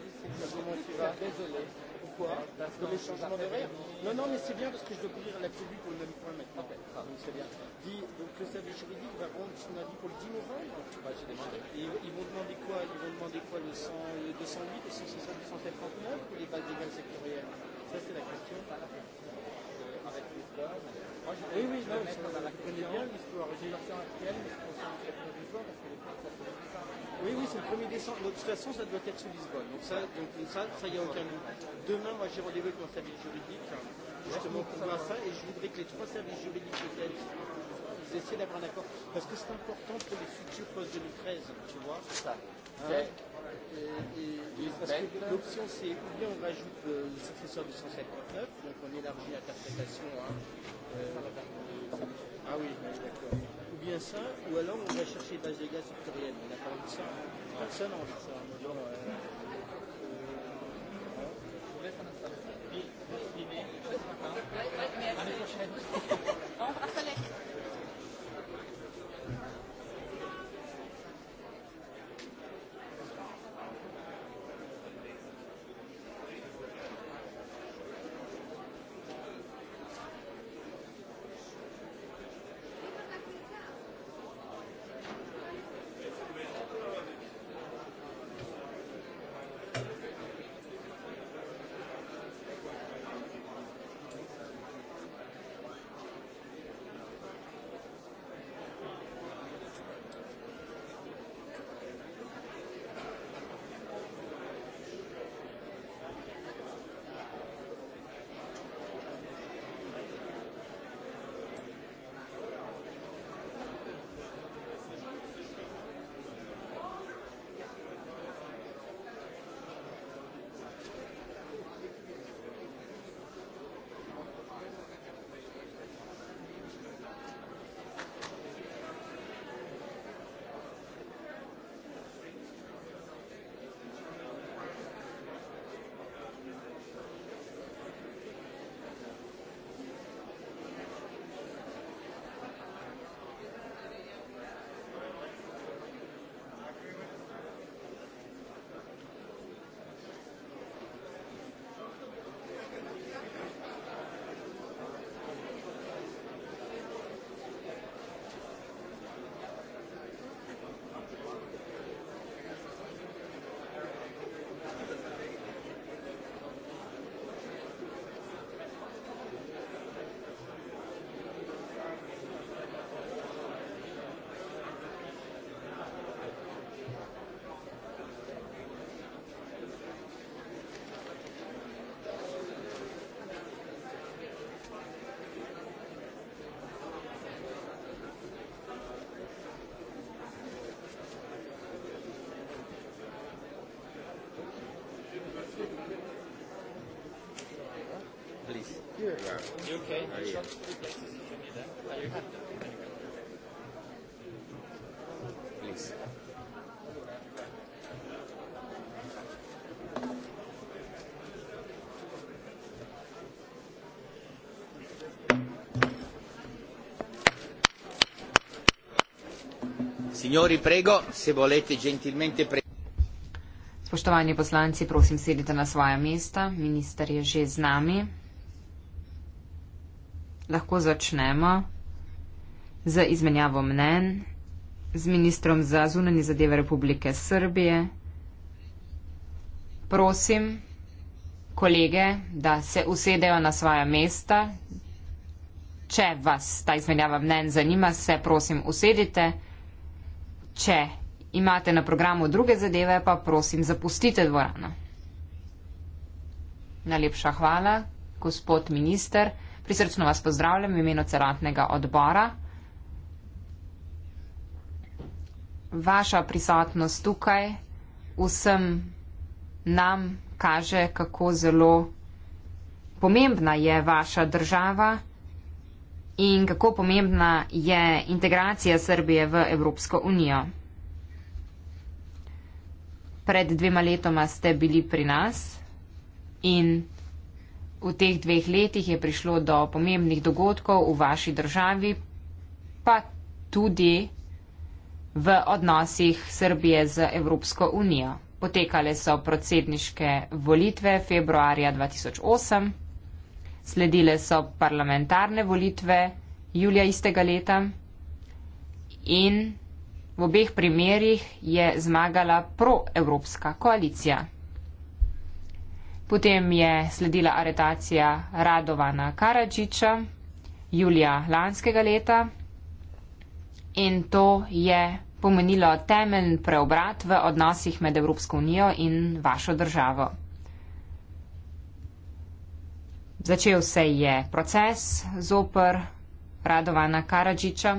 Je comment tu vas Désolé. Pourquoi Parce que les changements de rire. Non, non, mais c'est bien parce que je dois couvrir la tribu pour le même point maintenant. Okay. Donc c'est bien. Dis, donc le service juridique va rendre son avis pour le 10 novembre bah, j'ai demandé. Et ils vont demander quoi Ils vont demander quoi le, 100, le 208 et si c'est ça le 139 ou les bases légales sectorielles Ça, c'est la question. Avec euh, l'histoire. Oui, oui, je connais bien l'histoire. J'ai l'histoire actuelle, mais je pense que c'est un très bon parce que les parts, ça peut Oui, oui, c'est le 1er décembre. Donc, de toute façon, ça doit être sous Lisbonne. Donc ça, donc, ça, ça y a aucun doute. Demain, moi, j'ai rendez-vous avec mon service juridique, justement, pour voir ça. Et je voudrais que les trois services juridiques étaient essayer d'avoir un accord parce que c'est important pour les futurs post 2013 tu vois ça ouais. et, et, et l'option c'est ou bien on rajoute euh, le successeur du 179 donc on élargit l'interprétation hein. euh, ah oui, oui d'accord bien ça, ou alors on va chercher des bases de gaz subterranées. On n'a pas envie de ça. Personne n'a envie de ça. here. You okay? Are you? Please. Signori, prego, se volete gentilmente pre... Spoštovani poslanci, prosim, sedite na svoja mesta. Minister je že z nami lahko začnemo z izmenjavo mnen z ministrom za zunanje zadeve Republike Srbije. Prosim kolege, da se usedejo na svoja mesta. Če vas ta izmenjava mnen zanima, se prosim usedite. Če imate na programu druge zadeve, pa prosim zapustite dvorano. Najlepša hvala, gospod minister. Prisrčno vas pozdravljam v imenu celotnega odbora. Vaša prisotnost tukaj vsem nam kaže, kako zelo pomembna je vaša država in kako pomembna je integracija Srbije v Evropsko unijo. Pred dvema letoma ste bili pri nas in V teh dveh letih je prišlo do pomembnih dogodkov v vaši državi, pa tudi v odnosih Srbije z Evropsko unijo. Potekale so predsedniške volitve februarja 2008, sledile so parlamentarne volitve julija istega leta in v obeh primerjih je zmagala proevropska koalicija. Potem je sledila aretacija Radovana Karadžiča julija lanskega leta in to je pomenilo temeljni preobrat v odnosih med Evropsko unijo in vašo državo. Začel se je proces zoper Radovana Karadžiča.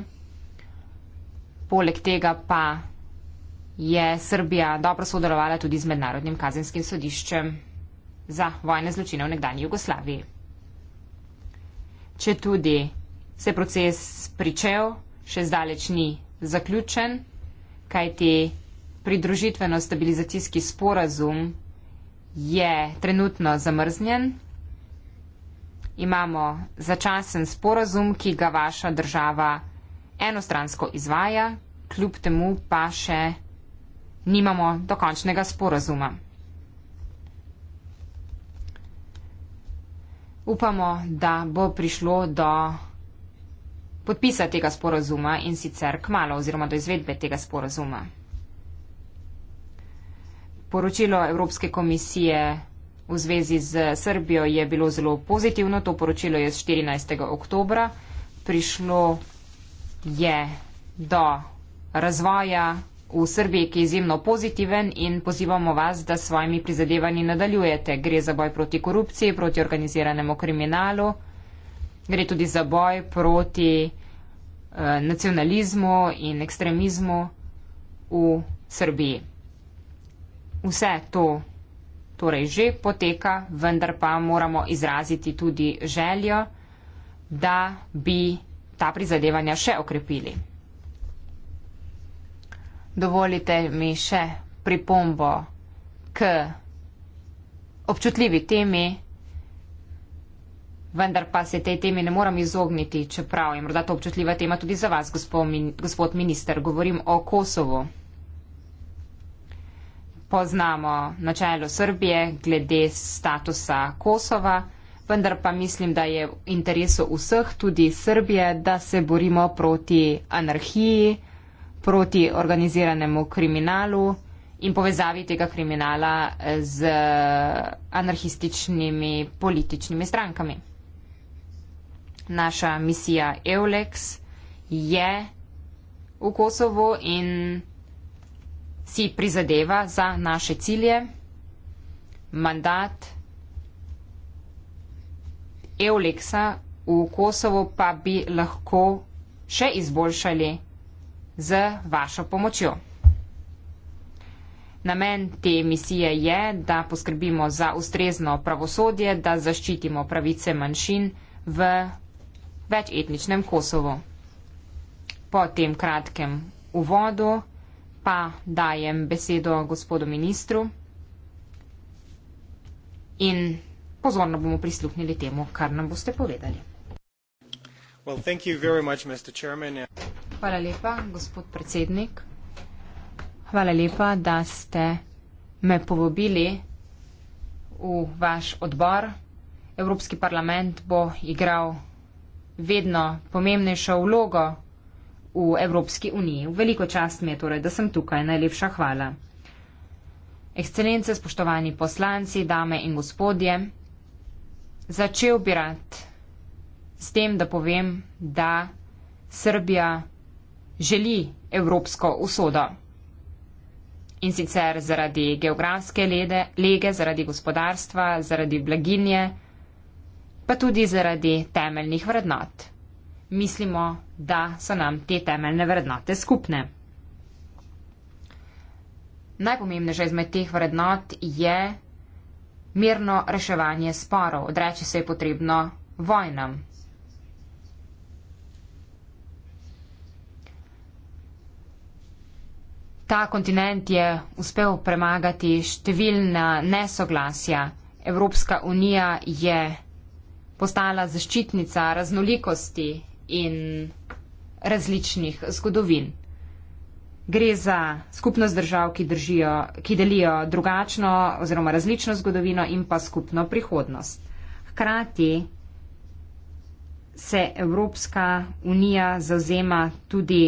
Poleg tega pa je Srbija dobro sodelovala tudi z Mednarodnim kazenskim sodiščem za vojne zločine v nekdanji Jugoslaviji. Če tudi se proces pričel, še zdaleč ni zaključen, kajti pridružitveno stabilizacijski sporazum je trenutno zamrznjen. Imamo začasen sporazum, ki ga vaša država enostransko izvaja, kljub temu pa še nimamo dokončnega sporazuma. upamo, da bo prišlo do podpisa tega sporozuma in sicer k malo oziroma do izvedbe tega sporozuma. Poročilo Evropske komisije v zvezi z Srbijo je bilo zelo pozitivno. To poročilo je z 14. oktobra. Prišlo je do razvoja v Srbiji, ki je izjemno pozitiven in pozivamo vas, da s svojimi prizadevanji nadaljujete. Gre za boj proti korupciji, proti organiziranemu kriminalu, gre tudi za boj proti eh, nacionalizmu in ekstremizmu v Srbiji. Vse to torej že poteka, vendar pa moramo izraziti tudi željo, da bi ta prizadevanja še okrepili dovolite mi še pripombo k občutljivi temi, vendar pa se tej temi ne moram izogniti, čeprav je morda to občutljiva tema tudi za vas, gospod minister. Govorim o Kosovu. Poznamo načelo Srbije glede statusa Kosova, vendar pa mislim, da je v interesu vseh, tudi Srbije, da se borimo proti anarhiji proti organiziranemu kriminalu in povezavi tega kriminala z anarhističnimi političnimi strankami. Naša misija EULEX je v Kosovo in si prizadeva za naše cilje. Mandat EULEX-a v Kosovo pa bi lahko še izboljšali z vašo pomočjo. Namen te misije je, da poskrbimo za ustrezno pravosodje, da zaščitimo pravice manjšin v večetničnem Kosovo. Po tem kratkem uvodu pa dajem besedo gospodu ministru in pozorno bomo prisluhnili temu, kar nam boste povedali. Hvala lepa, gospod predsednik. Hvala lepa, da ste me povabili v vaš odbor. Evropski parlament bo igral vedno pomembnejšo vlogo v Evropski uniji. Veliko čast mi je torej, da sem tukaj. Najlepša hvala. Ekscelence, spoštovani poslanci, dame in gospodje, začel bi rad s tem, da povem, da Srbija želi evropsko usodo. In sicer zaradi geografske lede, lege, zaradi gospodarstva, zaradi blaginje, pa tudi zaradi temeljnih vrednot. Mislimo, da so nam te temeljne vrednote skupne. Najpomembnejša izmed teh vrednot je mirno reševanje sporov. Odreči se je potrebno vojnam, ta kontinent je uspel premagati številna nesoglasja. Evropska unija je postala zaščitnica raznolikosti in različnih zgodovin. Gre za skupnost držav, ki, držijo, ki delijo drugačno oziroma različno zgodovino in pa skupno prihodnost. Hkrati se Evropska unija zauzema tudi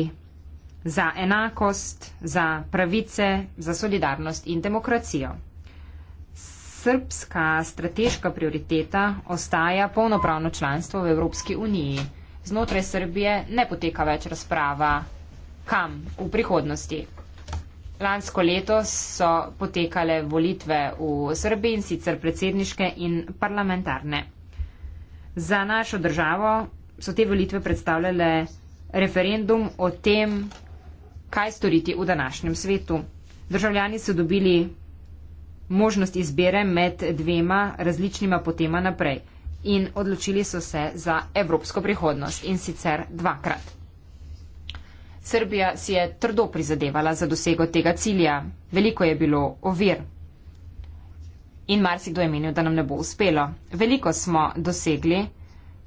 za enakost, za pravice, za solidarnost in demokracijo. Srbska strateška prioriteta ostaja polnopravno članstvo v Evropski uniji. Znotraj Srbije ne poteka več razprava, kam v prihodnosti. Lansko leto so potekale volitve v Srbiji in sicer predsedniške in parlamentarne. Za našo državo so te volitve predstavljale referendum o tem, kaj storiti v današnjem svetu. Državljani so dobili možnost izbere med dvema različnima potema naprej in odločili so se za evropsko prihodnost in sicer dvakrat. Srbija si je trdo prizadevala za dosego tega cilja, veliko je bilo ovir in marsikdo je menil, da nam ne bo uspelo. Veliko smo dosegli,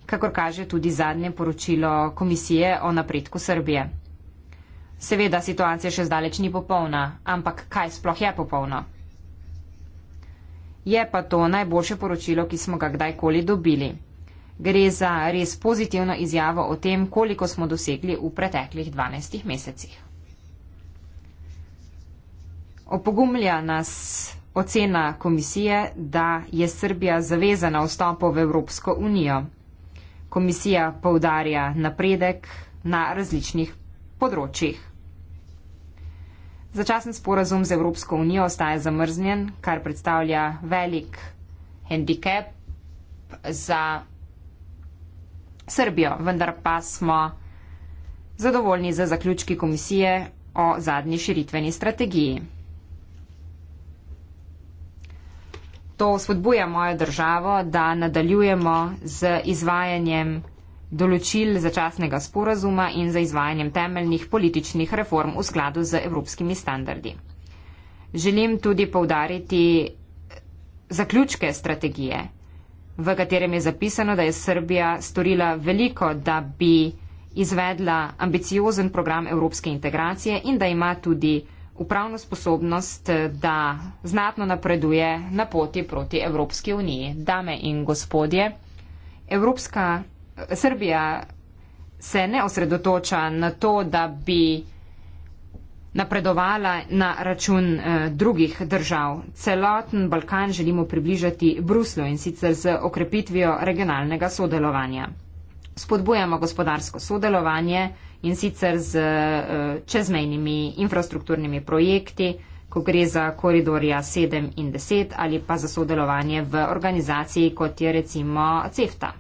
kakor kaže tudi zadnje poročilo komisije o napredku Srbije. Seveda situacija še zdaleč ni popolna, ampak kaj sploh je popolno? Je pa to najboljše poročilo, ki smo ga kdajkoli dobili. Gre za res pozitivno izjavo o tem, koliko smo dosegli v preteklih 12 mesecih. Opogumlja nas ocena komisije, da je Srbija zavezana vstopu v Evropsko unijo. Komisija poudarja napredek na različnih področjih področjih. Začasen sporazum z Evropsko unijo ostaja zamrznjen, kar predstavlja velik handicap za Srbijo, vendar pa smo zadovoljni za zaključki komisije o zadnji širitveni strategiji. To spodbuja mojo državo, da nadaljujemo z izvajanjem določil začasnega sporazuma in za izvajanjem temeljnih političnih reform v skladu z evropskimi standardi. Želim tudi povdariti zaključke strategije, v katerem je zapisano, da je Srbija storila veliko, da bi izvedla ambiciozen program evropske integracije in da ima tudi upravno sposobnost, da znatno napreduje na poti proti Evropski uniji. Dame in gospodje, Evropska Srbija se ne osredotoča na to, da bi napredovala na račun eh, drugih držav. Celoten Balkan želimo približati Bruslu in sicer z okrepitvijo regionalnega sodelovanja. Spodbujamo gospodarsko sodelovanje in sicer z eh, čezmejnimi infrastrukturnimi projekti, ko gre za koridorja 7 in 10 ali pa za sodelovanje v organizaciji, kot je recimo CEFTA.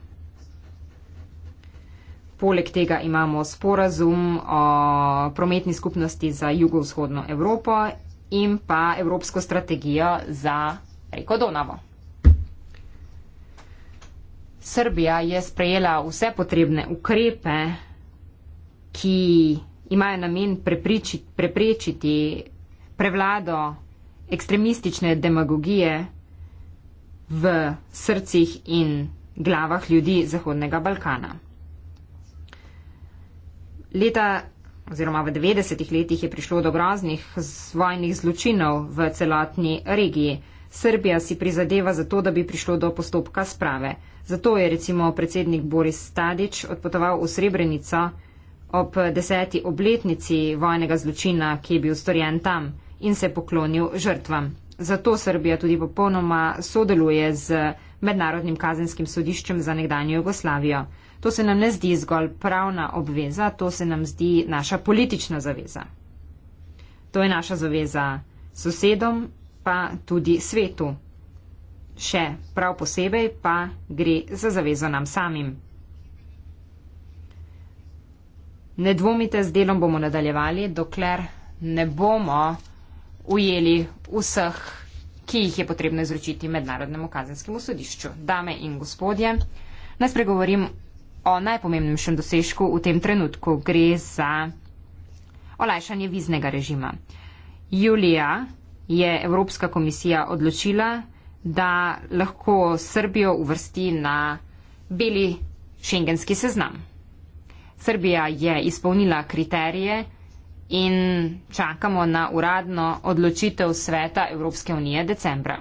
Poleg tega imamo sporazum o prometni skupnosti za jugovzhodno Evropo in pa evropsko strategijo za reko Donavo. Srbija je sprejela vse potrebne ukrepe, ki imajo namen preprečiti, preprečiti prevlado ekstremistične demagogije v srcih in glavah ljudi Zahodnega Balkana. Leta oziroma v 90-ih letih je prišlo do groznih vojnih zločinov v celotni regiji. Srbija si prizadeva za to, da bi prišlo do postopka sprave. Zato je recimo predsednik Boris Stadič odpotoval v Srebrenico ob deseti obletnici vojnega zločina, ki je bil storjen tam in se poklonil žrtvam. Zato Srbija tudi popolnoma sodeluje z Mednarodnim kazenskim sodiščem za nekdanje Jugoslavijo. To se nam ne zdi zgolj pravna obveza, to se nam zdi naša politična zaveza. To je naša zaveza sosedom, pa tudi svetu. Še prav posebej pa gre za zavezo nam samim. Ne dvomite, z delom bomo nadaljevali, dokler ne bomo ujeli vseh, ki jih je potrebno izročiti Mednarodnemu kazenskemu sodišču. Dame in gospodje, naj spregovorim o najpomembnejšem dosežku v tem trenutku. Gre za olajšanje viznega režima. Julija je Evropska komisija odločila, da lahko Srbijo uvrsti na beli šengenski seznam. Srbija je izpolnila kriterije in čakamo na uradno odločitev sveta Evropske unije decembra.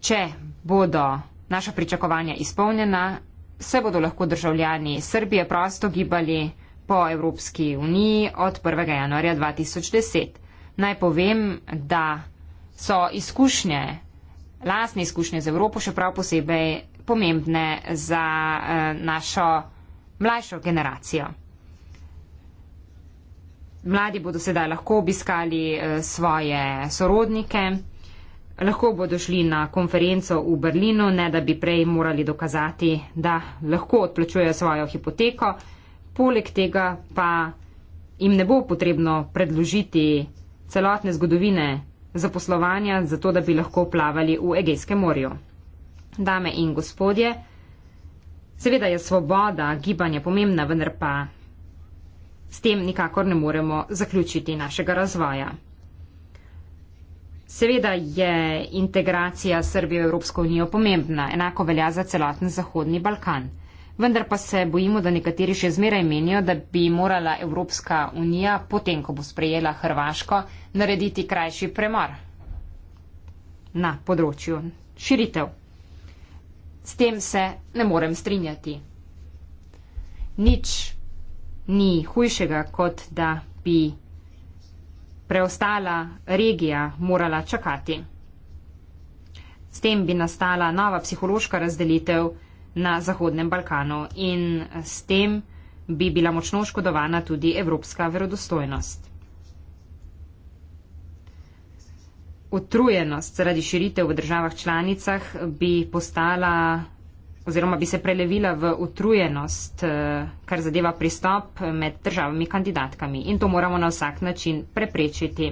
Če bodo naša pričakovanja izpolnjena, se bodo lahko državljani Srbije prosto gibali po Evropski uniji od 1. januarja 2010. Naj povem, da so izkušnje, lasne izkušnje z Evropo še prav posebej pomembne za eh, našo mlajšo generacijo. Mladi bodo sedaj lahko obiskali eh, svoje sorodnike. Lahko bodo šli na konferenco v Berlinu, ne da bi prej morali dokazati, da lahko odplačujejo svojo hipoteko, poleg tega pa jim ne bo potrebno predložiti celotne zgodovine zaposlovanja, zato da bi lahko plavali v Egejskem morju. Dame in gospodje, seveda je svoboda gibanja pomembna, vendar pa s tem nikakor ne moremo zaključiti našega razvoja. Seveda je integracija Srbije v Evropsko unijo pomembna, enako velja za celoten Zahodni Balkan. Vendar pa se bojimo, da nekateri še zmeraj menijo, da bi morala Evropska unija, potem ko bo sprejela Hrvaško, narediti krajši premor na področju širitev. S tem se ne morem strinjati. Nič ni hujšega, kot da bi preostala regija morala čakati. S tem bi nastala nova psihološka razdelitev na Zahodnem Balkanu in s tem bi bila močno oškodovana tudi evropska verodostojnost. Utrujenost zaradi širitev v državah članicah bi postala oziroma bi se prelevila v utrujenost, eh, kar zadeva pristop eh, med državami kandidatkami. In to moramo na vsak način preprečiti.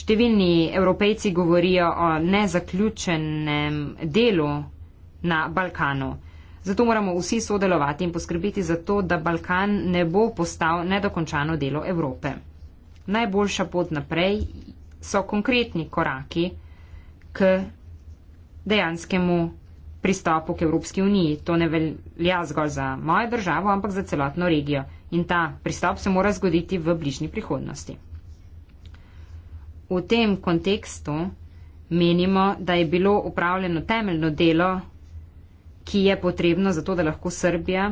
Številni evropejci govorijo o nezaključenem delu na Balkanu. Zato moramo vsi sodelovati in poskrbiti za to, da Balkan ne bo postal nedokončano delo Evrope. Najboljša pot naprej so konkretni koraki k dejanskemu pristopu k Evropski uniji. To ne velja zgolj za mojo državo, ampak za celotno regijo. In ta pristop se mora zgoditi v bližnji prihodnosti. V tem kontekstu menimo, da je bilo upravljeno temeljno delo, ki je potrebno za to, da lahko Srbija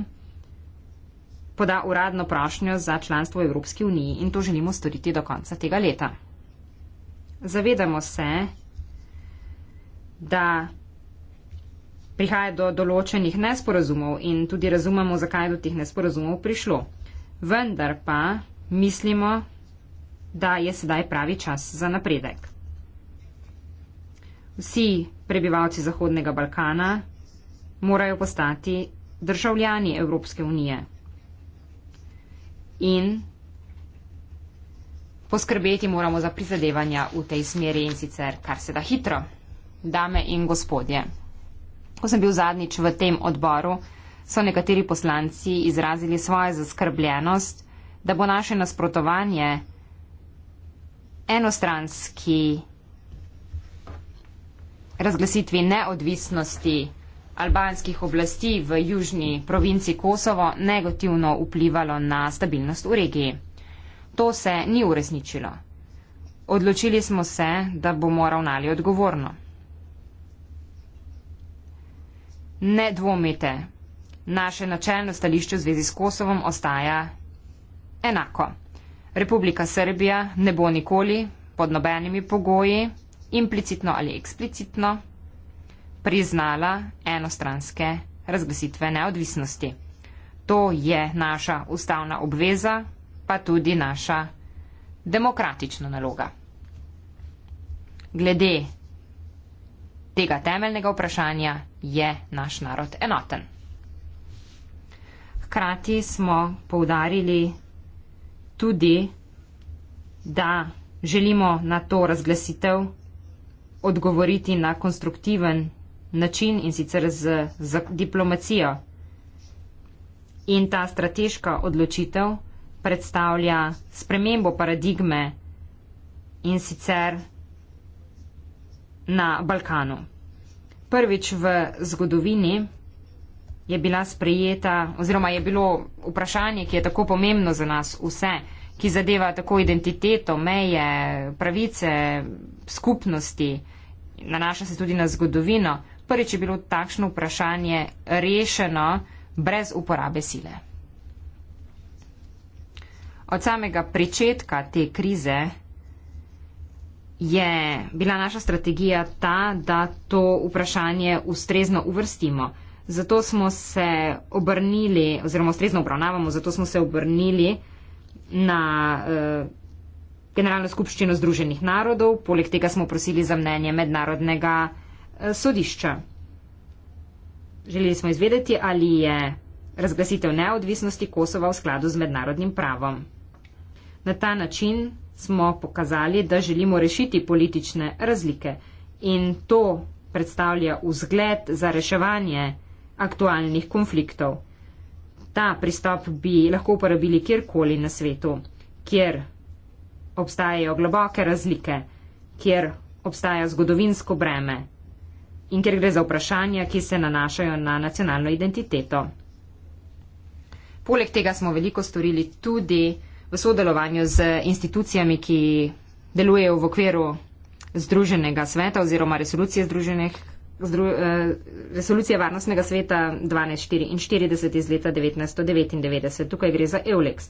poda uradno prošnjo za članstvo v Evropski uniji in to želimo storiti do konca tega leta. Zavedamo se, da prihaja do določenih nesporazumov in tudi razumemo, zakaj je do teh nesporazumov prišlo. Vendar pa mislimo, da je sedaj pravi čas za napredek. Vsi prebivalci Zahodnega Balkana morajo postati državljani Evropske unije in poskrbeti moramo za prizadevanja v tej smeri in sicer kar se da hitro, dame in gospodje. Ko sem bil zadnjič v tem odboru, so nekateri poslanci izrazili svojo zaskrbljenost, da bo naše nasprotovanje enostranski razglasitvi neodvisnosti albanskih oblasti v južni provinci Kosovo negativno vplivalo na stabilnost v regiji. To se ni uresničilo. Odločili smo se, da bomo ravnali odgovorno. Ne dvomite. Naše načelno stališče v zvezi s Kosovom ostaja enako. Republika Srbija ne bo nikoli pod nobenimi pogoji, implicitno ali eksplicitno, priznala enostranske razglasitve neodvisnosti. To je naša ustavna obveza, pa tudi naša demokratična naloga. Glede tega temeljnega vprašanja je naš narod enoten. Hkrati smo poudarili tudi, da želimo na to razglasitev odgovoriti na konstruktiven način in sicer z, z diplomacijo. In ta strateška odločitev predstavlja spremembo paradigme in sicer na Balkanu prvič v zgodovini je bila sprejeta oziroma je bilo vprašanje, ki je tako pomembno za nas vse, ki zadeva tako identiteto, meje, pravice, skupnosti, nanaša se tudi na zgodovino, prvič je bilo takšno vprašanje rešeno brez uporabe sile. Od samega pričetka te krize je bila naša strategija ta, da to vprašanje ustrezno uvrstimo. Zato smo se obrnili, oziroma ustrezno obravnavamo, zato smo se obrnili na eh, Generalno skupščino Združenih narodov, poleg tega smo prosili za mnenje mednarodnega eh, sodišča. Želeli smo izvedeti, ali je razglasitev neodvisnosti Kosova v skladu z mednarodnim pravom. Na ta način smo pokazali, da želimo rešiti politične razlike in to predstavlja vzgled za reševanje aktualnih konfliktov. Ta pristop bi lahko uporabili kjerkoli na svetu, kjer obstajajo globoke razlike, kjer obstaja zgodovinsko breme in kjer gre za vprašanja, ki se nanašajo na nacionalno identiteto. Poleg tega smo veliko storili tudi, v sodelovanju z institucijami, ki delujejo v okviru Združenega sveta oziroma resolucije Združenih. Eh, Resolucija Varnostnega sveta 1244 iz leta 1999. Tukaj gre za EULEX.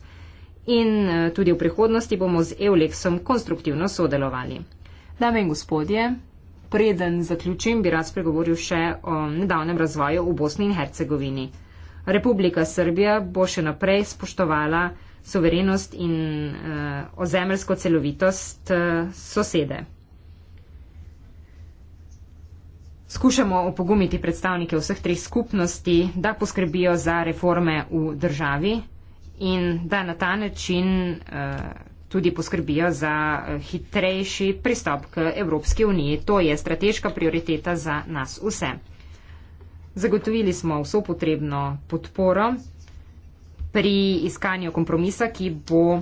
In eh, tudi v prihodnosti bomo z EULEXom konstruktivno sodelovali. Dame in gospodje, preden zaključim, bi rad spregovoril še o nedavnem razvoju v Bosni in Hercegovini. Republika Srbija bo še naprej spoštovala soverenost in uh, eh, ozemelsko celovitost uh, sosede. Skušamo opogumiti predstavnike vseh treh skupnosti, da poskrbijo za reforme v državi in da na ta način uh, tudi poskrbijo za hitrejši pristop k Evropski uniji. To je strateška prioriteta za nas vse. Zagotovili smo vso potrebno podporo pri iskanju kompromisa, ki bo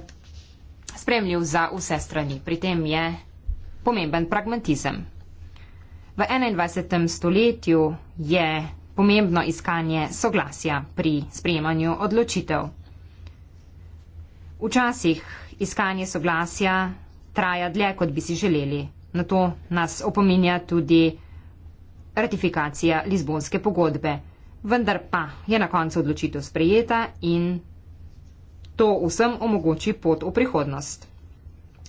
spremljiv za vse strani. Pri tem je pomemben pragmatizem. V 21. stoletju je pomembno iskanje soglasja pri sprejemanju odločitev. Včasih iskanje soglasja traja dlje, kot bi si želeli. Na to nas opominja tudi ratifikacija Lizbonske pogodbe vendar pa je na koncu odločitev sprejeta in to vsem omogoči pot v prihodnost.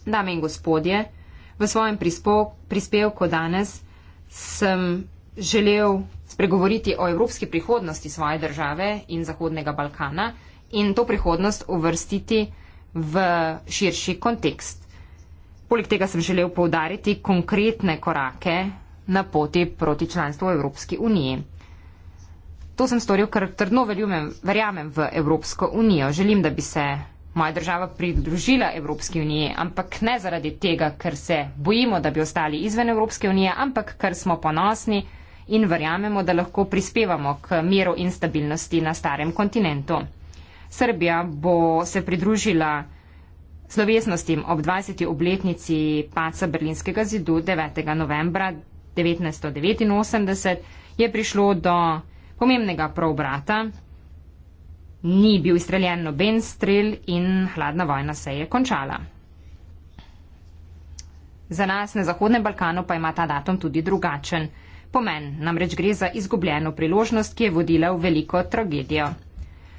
Dame in gospodje, v svojem prispevku danes sem želel spregovoriti o evropski prihodnosti svoje države in Zahodnega Balkana in to prihodnost uvrstiti v širši kontekst. Poleg tega sem želel povdariti konkretne korake na poti proti članstvu Evropski uniji. To sem storil, ker trdno veljumem, verjamem v Evropsko unijo. Želim, da bi se moja država pridružila Evropski uniji, ampak ne zaradi tega, ker se bojimo, da bi ostali izven Evropske unije, ampak ker smo ponosni in verjamemo, da lahko prispevamo k miru in stabilnosti na starem kontinentu. Srbija bo se pridružila slovesnostim ob 20. obletnici paca Berlinskega zidu 9. novembra 1989. Je prišlo do pomembnega pravobrata, ni bil izstreljen noben strelj in hladna vojna se je končala. Za nas na Zahodnem Balkanu pa ima ta datum tudi drugačen pomen, namreč gre za izgubljeno priložnost, ki je vodila v veliko tragedijo.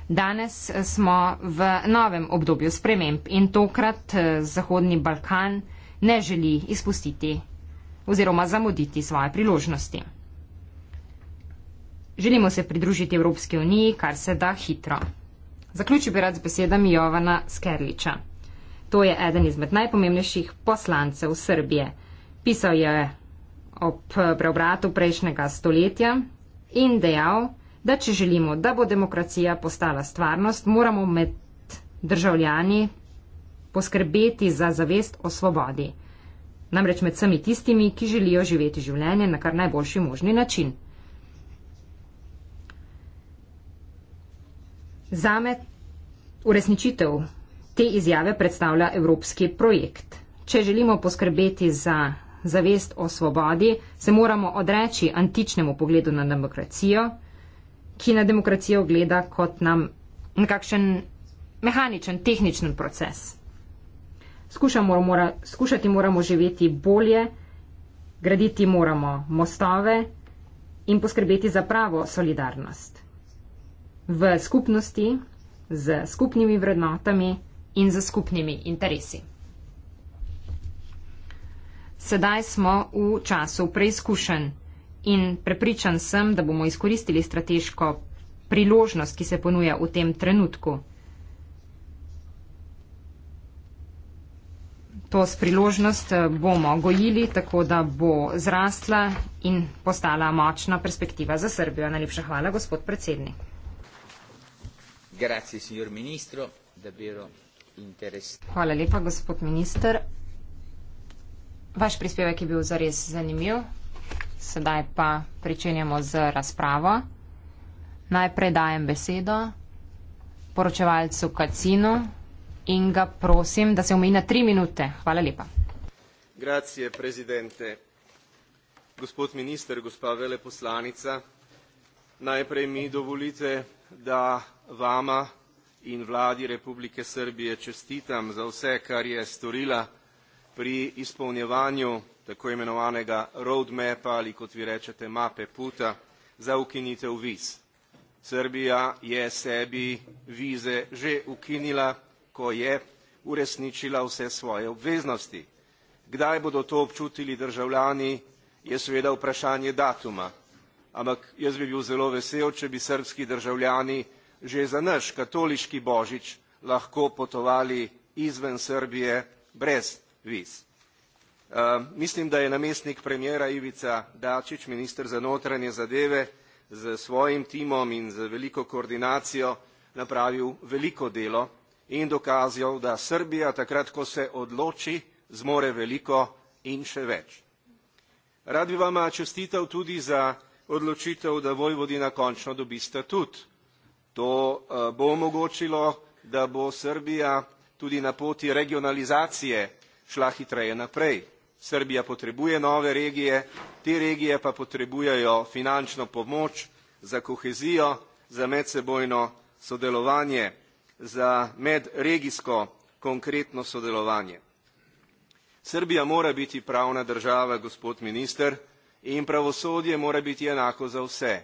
Danes smo v novem obdobju sprememb in tokrat eh, Zahodni Balkan ne želi izpustiti oziroma zamuditi svoje priložnosti. Želimo se pridružiti Evropski uniji, kar se da hitro. Zaključil bi rad z besedami Jovana Skerliča. To je eden izmed najpomembnejših poslancev Srbije. Pisal je ob preobratu prejšnjega stoletja in dejal, da če želimo, da bo demokracija postala stvarnost, moramo med državljani poskrbeti za zavest o svobodi. Namreč med vsemi tistimi, ki želijo živeti življenje na kar najboljši možni način. Zame uresničitev te izjave predstavlja evropski projekt. Če želimo poskrbeti za zavest o svobodi, se moramo odreči antičnemu pogledu na demokracijo, ki na demokracijo gleda kot nam nekakšen mehaničen, tehničen proces. Skušamo, mora, skušati moramo živeti bolje, graditi moramo mostove in poskrbeti za pravo solidarnost v skupnosti, z skupnimi vrednotami in z skupnimi interesi. Sedaj smo v času preizkušen in prepričan sem, da bomo izkoristili strateško priložnost, ki se ponuja v tem trenutku. To s priložnost eh, bomo gojili, tako da bo zrastla in postala močna perspektiva za Srbijo. Najlepša hvala, gospod predsednik. Grazie, signor ministro. Davvero interessante. Hvala lepa, gospod minister. Vaš prispevek je bil zares zanimiv. Sedaj pa pričenjamo z razpravo. Najprej dajem besedo poročevalcu Kacinu in ga prosim, da se omeji na tri minute. Hvala lepa. Grazie, prezidente. Gospod minister, gospa veleposlanica, najprej mi dovolite, da vama in vladi Republike Srbije čestitam za vse, kar je storila pri izpolnjevanju tako imenovanega roadmapa ali kot vi rečete mape puta za ukinitev viz. Srbija je sebi vize že ukinila, ko je uresničila vse svoje obveznosti. Kdaj bodo to občutili državljani, je seveda vprašanje datuma ampak jaz bi bil zelo vesel, če bi srbski državljani že za naš katoliški božič lahko potovali izven Srbije brez viz. Eh, mislim, da je namestnik premjera Ivica Dačić, minister za notranje zadeve, z svojim timom in z veliko koordinacijo napravil veliko delo in dokazal, da Srbija takrat, ko se odloči, zmore veliko in še več. Rad bi vama čestital tudi za odločitev, da Vojvodina končno dobi statut. To eh, bo omogočilo, da bo Srbija tudi na poti regionalizacije šla hitreje naprej. Srbija potrebuje nove regije, te regije pa potrebujejo finančno pomoč za kohezijo, za medsebojno sodelovanje, za medregijsko konkretno sodelovanje. Srbija mora biti pravna država, gospod minister, In pravosodje mora biti enako za vse.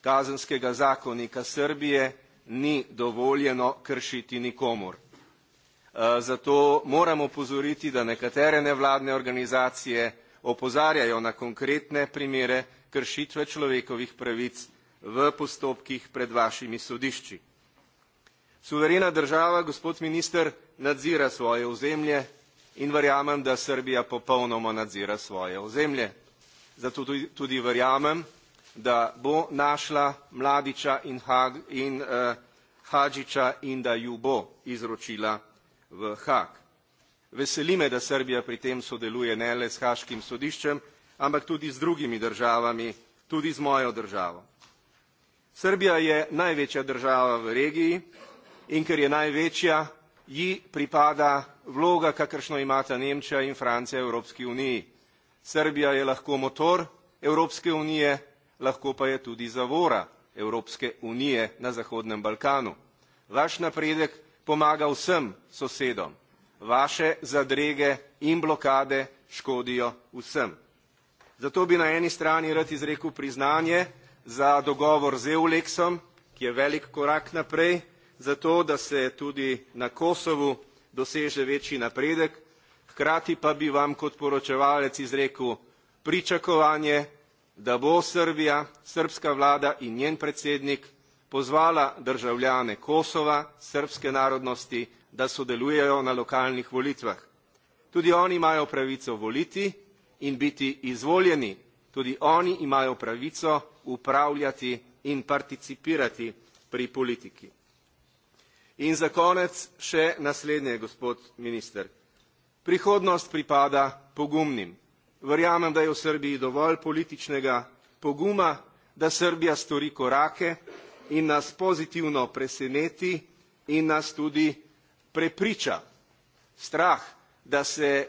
Kazenskega zakonika Srbije ni dovoljeno kršiti nikomor. E, zato moramo pozoriti, da nekatere nevladne organizacije opozarjajo na konkretne primere kršitve človekovih pravic v postopkih pred vašimi sodišči. Suverena država, gospod minister, nadzira svoje ozemlje in verjamem, da Srbija popolnoma nadzira svoje ozemlje zato tudi, tudi verjamem, da bo našla Mladiča in, Hag, in eh, Hadžiča in da ju bo izročila v Hag. Veseli me, da Srbija pri tem sodeluje ne le s Haškim sodiščem, ampak tudi z drugimi državami, tudi z mojo državo. Srbija je največja država v regiji in ker je največja, ji pripada vloga, kakršno imata Nemčija in Francija v Evropski uniji. Srbija je lahko motor Evropske unije, lahko pa je tudi zavora Evropske unije na Zahodnem Balkanu. Vaš napredek pomaga vsem sosedom, vaše zadrege in blokade škodijo vsem. Zato bi na eni strani rad izrekel priznanje za dogovor z Euleksom, ki je velik korak naprej, zato da se tudi na Kosovu doseže večji napredek, Hkrati pa bi vam kot poročevalec izrekel pričakovanje, da bo Srbija, srpska vlada in njen predsednik pozvala državljane Kosova, srpske narodnosti, da sodelujejo na lokalnih volitvah. Tudi oni imajo pravico voliti in biti izvoljeni. Tudi oni imajo pravico upravljati in participirati pri politiki. In za konec še naslednje, gospod minister. Prihodnost pripada pogumnim. Verjamem, da je v Srbiji dovolj političnega poguma, da Srbija stori korake in nas pozitivno preseneti in nas tudi prepriča. Strah, da se eh,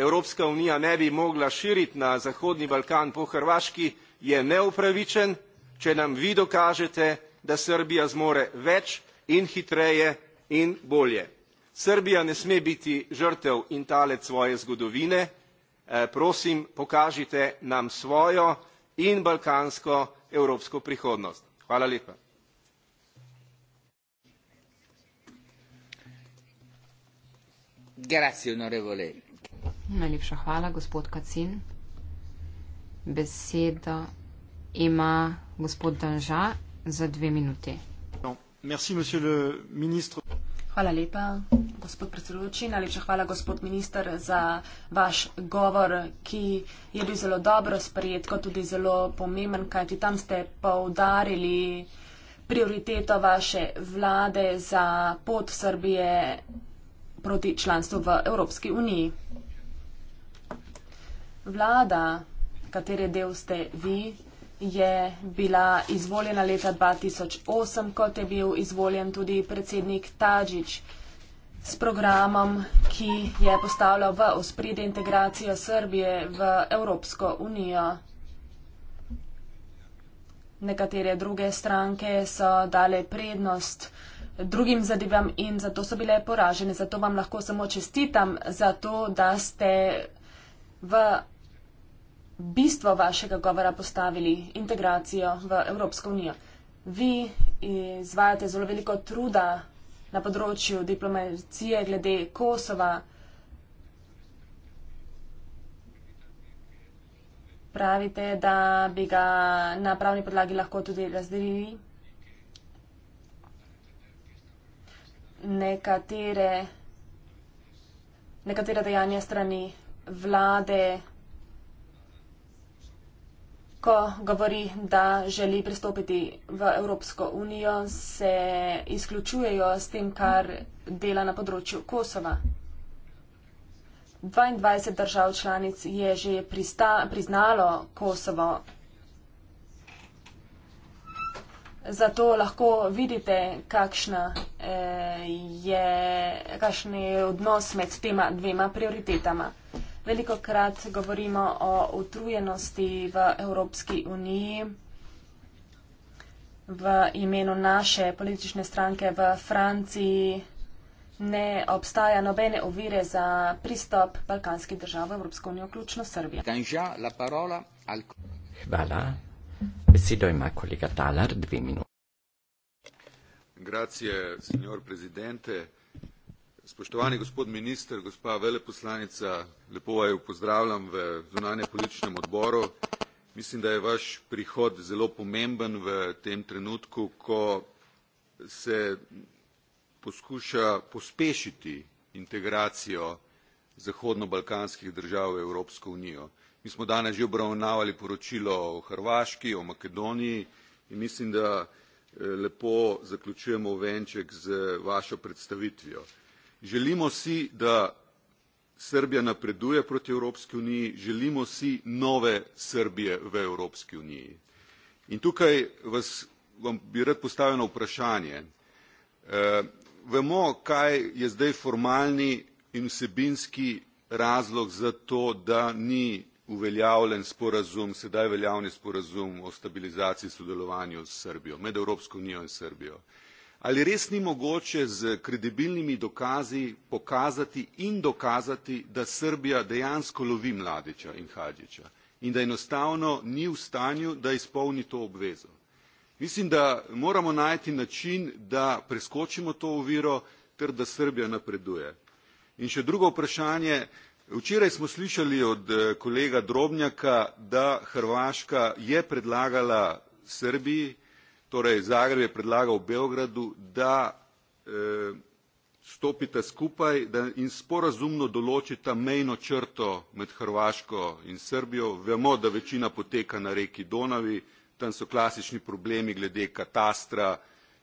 Evropska unija ne bi mogla širiti na Zahodni Balkan po Hrvaški, je neupravičen, če nam vi dokažete, da Srbija zmore več in hitreje in bolje srbija ne sme biti žrtev in talec svoje zgodovine eh, prosim pokažite nam svojo in balkansko evropsko prihodnost hvala lepa Najlepša hvala, gospod Kacin. Besedo ima gospod Danža za dve minuti. No, merci, Hvala lepa, gospod predsedujoči. Najlepša hvala, gospod minister, za vaš govor, ki je bil zelo dobro sprejet, kot tudi zelo pomemben, kajti tam ste poudarili prioriteto vaše vlade za pot Srbije proti članstvu v Evropski uniji. Vlada, katere del ste vi, je bila izvoljena leta 2008, kot je bil izvoljen tudi predsednik Tadžič s programom, ki je postavljal v ospredje integracijo Srbije v Evropsko unijo. Nekatere druge stranke so dale prednost drugim zadevam in zato so bile poražene. Zato vam lahko samo čestitam za to, da ste v bistvo vašega govora postavili integracijo v Evropsko unijo. Vi izvajate zelo veliko truda na področju diplomacije glede Kosova. Pravite, da bi ga na pravni podlagi lahko tudi razdelili. Nekatere, nekatere dejanja strani vlade ko govori, da želi pristopiti v Evropsko unijo, se izključujejo s tem, kar dela na področju Kosova. 22 držav članic je že prista, priznalo Kosovo. Zato lahko vidite, kakšna, eh, je, kakšen je odnos med tema dvema prioritetama. Veliko krat govorimo o utrujenosti v Evropski uniji v imenu naše politične stranke v Franciji. Ne obstaja nobene ovire za pristop balkanskih držav v Evropsko unijo, vključno Srbijo. Hvala. Besedo ima kolega Talar, dve minuti. Grazie, signor presidente. Spoštovani gospod minister, gospa veleposlanica, lepo vaju pozdravljam v zunanje političnem odboru. Mislim, da je vaš prihod zelo pomemben v tem trenutku, ko se poskuša pospešiti integracijo zahodno-balkanskih držav v Evropsko unijo. Mi smo danes že obravnavali poročilo o Hrvaški, o Makedoniji in mislim, da eh, lepo zaključujemo venček z vašo predstavitvijo želimo si da srbija napreduje proti evropski uniji želimo si nove srbije v evropski uniji in tukaj vas vam bi rad postavil eno vprašanje eh, vemo kaj je zdaj formalni in vsebinski razlog za to da ni uveljavljen sporazum sedaj veljavni sporazum o stabilizaciji in sodelovanju s srbijo med evropsko unijo in srbijo ali res ni mogoče z kredibilnimi dokazi pokazati in dokazati da srbija dejansko lovi mladića in hadžića in da enostavno ni v stanju da izpolni to obvezo mislim da moramo najti način da preskočimo to oviro ter da srbija napreduje in še drugo vprašanje včeraj smo slišali od eh, kolega drobnjaka da hrvaška je predlagala srbiji torej zagreb je predlagal beogradu da eh, stopita skupaj in sporazumno določita mejno črto med hrvaško in srbijo vemo da večina poteka na reki donavi tam so klasični problemi glede katastra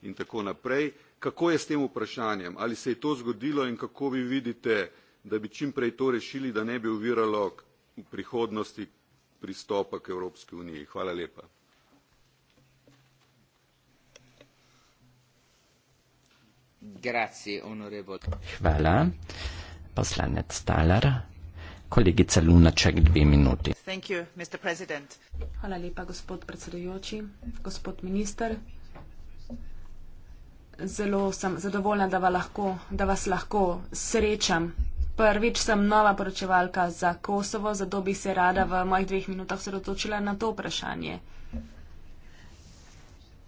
in tako naprej kako je s tem vprašanjem ali se je to zgodilo in kako vi vidite da bi čim prej to rešili da ne bi oviralo v prihodnosti pristopa k evropski uniji hvala lepa Hvala. Poslanec Talar. Kolegica Lunaček, dve minuti. Hvala lepa, gospod predsedujoči, gospod minister. Zelo sem zadovoljna, da, lahko, da vas lahko srečam. Prvič sem nova poročevalka za Kosovo, zato bi se rada v mojih dveh minutah sredotočila na to vprašanje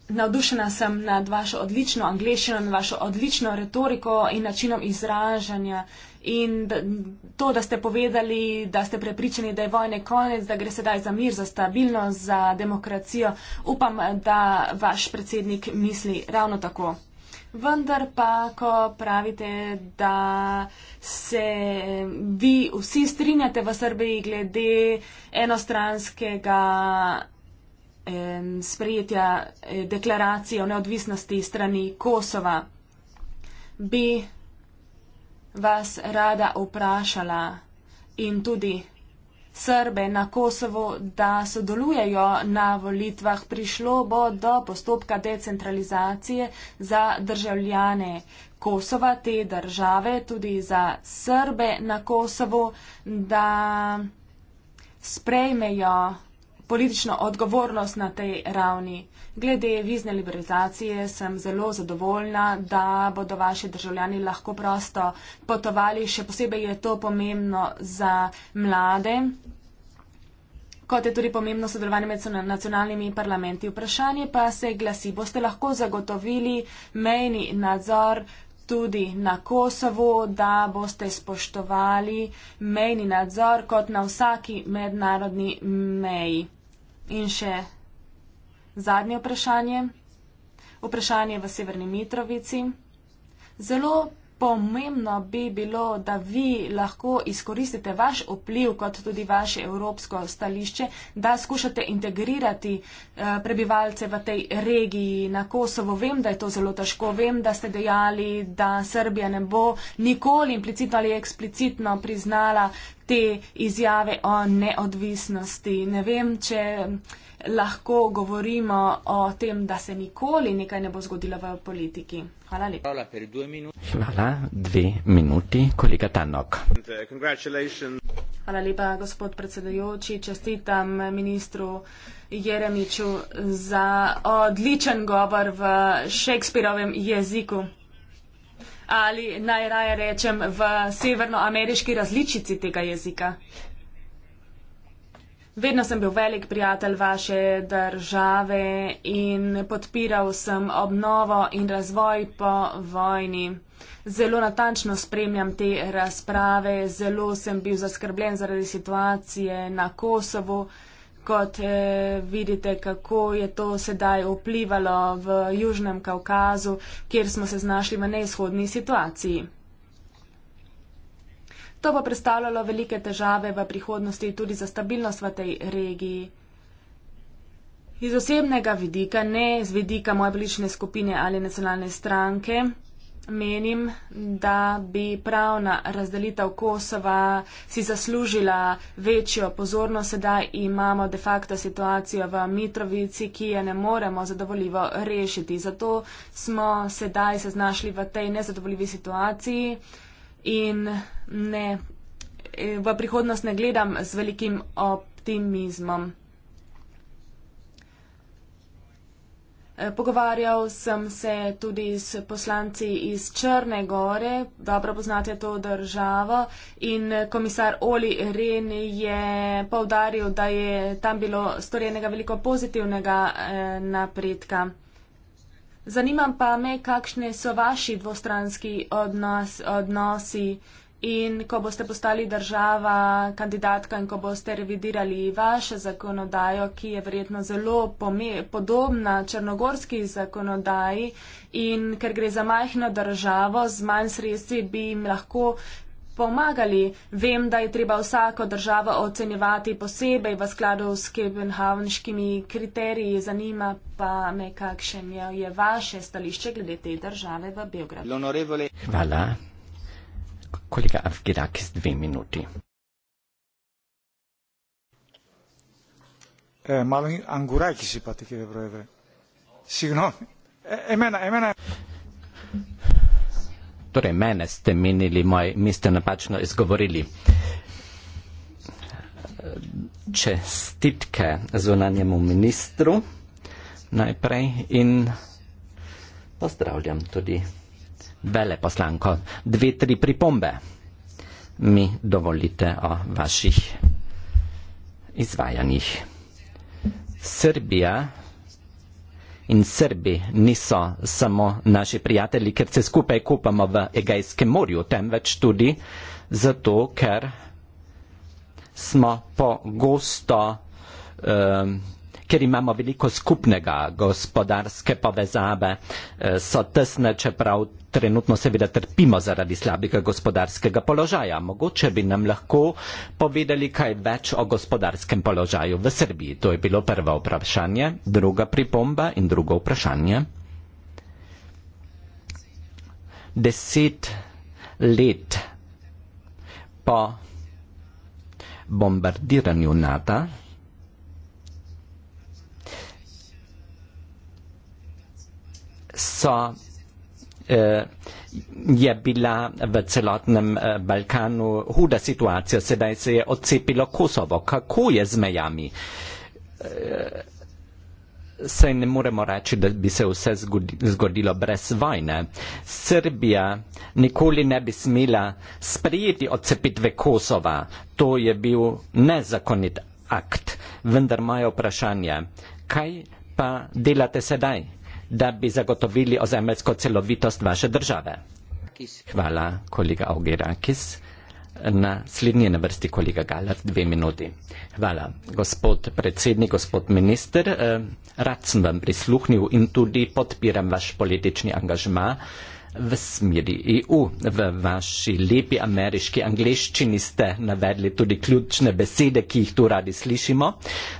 navdušena sem nad vašo odlično angliščino, nad vašo odlično retoriko in načinom izražanja. In to, da ste povedali, da ste prepričani, da je vojne konec, da gre sedaj za mir, za stabilnost, za demokracijo, upam, da vaš predsednik misli ravno tako. Vendar pa, ko pravite, da se vi vsi strinjate v Srbiji glede enostranskega sprejetja eh, deklaracije o neodvisnosti strani Kosova, bi vas rada vprašala in tudi Srbe na Kosovo, da sodelujejo na volitvah, prišlo bo do postopka decentralizacije za državljane Kosova, te države, tudi za Srbe na Kosovo, da sprejmejo politično odgovornost na tej ravni. Glede vizne liberalizacije sem zelo zadovoljna, da bodo vaši državljani lahko prosto potovali. Še posebej je to pomembno za mlade kot je tudi pomembno sodelovanje med nacionalnimi parlamenti. Vprašanje pa se glasi, boste lahko zagotovili mejni nadzor tudi na Kosovo, da boste spoštovali mejni nadzor kot na vsaki mednarodni meji. In še zadnje vprašanje. Vprašanje v Severni Mitrovici. Zelo pomembno bi bilo, da vi lahko izkoristite vaš vpliv, kot tudi vaše evropsko stališče, da skušate integrirati eh, prebivalce v tej regiji na Kosovo. Vem, da je to zelo težko. Vem, da ste dejali, da Srbija ne bo nikoli implicitno ali eksplicitno priznala te izjave o neodvisnosti. Ne vem, če lahko govorimo o tem, da se nikoli nekaj ne bo zgodilo v politiki. Hvala lepa. Hvala, Hvala dve minuti, kolega Tanok. Hvala lepa, gospod predsedujoči. Čestitam ministru Jeremiču za odličen govor v Šekspirovem jeziku. Ali najraje rečem v severnoameriški različici tega jezika? Vedno sem bil velik prijatelj vaše države in podpiral sem obnovo in razvoj po vojni. Zelo natančno spremljam te razprave, zelo sem bil zaskrbljen zaradi situacije na Kosovu, kot eh, vidite, kako je to sedaj vplivalo v Južnem Kaukazu, kjer smo se znašli v neizhodni situaciji. To pa predstavljalo velike težave v prihodnosti tudi za stabilnost v tej regiji. Iz osebnega vidika, ne z vidika moje blične skupine ali nacionalne stranke, menim, da bi pravna razdelitev Kosova si zaslužila večjo pozornost. Sedaj imamo de facto situacijo v Mitrovici, ki je ne moremo zadovoljivo rešiti. Zato smo sedaj se znašli v tej nezadovoljivi situaciji in ne, eh, v prihodnost ne gledam z velikim optimizmom. Eh, pogovarjal sem se tudi s poslanci iz Črne gore, dobro poznate to državo in eh, komisar Oli Ren je povdaril, da je tam bilo storjenega veliko pozitivnega napredka. Zanima pa me, kakšni so vaši dvostranski odnos, odnosi in ko boste postali država kandidatka in ko boste revidirali vaše zakonodajo, ki je verjetno zelo podobna črnogorski zakonodaji in ker gre za majhno državo, z manj sredstvi bi jim lahko pomagali. Vem, da je treba vsako državo ocenjevati posebej v skladu s kebenhavniškimi kriteriji. Zanima pa me, kakšen je, je vaše stališče glede te države v Beogradu. L'onorevole. Hvala. Kolega Afgirak z dve minuti. Eh, malo angurajki si pa ti, ki je vrojevre. Signo. E, emena, emena torej mene ste menili, moj, mi ste napačno izgovorili. Čestitke zunanjemu ministru najprej in pozdravljam tudi vele poslanko. Dve, tri pripombe mi dovolite o vaših izvajanjih. Srbija in Srbi niso samo naši prijatelji, ker se skupaj kupamo v Egejskem morju, temveč tudi zato, ker smo pogosto um, ker imamo veliko skupnega, gospodarske povezave, eh, so tesne, čeprav trenutno seveda trpimo zaradi slabega gospodarskega položaja. Mogoče bi nam lahko povedali kaj več o gospodarskem položaju v Srbiji. To je bilo prvo vprašanje, druga pripomba in drugo vprašanje. Deset let po bombardiranju NATO so, eh, je bila v celotnem eh, Balkanu huda situacija, sedaj se je odcepilo Kosovo. Kako je z mejami? Eh, se ne moremo reči, da bi se vse zgodilo brez vojne. Srbija nikoli ne bi smela sprejeti odcepitve Kosova. To je bil nezakonit akt. Vendar moje vprašanje, kaj pa delate sedaj? da bi zagotovili ozemeljsko celovitost vaše države. Hvala, kolega Augerakis. Naslednji je na vrsti kolega Galar, dve minuti. Hvala, gospod predsednik, gospod minister. Eh, rad sem vam prisluhnil in tudi podpiram vaš politični angažma v smeri EU. V vaši lepi ameriški angliščini ste navedli tudi ključne besede, ki jih tu radi slišimo.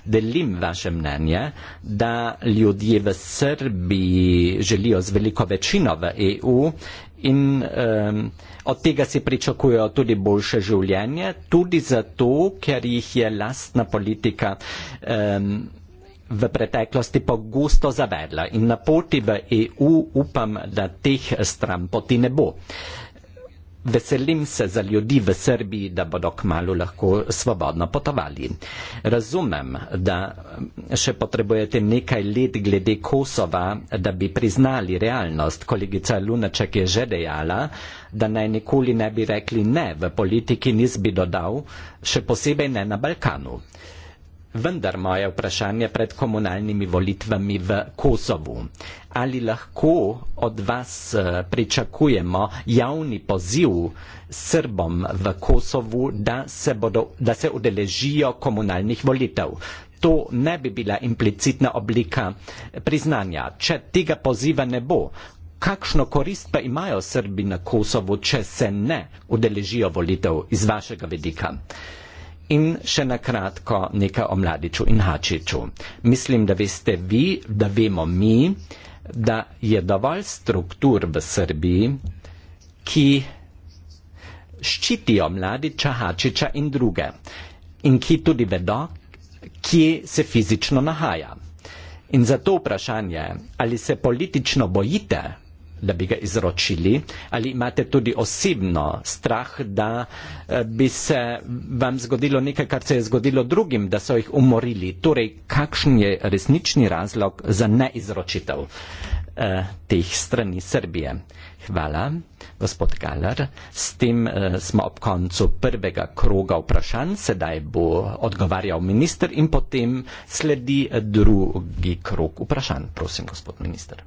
Delim vaše mnenje, da ljudje v Srbiji želijo z veliko večino v EU in um, od tega si pričakujejo tudi boljše življenje, tudi zato, ker jih je lastna politika um, v preteklosti pogosto zavedla in na poti v EU upam, da teh stran poti ne bo. Veselim se za ljudi v Srbiji, da bodo kmalo lahko svobodno potovali. Razumem, da še potrebujete nekaj let glede Kosova, da bi priznali realnost. Kolegica Lunaček je že dejala, da naj nikoli ne bi rekli ne v politiki, nis bi dodal, še posebej ne na Balkanu. Vendar moje vprašanje pred komunalnimi volitvami v Kosovu. Ali lahko od vas eh, pričakujemo javni poziv Srbom v Kosovu, da se, bodo, da se udeležijo komunalnih volitev? To ne bi bila implicitna oblika priznanja. Če tega poziva ne bo, kakšno korist pa imajo Srbi na Kosovu, če se ne udeležijo volitev iz vašega vidika? Uh, In še na kratko nekaj o Mladiču in Hačiču. Mislim, da veste vi, da vemo mi, da je dovolj struktur v Srbiji, ki ščitijo Mladiča, Hačiča in druge in ki tudi vedo, kje se fizično nahaja. In zato vprašanje, ali se politično bojite da bi ga izročili, ali imate tudi osebno strah, da eh, bi se vam zgodilo nekaj, kar se je zgodilo drugim, da so jih umorili. Torej, kakšen je resnični razlog za neizročitev eh, teh strani Srbije? Hvala, gospod Galar. S tem eh, smo ob koncu prvega kroga vprašanj, sedaj bo odgovarjal minister in potem sledi eh, drugi krog vprašanj. Prosim, gospod minister.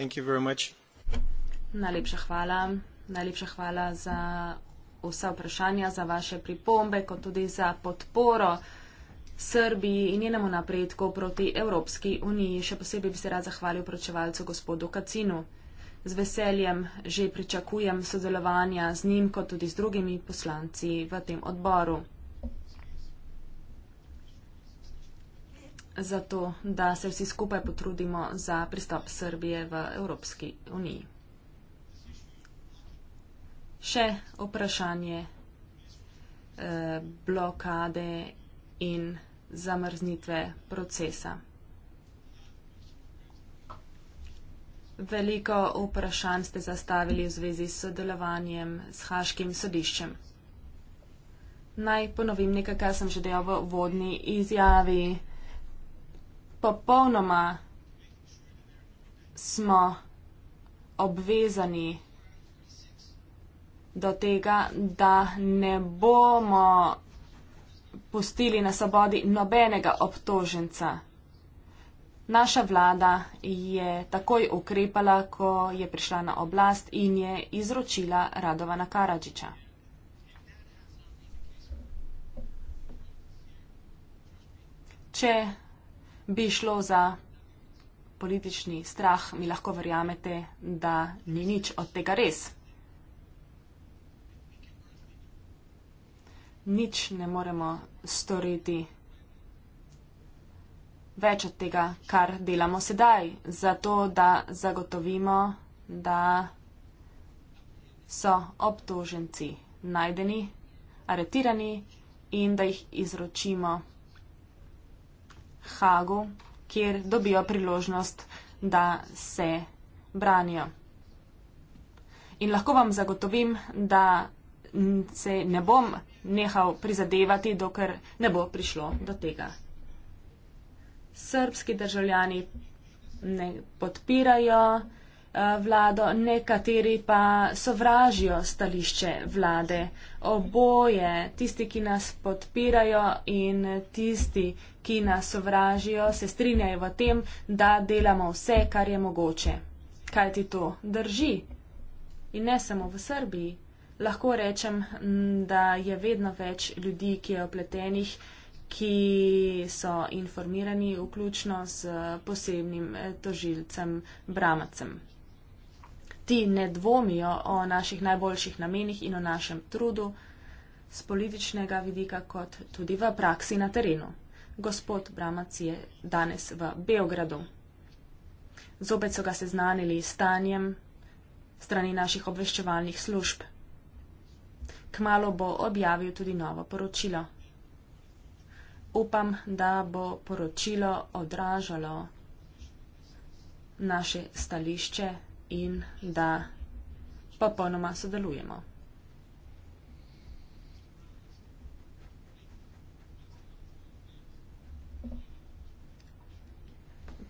Najlepša hvala. Najlepša hvala za vsa vprašanja, za vaše pripombe, kot tudi za podporo Srbiji in njenemu napredku proti Evropski uniji. Še posebej bi se rad zahvalil pročevalcu gospodu Kacinu. Z veseljem že pričakujem sodelovanja z njim, kot tudi z drugimi poslanci v tem odboru. za to, da se vsi skupaj potrudimo za pristop Srbije v Evropski uniji. Še vprašanje eh, blokade in zamrznitve procesa. Veliko vprašanj ste zastavili v zvezi s sodelovanjem s Haškim sodiščem. Naj ponovim nekaj, kar sem že dejal v vodni izjavi popolnoma smo obvezani do tega, da ne bomo pustili na svobodi nobenega obtoženca. Naša vlada je takoj ukrepala, ko je prišla na oblast in je izročila Radovana Karadžiča. Če bi šlo za politični strah, mi lahko verjamete, da ni nič od tega res. Nič ne moremo storiti več od tega, kar delamo sedaj, zato da zagotovimo, da so obtoženci najdeni, aretirani in da jih izročimo. Hagu, kjer dobijo priložnost, da se branijo. In lahko vam zagotovim, da se ne bom nehal prizadevati, dokler ne bo prišlo do tega. Srbski državljani ne podpirajo vlado, nekateri pa sovražijo stališče vlade. Oboje, tisti, ki nas podpirajo in tisti, ki nas sovražijo, se strinjajo v tem, da delamo vse, kar je mogoče. Kaj ti to drži? In ne samo v Srbiji. Lahko rečem, mm, da je vedno več ljudi, ki je opletenih, ki so informirani, vključno s posebnim eh, tožilcem Bramacem ti ne dvomijo o naših najboljših namenih in o našem trudu z političnega vidika, kot tudi v praksi na terenu. Gospod Bramac je danes v Beogradu. Zopet so ga seznanili s stanjem strani naših obveščevalnih služb. Kmalo bo objavil tudi novo poročilo. Upam, da bo poročilo odražalo naše stališče in da popolnoma sodelujemo.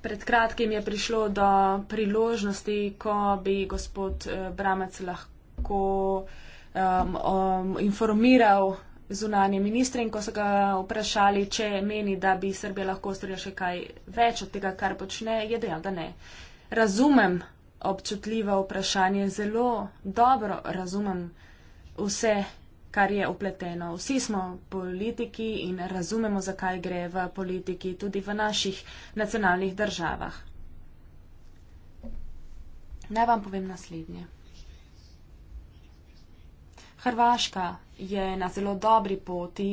Pred kratkim je prišlo do priložnosti, ko bi gospod eh, Bramec lahko um, um, informiral zunanje ministre in ko so ga vprašali, če meni, da bi Srbija lahko storila še kaj več od tega, kar počne, je dejal, da ne. Razumem občutljivo vprašanje. Zelo dobro razumem vse, kar je upleteno. Vsi smo politiki in razumemo, zakaj gre v politiki tudi v naših nacionalnih državah. Naj vam povem naslednje. Hrvaška je na zelo dobri poti,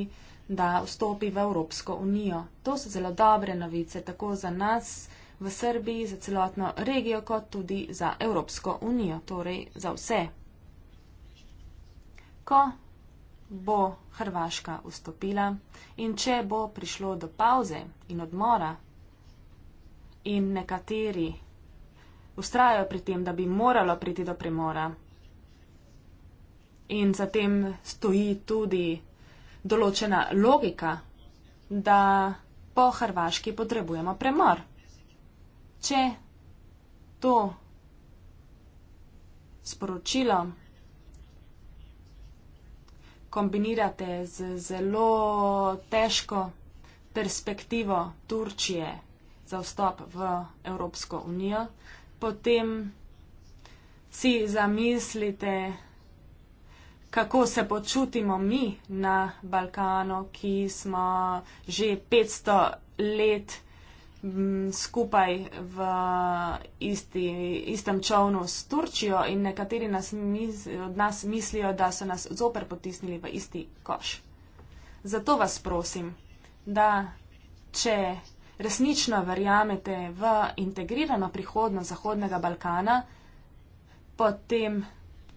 da vstopi v Evropsko unijo. To so zelo dobre novice, tako za nas, v Srbiji, za celotno regijo, kot tudi za Evropsko unijo, torej za vse. Ko bo Hrvaška vstopila in če bo prišlo do pauze in odmora in nekateri ustrajajo pri tem, da bi moralo priti do premora in zatem stoji tudi določena logika, da po Hrvaški potrebujemo premor če to sporočilo kombinirate z zelo težko perspektivo Turčije za vstop v Evropsko unijo, potem si zamislite, kako se počutimo mi na Balkanu, ki smo že 500 let skupaj v isti, istem čovnu s Turčijo in nekateri nas, mis, od nas mislijo, da so nas zoper potisnili v isti koš. Zato vas prosim, da če resnično verjamete v integrirano prihodnost Zahodnega Balkana, potem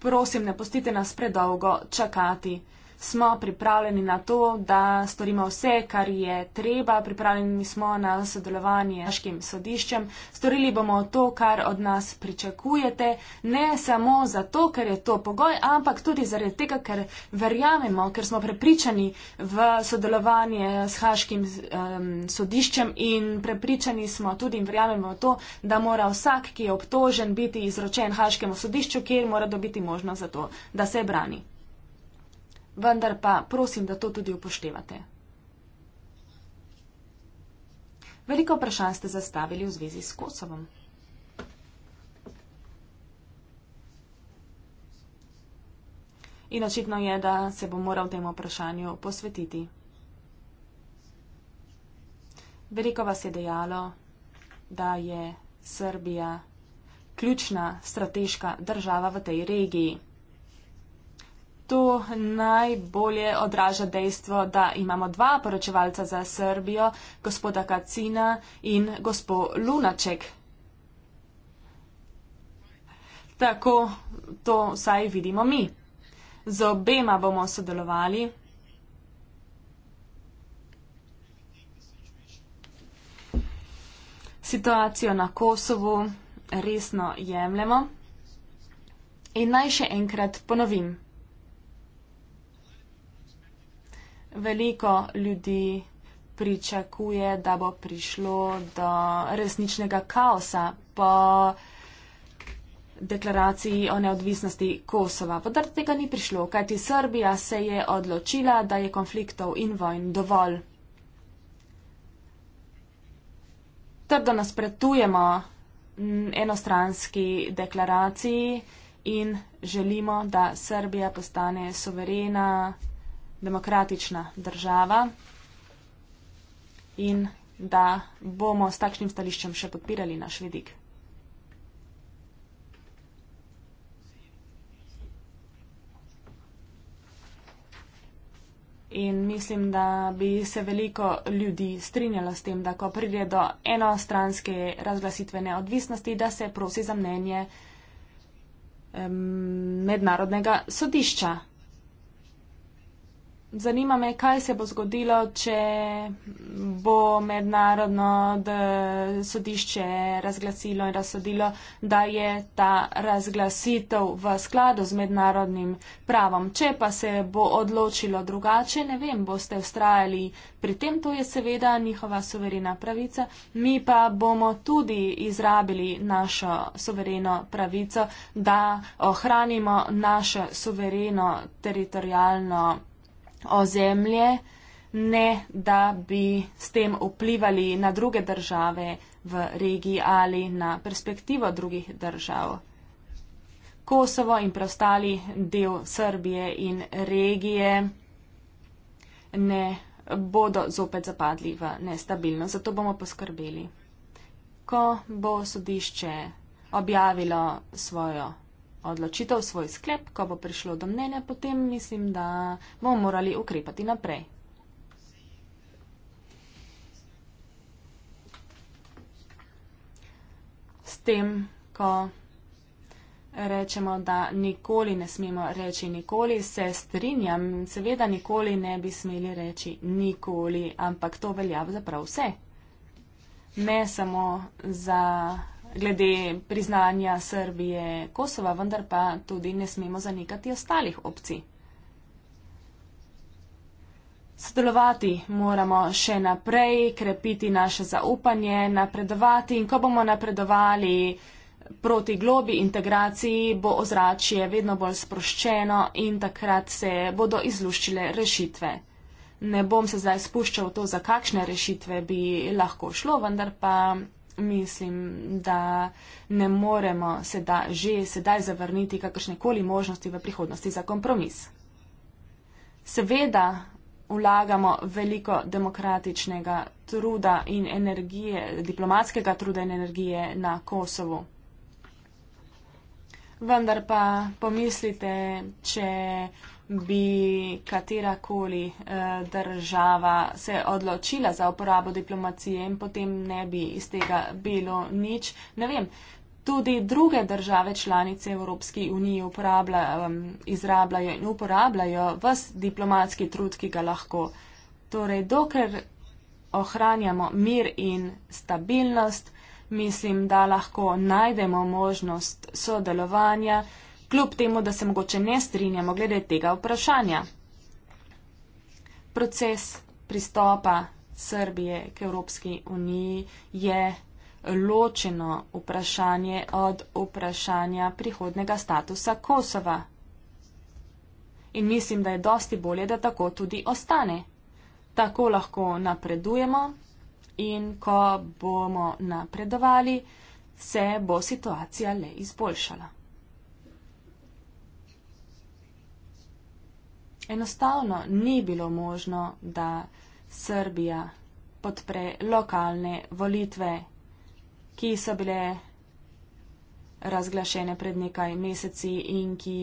prosim, ne pustite nas predolgo čakati smo pripravljeni na to, da storimo vse, kar je treba, pripravljeni smo na sodelovanje s Haškim sodiščem, storili bomo to, kar od nas pričakujete, ne samo zato, ker je to pogoj, ampak tudi zaradi tega, ker verjamemo, ker smo prepričani v sodelovanje s Haškim um, sodiščem in prepričani smo tudi in verjamemo to, da mora vsak, ki je obtožen, biti izročen Haškemu sodišču, kjer mora dobiti možnost za to, da se brani vendar pa prosim, da to tudi upoštevate. Veliko vprašanj ste zastavili v zvezi s Kosovom. In očitno je, da se bo moral temu vprašanju posvetiti. Veliko vas je dejalo, da je Srbija ključna strateška država v tej regiji to najbolje odraža dejstvo, da imamo dva poročevalca za Srbijo, gospoda Kacina in gospo Lunaček. Tako to vsaj vidimo mi. Z obema bomo sodelovali. Situacijo na Kosovu resno jemljemo. In naj še enkrat ponovim. veliko ljudi pričakuje, da bo prišlo do resničnega kaosa po deklaraciji o neodvisnosti Kosova. Vendar tega ni prišlo, kajti Srbija se je odločila, da je konfliktov in vojn dovolj. Trdo nasprotujemo enostranski deklaraciji in želimo, da Srbija postane suverena demokratična država in da bomo s takšnim stališčem še podpirali naš vidik. In mislim, da bi se veliko ljudi strinjalo s tem, da ko pride do enostranske razglasitvene odvisnosti, da se prosi za mnenje mednarodnega sodišča. Zanima me, kaj se bo zgodilo, če bo mednarodno sodišče razglasilo in razsodilo, da je ta razglasitev v skladu z mednarodnim pravom. Če pa se bo odločilo drugače, ne vem, boste ustrajali pri tem, to je seveda njihova suverena pravica, mi pa bomo tudi izrabili našo suvereno pravico, da ohranimo našo suvereno teritorijalno pravico ozemlje, ne da bi s tem vplivali na druge države v regiji ali na perspektivo drugih držav. Kosovo in preostali del Srbije in regije ne bodo zopet zapadli v nestabilno, zato bomo poskrbeli. Ko bo sodišče objavilo svojo odločitev, svoj sklep, ko bo prišlo do mnenja, potem mislim, da bomo morali ukrepati naprej. S tem, ko rečemo, da nikoli ne smemo reči nikoli, se strinjam, seveda nikoli ne bi smeli reči nikoli, ampak to velja za prav vse. Ne samo za glede priznanja Srbije Kosova, vendar pa tudi ne smemo zanikati ostalih opcij. Sodelovati moramo še naprej, krepiti naše zaupanje, napredovati in ko bomo napredovali proti globi integraciji, bo ozračje vedno bolj sproščeno in takrat se bodo izluščile rešitve. Ne bom se zdaj spuščal v to, za kakšne rešitve bi lahko šlo, vendar pa mislim, da ne moremo seda, že sedaj zavrniti kakršnekoli možnosti v prihodnosti za kompromis. Seveda vlagamo veliko demokratičnega truda in energije, diplomatskega truda in energije na Kosovu. Vendar pa pomislite, če bi katerakoli eh, država se odločila za uporabo diplomacije in potem ne bi iz tega bilo nič. Ne vem, tudi druge države članice Evropske unije izrabljajo in uporabljajo vs diplomatski trud, ki ga lahko. Torej, dokler ohranjamo mir in stabilnost, mislim, da lahko najdemo možnost sodelovanja kljub temu, da se mogoče ne strinjamo glede tega vprašanja. Proces pristopa Srbije k Evropski uniji je ločeno vprašanje od vprašanja prihodnega statusa Kosova. In mislim, da je dosti bolje, da tako tudi ostane. Tako lahko napredujemo in ko bomo napredovali, se bo situacija le izboljšala. enostavno ni bilo možno, da Srbija podpre lokalne volitve, ki so bile razglašene pred nekaj meseci in ki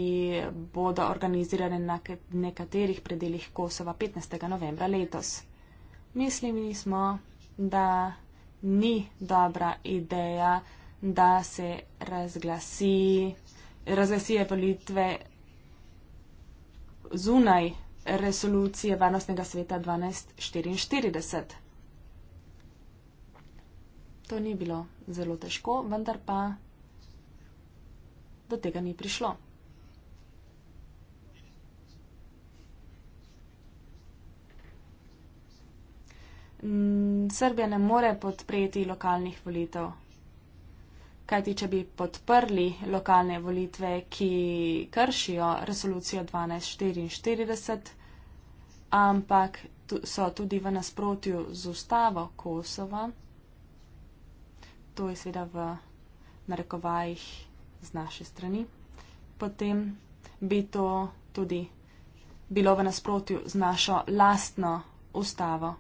bodo organizirane na nekaterih predeljih Kosova 15. novembra letos. Mislili smo, da ni dobra ideja, da se razglasi, razglasi volitve zunaj resolucije Varnostnega sveta 1244. To ni bilo zelo težko, vendar pa do tega ni prišlo. Mm, Srbija ne more podpreti lokalnih volitev kajti če bi podprli lokalne volitve, ki kršijo resolucijo 1244, ampak so tudi v nasprotju z ustavo Kosova, to je seveda v narekovajih z naše strani, potem bi to tudi bilo v nasprotju z našo lastno ustavo.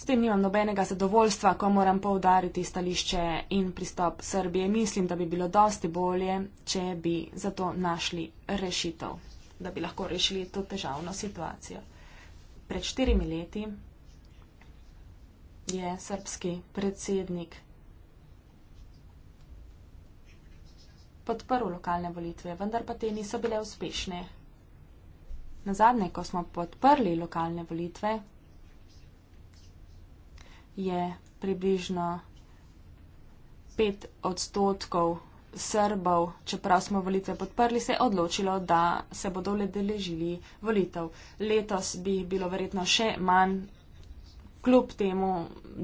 S tem nimam nobenega zadovoljstva, ko moram povdariti stališče in pristop Srbije. Mislim, da bi bilo dosti bolje, če bi zato našli rešitev, da bi lahko rešili to težavno situacijo. Pred štirimi leti je srpski predsednik podprl lokalne volitve, vendar pa te niso bile uspešne. Na zadnje, ko smo podprli lokalne volitve, je približno pet odstotkov Srbov, čeprav smo volitve podprli, se je odločilo, da se bodo ledeležili volitev. Letos bi bilo verjetno še manj, kljub temu,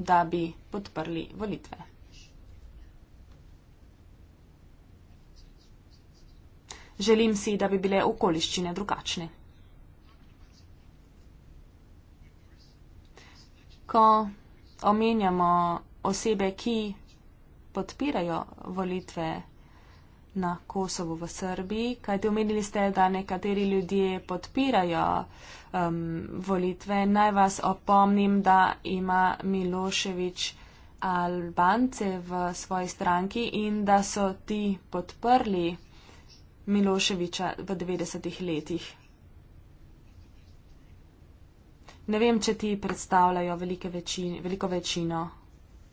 da bi podprli volitve. Želim si, da bi bile okoliščine drugačne. Ko omenjamo osebe, ki podpirajo volitve na Kosovo v Srbiji, kajte omenili ste, da nekateri ljudje podpirajo um, volitve. Naj vas opomnim, da ima Miloševič Albance v svoji stranki in da so ti podprli Miloševiča v 90-ih letih ne vem, če ti predstavljajo večini, veliko večino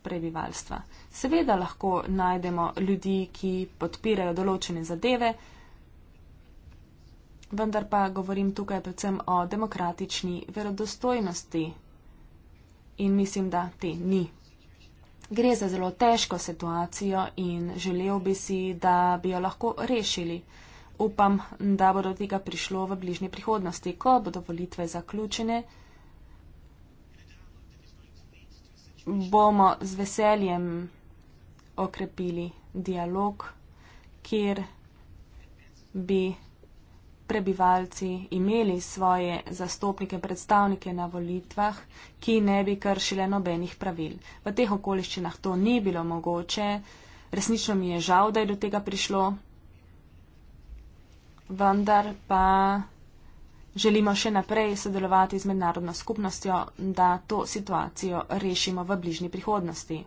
prebivalstva. Seveda lahko najdemo ljudi, ki podpirajo določene zadeve, vendar pa govorim tukaj predvsem o demokratični verodostojnosti in mislim, da te ni. Gre za zelo težko situacijo in želel bi si, da bi jo lahko rešili. Upam, da bo do tega prišlo v bližnji prihodnosti, ko bodo volitve zaključene. bomo z veseljem okrepili dialog, kjer bi prebivalci imeli svoje zastopnike, predstavnike na volitvah, ki ne bi kršile nobenih pravil. V teh okoliščinah to ni bilo mogoče. Resnično mi je žal, da je do tega prišlo. Vendar pa želimo še naprej sodelovati z mednarodno skupnostjo, da to situacijo rešimo v bližnji prihodnosti.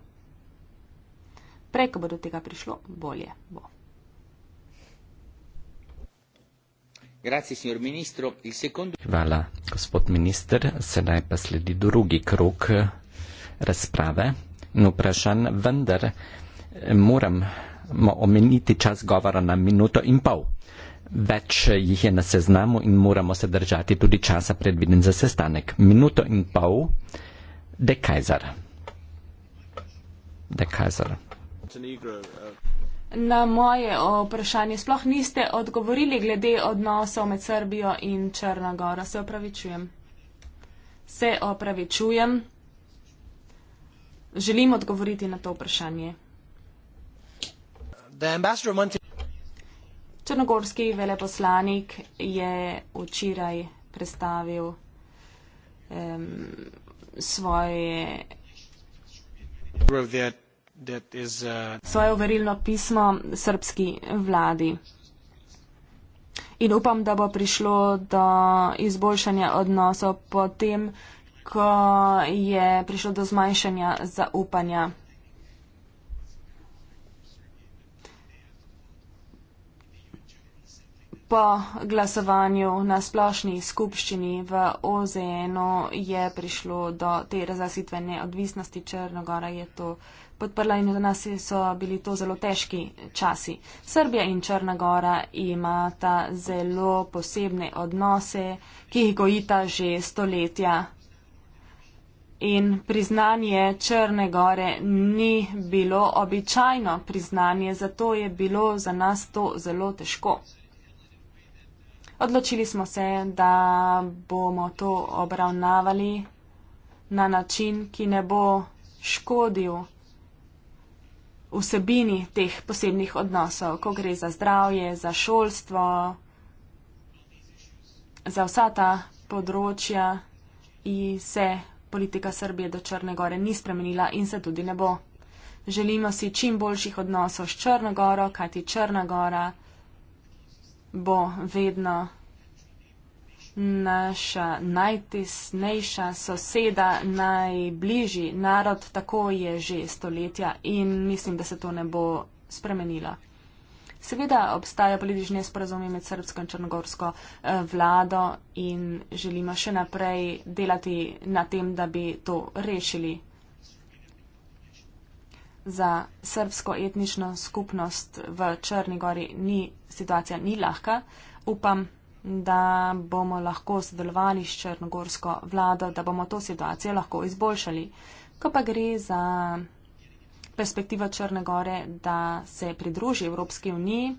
Prej, ko bo do tega prišlo, bolje bo. Hvala, gospod minister. Sedaj pa sledi drugi krok eh, razprave in vprašanj, vendar eh, moram omeniti čas govora na minuto in pol. Več jih je na seznamu in moramo se držati tudi časa predviden za sestanek. Minuto in pol, de Kaiser. De Kaiser. Na moje vprašanje sploh niste odgovorili glede odnosov med Srbijo in Črnagora. Se opravičujem. Se opravičujem. Želim odgovoriti na to vprašanje. Črnogorski veleposlanik je včeraj predstavil um, svoje, that, that is, uh... svoje overilno pismo srpski vladi. In upam, da bo prišlo do izboljšanja odnosov potem, ko je prišlo do zmanjšanja zaupanja. Po glasovanju na splošni skupščini v OZN-u je prišlo do te razglasitvene odvisnosti. Črnogora je to podprla in za nas so bili to zelo težki časi. Srbija in Črnogora imata zelo posebne odnose, ki jih gojita že stoletja. In priznanje Črne Gore ni bilo običajno priznanje, zato je bilo za nas to zelo težko odločili smo se, da bomo to obravnavali na način, ki ne bo škodil vsebini teh posebnih odnosov, ko gre za zdravje, za šolstvo, za vsa ta področja in se politika Srbije do Črne gore ni spremenila in se tudi ne bo. Želimo si čim boljših odnosov s Črnogoro, kajti Črna gora bo vedno naša najtesnejša soseda, najbližji narod, tako je že stoletja in mislim, da se to ne bo spremenilo. Seveda obstaja politični sporazum med srbsko in črnogorsko eh, vlado in želimo še naprej delati na tem, da bi to rešili za srbsko etnično skupnost v Črnigori ni, situacija ni lahka. Upam, da bomo lahko sodelovali s črnogorsko vlado, da bomo to situacijo lahko izboljšali. Ko pa gre za perspektivo Črne gore, da se pridruži Evropski uniji,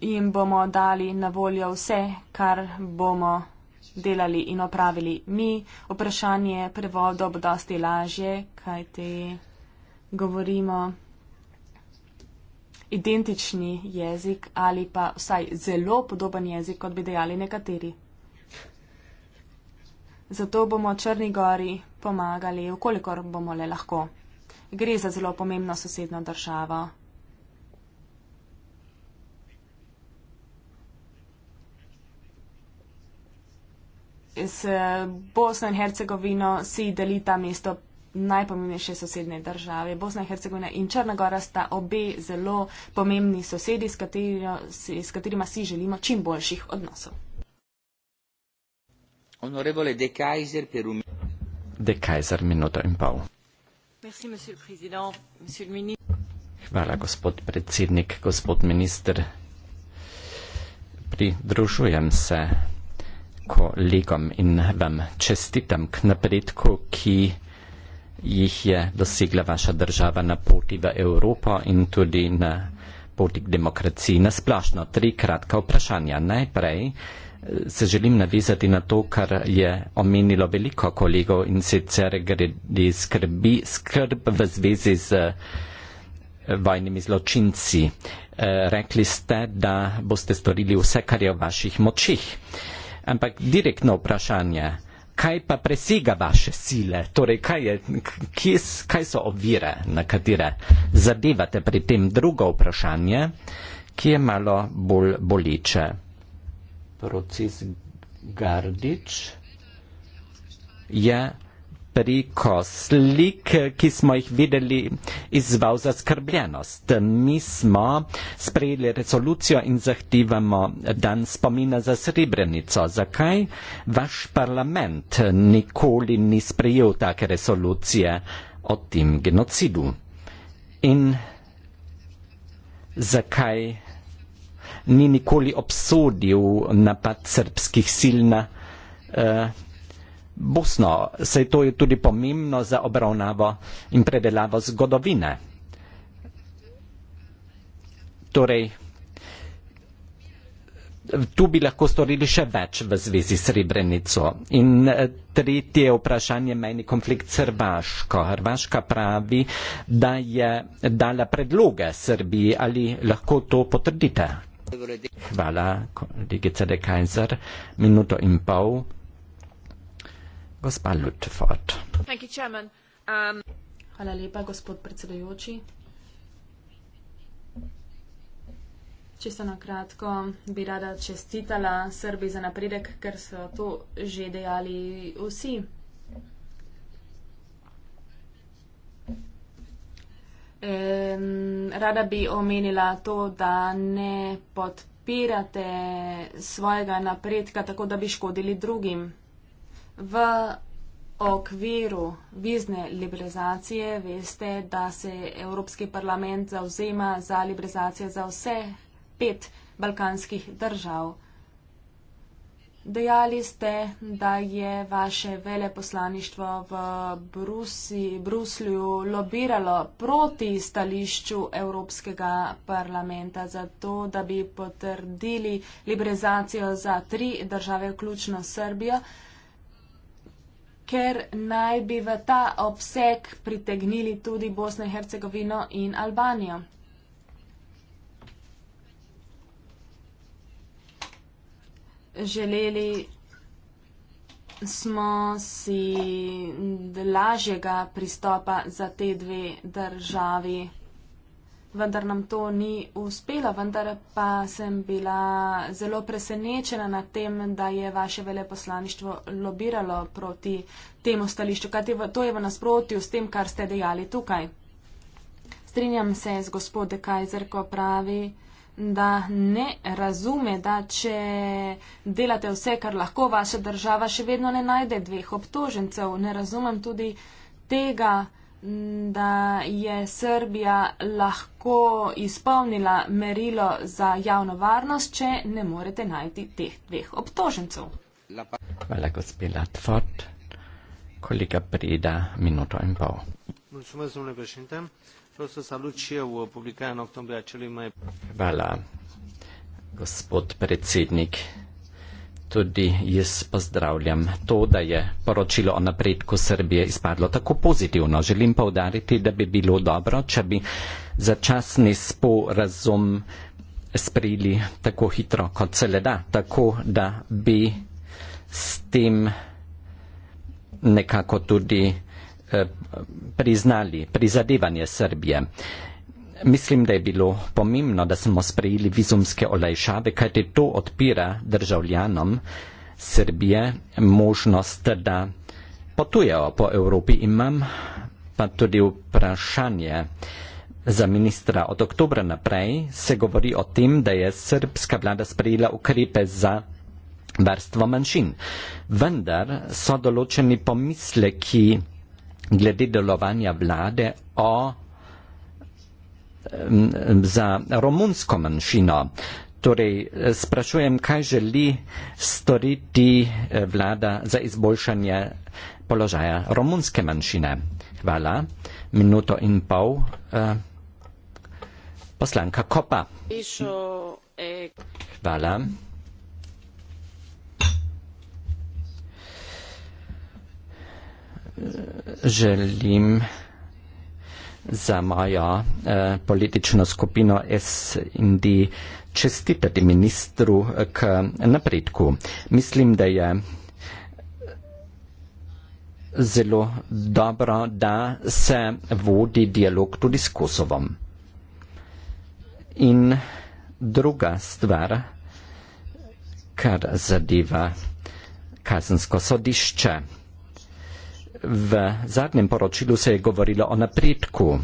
jim bomo dali na voljo vse, kar bomo delali in opravili mi, vprašanje prevodo bo dosti lažje, kaj te govorimo identični jezik ali pa vsaj zelo podoben jezik, kot bi dejali nekateri. Zato bomo Črni gori pomagali, ukolikor bomo le lahko. Gre za zelo pomembno sosedno državo. z Bosno in Hercegovino si delita mesto najpomembnejše sosednje države. Bosna in Hercegovina in Črnagora sta obe zelo pomembni sosedi, s, katerijo, s katerima si želimo čim boljših odnosov. Honorevole De Kaiser, per un... De Kaiser, minuto in pol. Merci, monsieur le président, monsieur le ministre. Hvala, gospod predsednik, gospod minister. Pridružujem se kolegom in vam čestitam k napredku, ki jih je dosegla vaša država na poti v Evropo in tudi na poti k demokraciji. Nasplošno tri kratka vprašanja. Najprej eh, se želim navezati na to, kar je omenilo veliko kolegov in sicer gre skrbi skrb v zvezi z eh, vojnimi zločinci. Eh, rekli ste, da boste storili vse, kar je v vaših močih ampak direktno vprašanje, kaj pa presega vaše sile, torej kaj, je, kis, kaj so ovire, na katere zadevate pri tem drugo vprašanje, ki je malo bolj boliče. Proces Gardič je preko slik, ki smo jih videli, izval zaskrbljenost. Mi smo sprejeli resolucijo in zahtevamo dan spomina za Srebrenico. Zakaj vaš parlament nikoli ni sprejel take resolucije o tem genocidu? In zakaj ni nikoli obsodil napad srpskih sil na uh, Bosno, sej to je tudi pomembno za obravnavo in predelavo zgodovine. Torej, tu bi lahko storili še več v zvezi s Srebrenico. In eh, tretje vprašanje, meni konflikt s Hrvaško. Hrvaška pravi, da je dala predloge Srbiji, ali lahko to potrdite? Hvala, kolegica de Kajzer. Minuto in pol. Gospa Lutford. Um, Hvala lepa, gospod predsedajoči. Čisto na kratko bi rada čestitala Srbi za napredek, ker so to že dejali vsi. Rada bi omenila to, da ne podpirate svojega napredka tako, da bi škodili drugim. V okviru vizne liberalizacije veste, da se Evropski parlament zauzema za liberalizacijo za vse pet balkanskih držav. Dejali ste, da je vaše veleposlaništvo v Brusi, Bruslju lobiralo proti stališču Evropskega parlamenta za to, da bi potrdili liberalizacijo za tri države, vključno Srbijo ker naj bi v ta obseg pritegnili tudi Bosno in Hercegovino in Albanijo. Želeli smo si lažjega pristopa za te dve državi vendar nam to ni uspelo, vendar pa sem bila zelo presenečena nad tem, da je vaše veleposlaništvo lobiralo proti temu stališču, kajti to je v nasprotju s tem, kar ste dejali tukaj. Strinjam se z gospode Kajzer, ko pravi, da ne razume, da če delate vse, kar lahko, vaša država še vedno ne najde dveh obtožencev. Ne razumem tudi tega, da je Srbija lahko izpolnila merilo za javno varnost, če ne morete najti teh dveh obtožencev. Hvala, gospod Latford. Kolega Breda, minuto in pol. Uh, Hvala, gospod predsednik tudi jaz pozdravljam to, da je poročilo o napredku Srbije izpadlo tako pozitivno. Želim pa udariti, da bi bilo dobro, če bi začasni sporazum sprijeli tako hitro, kot se le da, tako da bi s tem nekako tudi eh, priznali prizadevanje Srbije. Eh, Mislim, da je bilo pomembno, da smo sprejeli vizumske olajšave, kajte to odpira državljanom Srbije možnost, da potujejo po Evropi. Imam pa tudi vprašanje za ministra. Od oktobra naprej se govori o tem, da je srbska vlada sprejela ukrepe za varstvo manjšin. Vendar so določeni pomisleki glede delovanja vlade o za romunsko manjšino. Torej, sprašujem, kaj želi storiti eh, vlada za izboljšanje položaja romunske manjšine. Hvala. Minuto in pol. Eh, poslanka Kopa. Hvala. Želim za mojo eh, politično skupino SND čestitati ministru k napredku. Mislim, da je zelo dobro, da se vodi dialog tudi s Kosovom. In druga stvar, kar zadeva kazensko sodišče v zadnjem poročilu se je govorilo o napredku.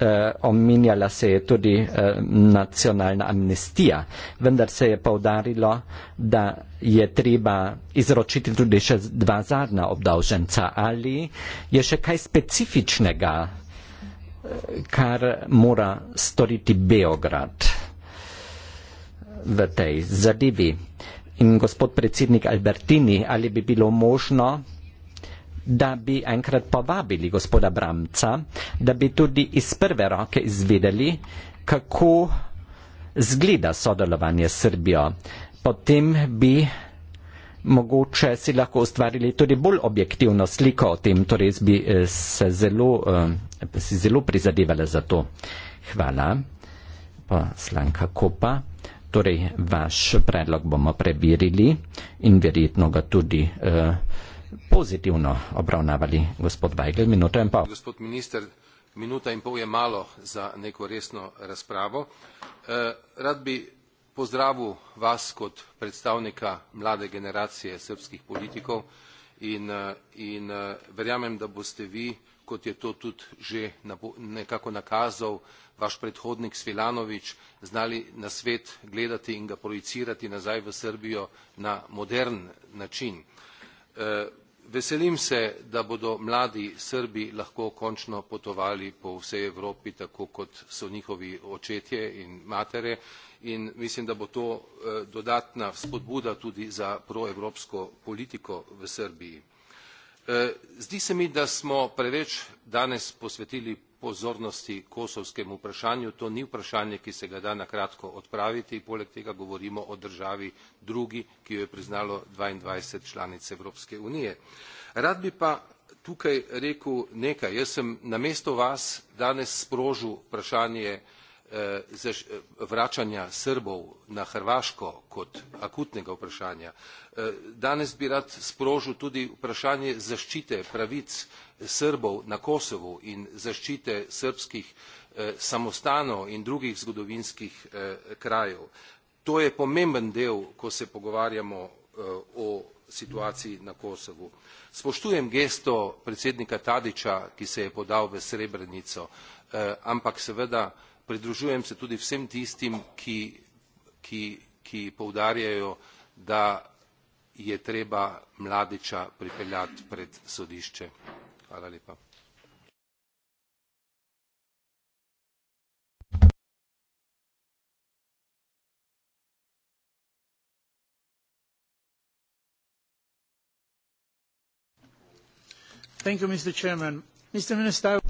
E, omenjala se je tudi e, nacionalna amnestija, vendar se je povdarilo, da je treba izročiti tudi še dva zadnja obdavženca. Ali je še kaj specifičnega, e, kar mora storiti Beograd v tej zadevi? In gospod predsednik Albertini, ali bi bilo možno, da bi enkrat povabili gospoda Bramca, da bi tudi iz prve roke izvedeli, kako zgleda sodelovanje s Srbijo. Potem bi mogoče si lahko ustvarili tudi bolj objektivno sliko o tem, torej bi eh, se zelo, eh, si zelo prizadevala za to. Hvala. Poslanka Kopa. Torej, vaš predlog bomo preverili in verjetno ga tudi eh, pozitivno obravnavali, gospod Weigel, minuto in pol. Gospod minister, minuta in pol je malo za neko resno razpravo. Eh, rad bi pozdravil vas kot predstavnika mlade generacije srpskih politikov in, eh, in eh, verjamem, da boste vi, kot je to tudi že nekako nakazal, vaš predhodnik Svilanovič znali na svet gledati in ga projicirati nazaj v Srbijo na modern način. E, veselim se, da bodo mladi Srbi lahko končno potovali po vsej Evropi, tako kot so njihovi očetje in matere in mislim, da bo to e, dodatna spodbuda tudi za proevropsko politiko v Srbiji. E, zdi se mi, da smo preveč danes posvetili pozornosti kosovskemu vprašanju. To ni vprašanje, ki se ga da na kratko odpraviti. Poleg tega govorimo o državi drugi, ki jo je priznalo 22 članic Evropske unije. Rad bi pa tukaj rekel nekaj. Jaz sem na mesto vas danes sprožil vprašanje Eh, eh, vračanja Srbov na Hrvaško kot akutnega vprašanja. Eh, danes bi rad sprožil tudi vprašanje zaščite pravic Srbov na Kosovu in zaščite srbskih samostanov in drugih zgodovinskih krajev. To je pomemben del, ko se pogovarjamo o situaciji na Kosovu. Spoštujem gesto predsednika Tadića, ki se je podal v Srebrenico, ampak seveda pridružujem se tudi vsem tistim ki, ki, ki poudarjajo da je treba mladiča pripeljati pred sodišče hvala lepa Thank you, Mr. Chairman. Mr. Minister,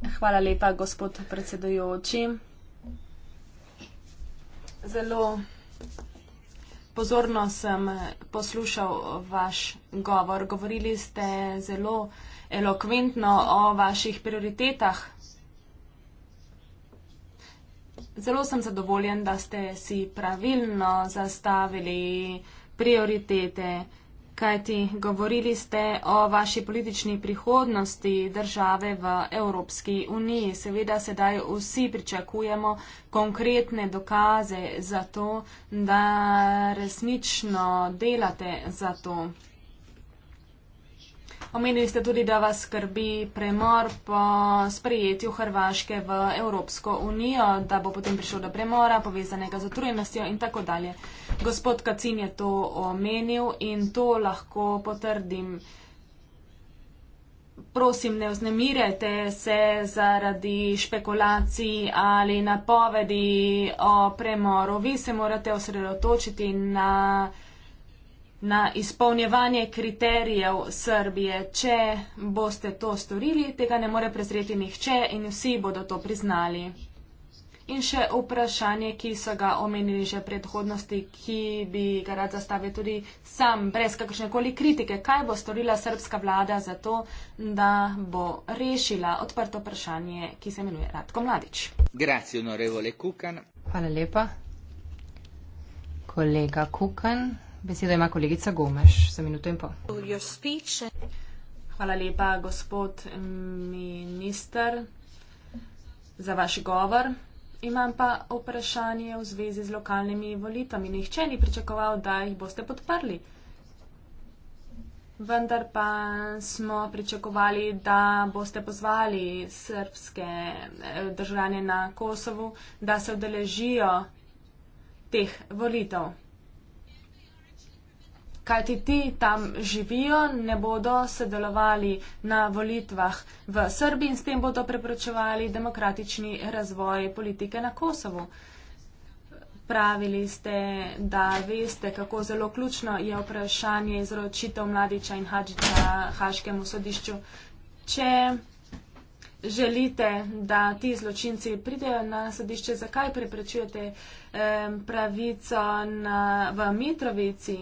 Hvala lepa, gospod predsedujoči. Zelo pozorno sem poslušal vaš govor. Govorili ste zelo elokventno o vaših prioritetah. Zelo sem zadovoljen, da ste si pravilno zastavili prioritete kajti govorili ste o vaši politični prihodnosti države v Evropski uniji. Seveda sedaj vsi pričakujemo konkretne dokaze za to, da resnično delate za to. Omenili ste tudi, da vas skrbi premor po sprejetju Hrvaške v Evropsko unijo, da bo potem prišel do premora, povezanega z otrujenostjo in tako dalje. Gospod Kacin je to omenil in to lahko potrdim. Prosim, ne vznemirjajte se zaradi špekulacij ali napovedi o premoru. Vi se morate osredotočiti na na izpolnjevanje kriterijev Srbije. Če boste to storili, tega ne more prezreti nihče in vsi bodo to priznali. In še vprašanje, ki so ga omenili že predhodnosti, ki bi ga rad zastavil tudi sam, brez kakršnekoli kritike. Kaj bo storila srbska vlada za to, da bo rešila odprto vprašanje, ki se imenuje Radko Mladić? Hvala lepa. Kolega Kukan, Besedo ima kolegica Gomeš za minuto in pol. Hvala lepa, gospod minister, za vaš govor. Imam pa vprašanje v zvezi z lokalnimi volitami. Nihče ni pričakoval, da jih boste podprli. Vendar pa smo pričakovali, da boste pozvali srpske eh, državljane na Kosovu, da se odeležijo teh volitev kajti ti tam živijo, ne bodo sodelovali na volitvah v Srbiji in s tem bodo preprečevali demokratični razvoj politike na Kosovu. Pravili ste, da veste, kako zelo ključno je vprašanje izročitev mladiča in hađiča Haškemu sodišču. Če želite, da ti zločinci pridejo na sodišče, zakaj preprečujete eh, pravico na, v Mitrovici,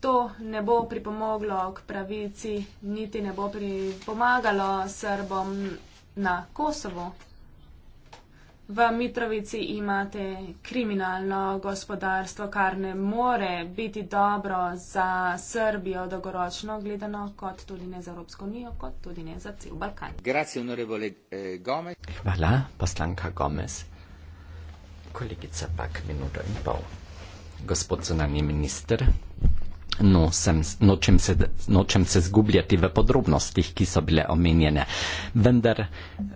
to ne bo pripomoglo k pravici, niti ne bo pripomagalo Srbom na Kosovo. V Mitrovici imate kriminalno gospodarstvo, kar ne more biti dobro za Srbijo dolgoročno gledano, kot tudi ne za Evropsko unijo, kot tudi ne za cel Balkan. Eh, Hvala, poslanka Gomez. Kolegica pak minuto in pol. Gospod zunani minister, no, sem, nočem, se, nočem se zgubljati v podrobnostih, ki so bile omenjene. Vendar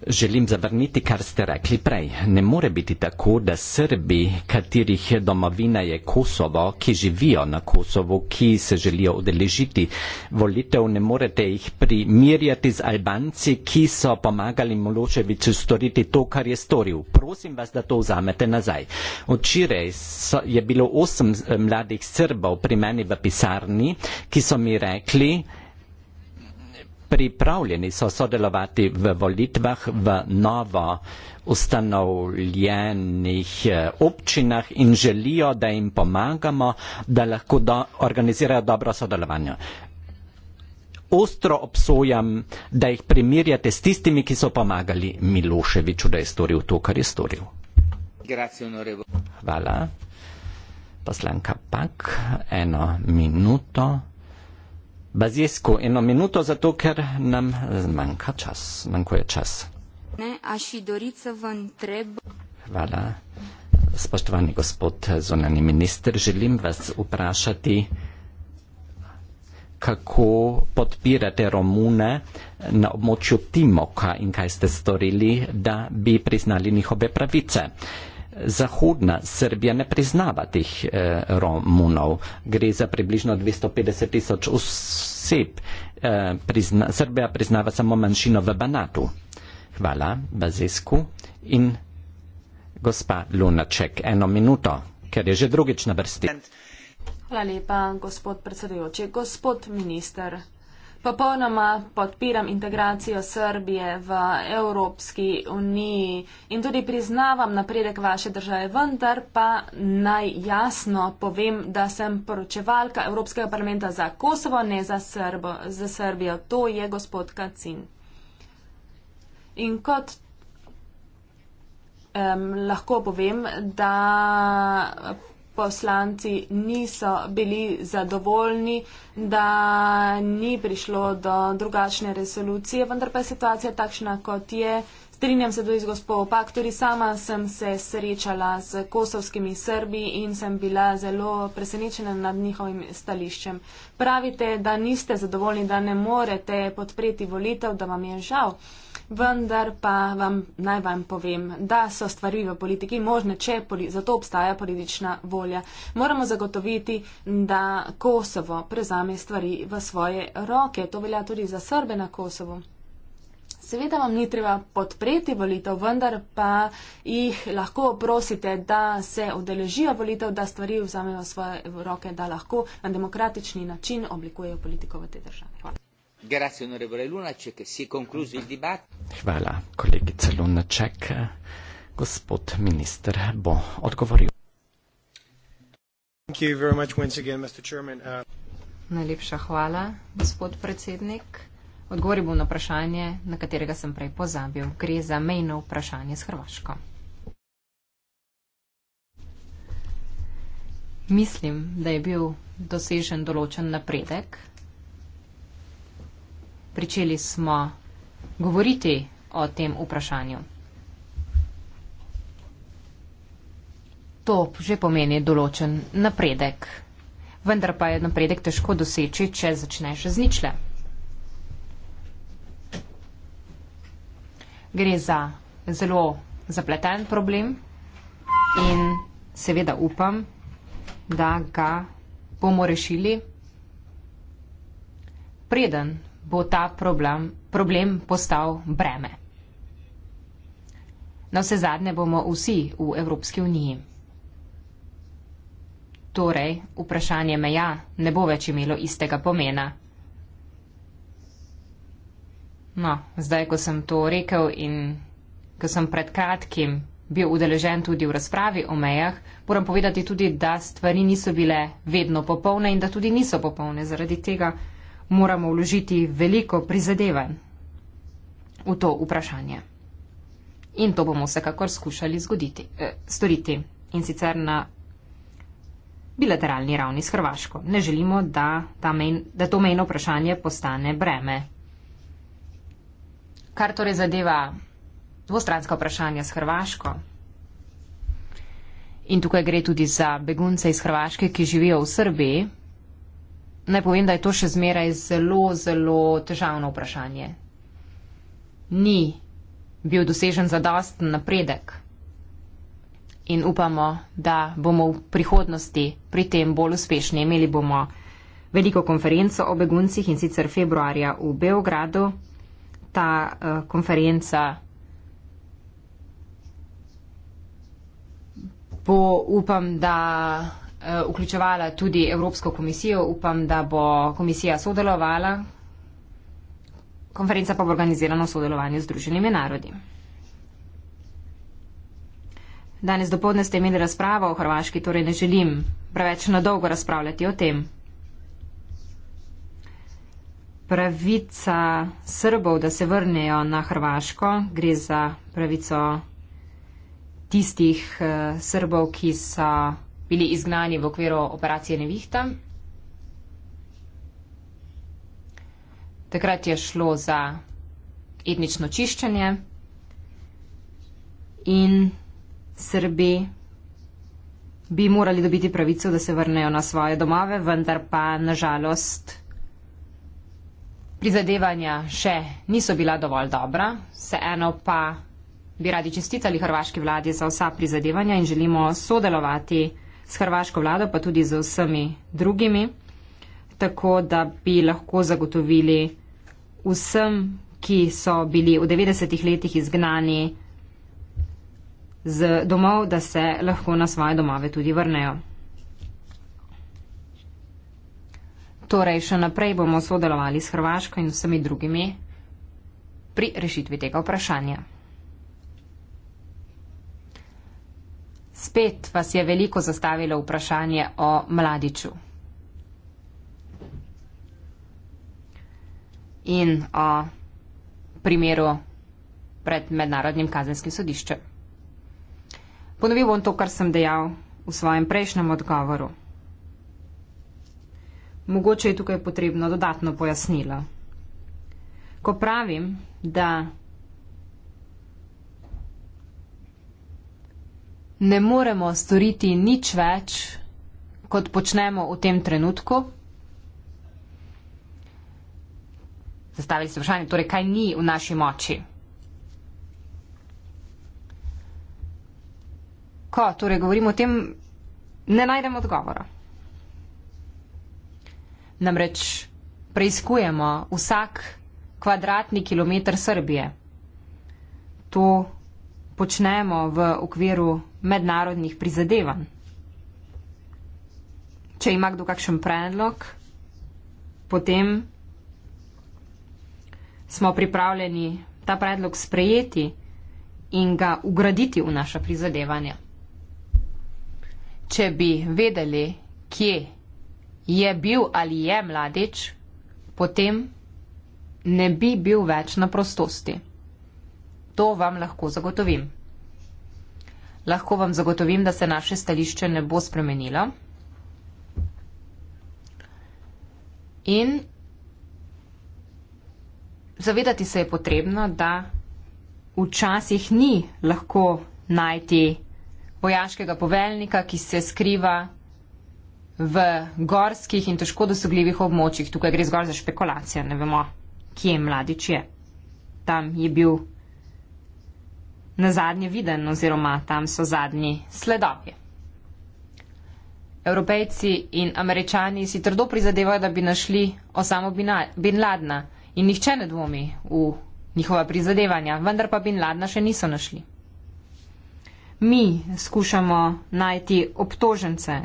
želim zavrniti, kar ste rekli prej. Ne more biti tako, da Srbi, katerih domovina je Kosovo, ki živijo na Kosovo, ki se želijo odeležiti volitev, ne morete jih primirjati z Albanci, ki so pomagali Mološeviću storiti to, kar je storil. Prosim vas, da to vzamete nazaj. Včeraj so, je bilo osem eh, mladih Srbov pri meni v pisanju lekarni, ki so mi rekli, pripravljeni so sodelovati v volitvah v novo ustanovljenih eh, občinah in želijo, da jim pomagamo, da lahko do, organizirajo dobro sodelovanje. Ostro obsojam, da jih primirjate s tistimi, ki so pomagali Miloševiču, da je storil to, kar je storil. Hvala poslanka Pak, eno minuto. Bazijsko, eno minuto, zato ker nam manjka čas, manjkuje čas. Ne, treb... Hvala. Spoštovani gospod zunani minister, želim vas vprašati, kako podpirate Romune na območju Timoka in kaj ste storili, da bi priznali njihove pravice. Uh, Zahodna Srbija ne priznava tih e, eh, Romunov. Gre za približno 250 tisoč oseb. E, prizna, Srbija priznava samo manjšino v Banatu. Hvala, Bazesku. In gospa Lunaček, eno minuto, ker je že drugič na vrsti. Hvala lepa, gospod predsedujoči. Gospod minister, Popolnoma podpiram integracijo Srbije v Evropski uniji in tudi priznavam napredek vaše države, vendar pa naj jasno povem, da sem poročevalka Evropskega parlamenta za Kosovo, ne za, Srbo, za Srbijo. To je gospod Kacin. In kot um, lahko povem, da poslanci niso bili zadovoljni, da ni prišlo do drugačne resolucije, vendar pa je situacija takšna, kot je. Strinjam se tudi z gospodom Paktori, sama sem se srečala z kosovskimi Srbi in sem bila zelo presenečena nad njihovim stališčem. Pravite, da niste zadovoljni, da ne morete podpreti volitev, da vam je žal vendar pa vam naj vam povem, da so stvari v politiki možne, če poli, zato obstaja politična volja. Moramo zagotoviti, da Kosovo prezame stvari v svoje roke. To velja tudi za Srbe na Kosovo. Seveda vam ni treba podpreti volitev, vendar pa jih lahko prosite, da se odeležijo volitev, da stvari vzamejo v svoje roke, da lahko na demokratični način oblikujejo politiko v tej državi. Hvala. Hvala, kolegica Lunaček. Gospod minister bo odgovoril. Uh, Najlepša hvala, gospod predsednik. Odgovoril bom na vprašanje, na katerega sem prej pozabil. Gre za mejno vprašanje s Hrvaško. Mislim, da je bil dosežen določen napredek pričeli smo govoriti o tem vprašanju. To že pomeni določen napredek. Vendar pa je napredek težko doseči, če začneš z ničle. Gre za zelo zapleten problem in seveda upam, da ga bomo rešili preden bo ta problem, problem postal breme. Na vse zadnje bomo vsi v Evropski uniji. Torej, vprašanje meja ne bo več imelo istega pomena. No, zdaj, ko sem to rekel in ko sem pred kratkim bil udeležen tudi v razpravi o mejah, moram povedati tudi, da stvari niso bile vedno popolne in da tudi niso popolne zaradi tega, moramo vložiti veliko prizadevanj v to vprašanje. In to bomo vsekakor skušali zgoditi, eh, storiti in sicer na bilateralni ravni s Hrvaško. Ne želimo, da, mejn, da to mejno vprašanje postane breme. Kar torej zadeva dvostranska vprašanja s Hrvaško. In tukaj gre tudi za begunce iz Hrvaške, ki živijo v Srbiji. Naj povem, da je to še zmeraj zelo, zelo težavno vprašanje. Ni bil dosežen zadosten napredek in upamo, da bomo v prihodnosti pri tem bolj uspešni. Imeli bomo veliko konferenco o beguncih in sicer februarja v Beogradu. Ta uh, konferenca bo, upam, da Eh, vključevala tudi Evropsko komisijo. Upam, da bo komisija sodelovala. Konferenca pa bo organizirana v sodelovanju z Združenimi narodi. Danes dopoledne ste imeli razpravo o Hrvaški, torej ne želim preveč na dolgo razpravljati o tem. Pravica Srbov, da se vrnejo na Hrvaško, gre za pravico tistih eh, Srbov, ki so bili izgnani v okviru operacije Nevihta. Takrat je šlo za etnično čiščenje in Srbi bi morali dobiti pravico, da se vrnejo na svoje domove, vendar pa nažalost prizadevanja še niso bila dovolj dobra. Vseeno pa bi radi čestitali hrvaški vladi za vsa prizadevanja in želimo sodelovati s hrvaško vlado, pa tudi z vsemi drugimi, tako da bi lahko zagotovili vsem, ki so bili v 90-ih letih izgnani z domov, da se lahko na svoje domove tudi vrnejo. Torej, še naprej bomo sodelovali s Hrvaško in vsemi drugimi pri rešitvi tega vprašanja. Spet vas je veliko zastavilo vprašanje o mladiču. In o primeru pred mednarodnim kazenskim sodiščem. Ponovil bom to, kar sem dejal v svojem prejšnjem odgovoru. Mogoče je tukaj potrebno dodatno pojasnilo. Ko pravim, da ne moremo storiti nič več, kot počnemo v tem trenutku? Zastavili ste vprašanje, torej kaj ni v naši moči? Ko torej govorimo o tem, ne najdemo odgovora. Namreč preizkujemo vsak kvadratni kilometr Srbije. To počnemo v okviru mednarodnih prizadevanj. Če ima kdo kakšen predlog, potem smo pripravljeni ta predlog sprejeti in ga ugraditi v naša prizadevanja. Če bi vedeli, kje je bil ali je mladič, potem ne bi bil več na prostosti. To vam lahko zagotovim. Lahko vam zagotovim, da se naše stališče ne bo spremenilo. In zavedati se je potrebno, da včasih ni lahko najti vojaškega poveljnika, ki se skriva v gorskih in težko dosegljivih območjih. Tukaj gre zgolj za špekulacijo, ne vemo, kje mladič je. Tam je bil na zadnje viden oziroma tam so zadnji sledovi. Evropejci in američani si trdo prizadevajo, da bi našli osamo Bin Ladna in nihče ne dvomi v njihova prizadevanja, vendar pa Bin Ladna še niso našli. Mi skušamo najti obtožence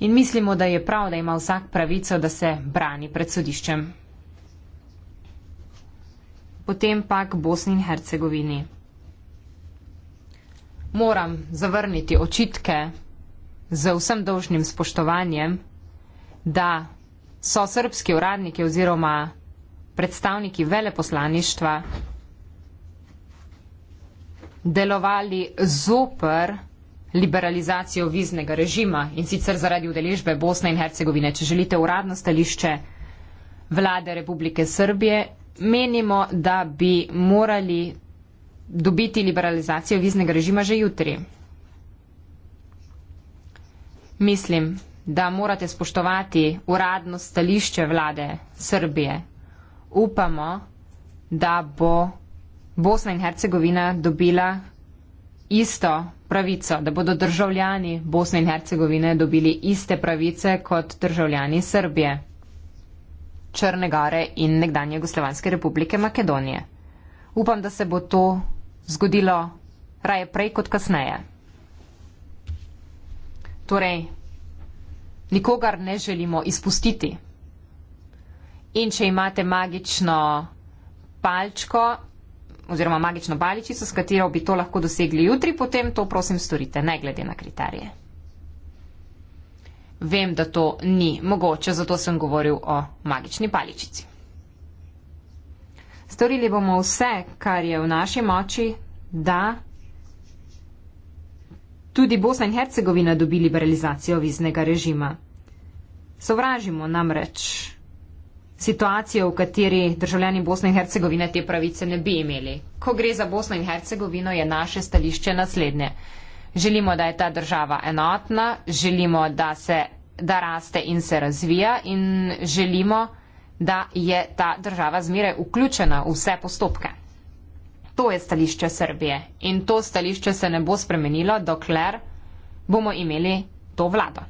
in mislimo, da je prav, da ima vsak pravico, da se brani pred sodiščem potem pa k Bosni in Hercegovini. Moram zavrniti očitke z vsem dolžnim spoštovanjem, da so srbski uradniki oziroma predstavniki veleposlaništva delovali zoper liberalizacijo viznega režima in sicer zaradi udeležbe Bosne in Hercegovine. Če želite uradno stališče vlade Republike Srbije, menimo, da bi morali dobiti liberalizacijo viznega režima že jutri. Mislim, da morate spoštovati uradno stališče vlade Srbije. Upamo, da bo Bosna in Hercegovina dobila isto pravico, da bodo državljani Bosne in Hercegovine dobili iste pravice kot državljani Srbije. Črne gore in nekdanje Jugoslovanske republike Makedonije. Upam, da se bo to zgodilo raje prej kot kasneje. Torej, nikogar ne želimo izpustiti. In če imate magično palčko oziroma magično paličico, s katero bi to lahko dosegli jutri, potem to prosim storite, ne glede na kriterije vem, da to ni mogoče, zato sem govoril o magični paličici. Storili bomo vse, kar je v naši moči, da tudi Bosna in Hercegovina dobi liberalizacijo viznega režima. Sovražimo namreč situacijo, v kateri državljani Bosne in Hercegovine te pravice ne bi imeli. Ko gre za Bosno in Hercegovino, je naše stališče naslednje. Želimo, da je ta država enotna, želimo, da, se, da raste in se razvija in želimo, da je ta država zmeraj vključena v vse postopke. To je stališče Srbije in to stališče se ne bo spremenilo, dokler bomo imeli to vlado.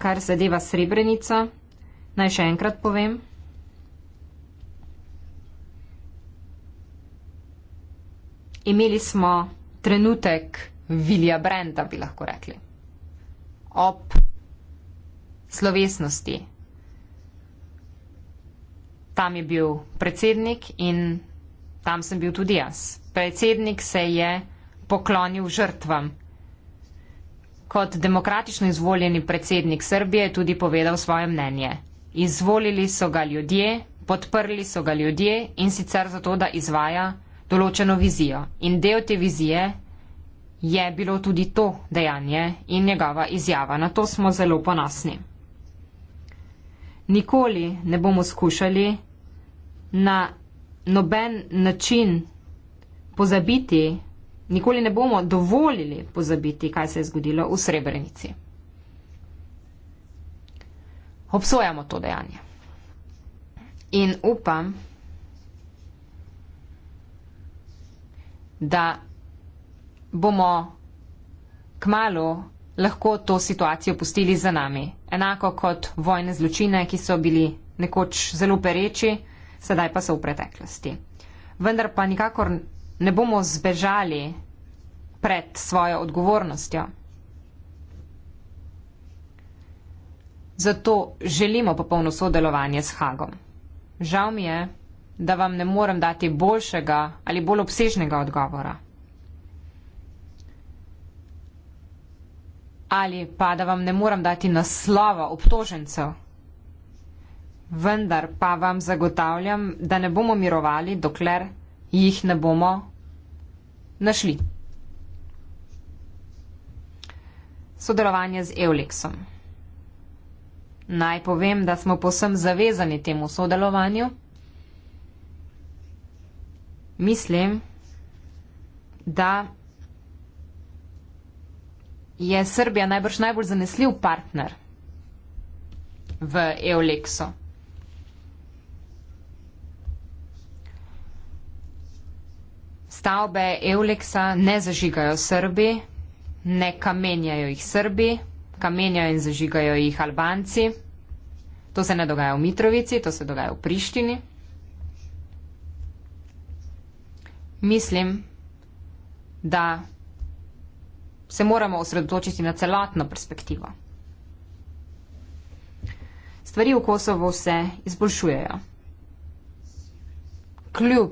Kar zadeva Srebrenico, naj še enkrat povem. imeli smo trenutek Vilja Brenda, bi lahko rekli, ob slovesnosti. Tam je bil predsednik in tam sem bil tudi jaz. Predsednik se je poklonil žrtvam. Kot demokratično izvoljeni predsednik Srbije je tudi povedal svoje mnenje. Izvolili so ga ljudje, podprli so ga ljudje in sicer zato, da izvaja določeno vizijo. In del te vizije je bilo tudi to dejanje in njegova izjava. Na to smo zelo ponosni. Nikoli ne bomo skušali na noben način pozabiti, nikoli ne bomo dovolili pozabiti, kaj se je zgodilo v Srebrenici. Obsojamo to dejanje. In upam, da bomo kmalo lahko to situacijo pustili za nami. Enako kot vojne zločine, ki so bili nekoč zelo pereči, sedaj pa so v preteklosti. Vendar pa nikakor ne bomo zbežali pred svojo odgovornostjo. Zato želimo popolno sodelovanje s Hagom. Žal mi je, da vam ne morem dati boljšega ali bolj obsežnega odgovora. Ali pa, da vam ne morem dati naslova obtožencev. Vendar pa vam zagotavljam, da ne bomo mirovali, dokler jih ne bomo našli. Sodelovanje z Euliksom. Naj povem, da smo posem zavezani temu sodelovanju mislim, da je Srbija najbrž najbolj zanesljiv partner v Eoleksu. Stavbe Euleksa ne zažigajo Srbi, ne kamenjajo jih Srbi, kamenjajo in zažigajo jih Albanci. To se ne dogaja v Mitrovici, to se dogaja v Prištini. Mislim, da se moramo osredotočiti na celotno perspektivo. Stvari v Kosovo se izboljšujejo. Kljub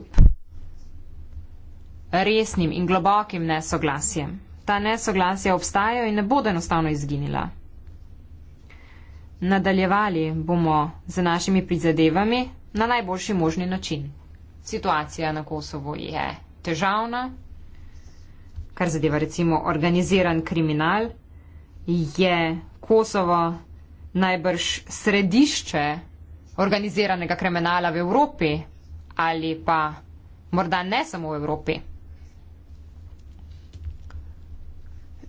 resnim in globokim nesoglasjem. Ta nesoglasja obstajajo in ne bodo enostavno izginila. Nadaljevali bomo z našimi prizadevami na najboljši možni način situacija na Kosovo je težavna, kar zadeva recimo organiziran kriminal, je Kosovo najbrž središče organiziranega kriminala v Evropi ali pa morda ne samo v Evropi.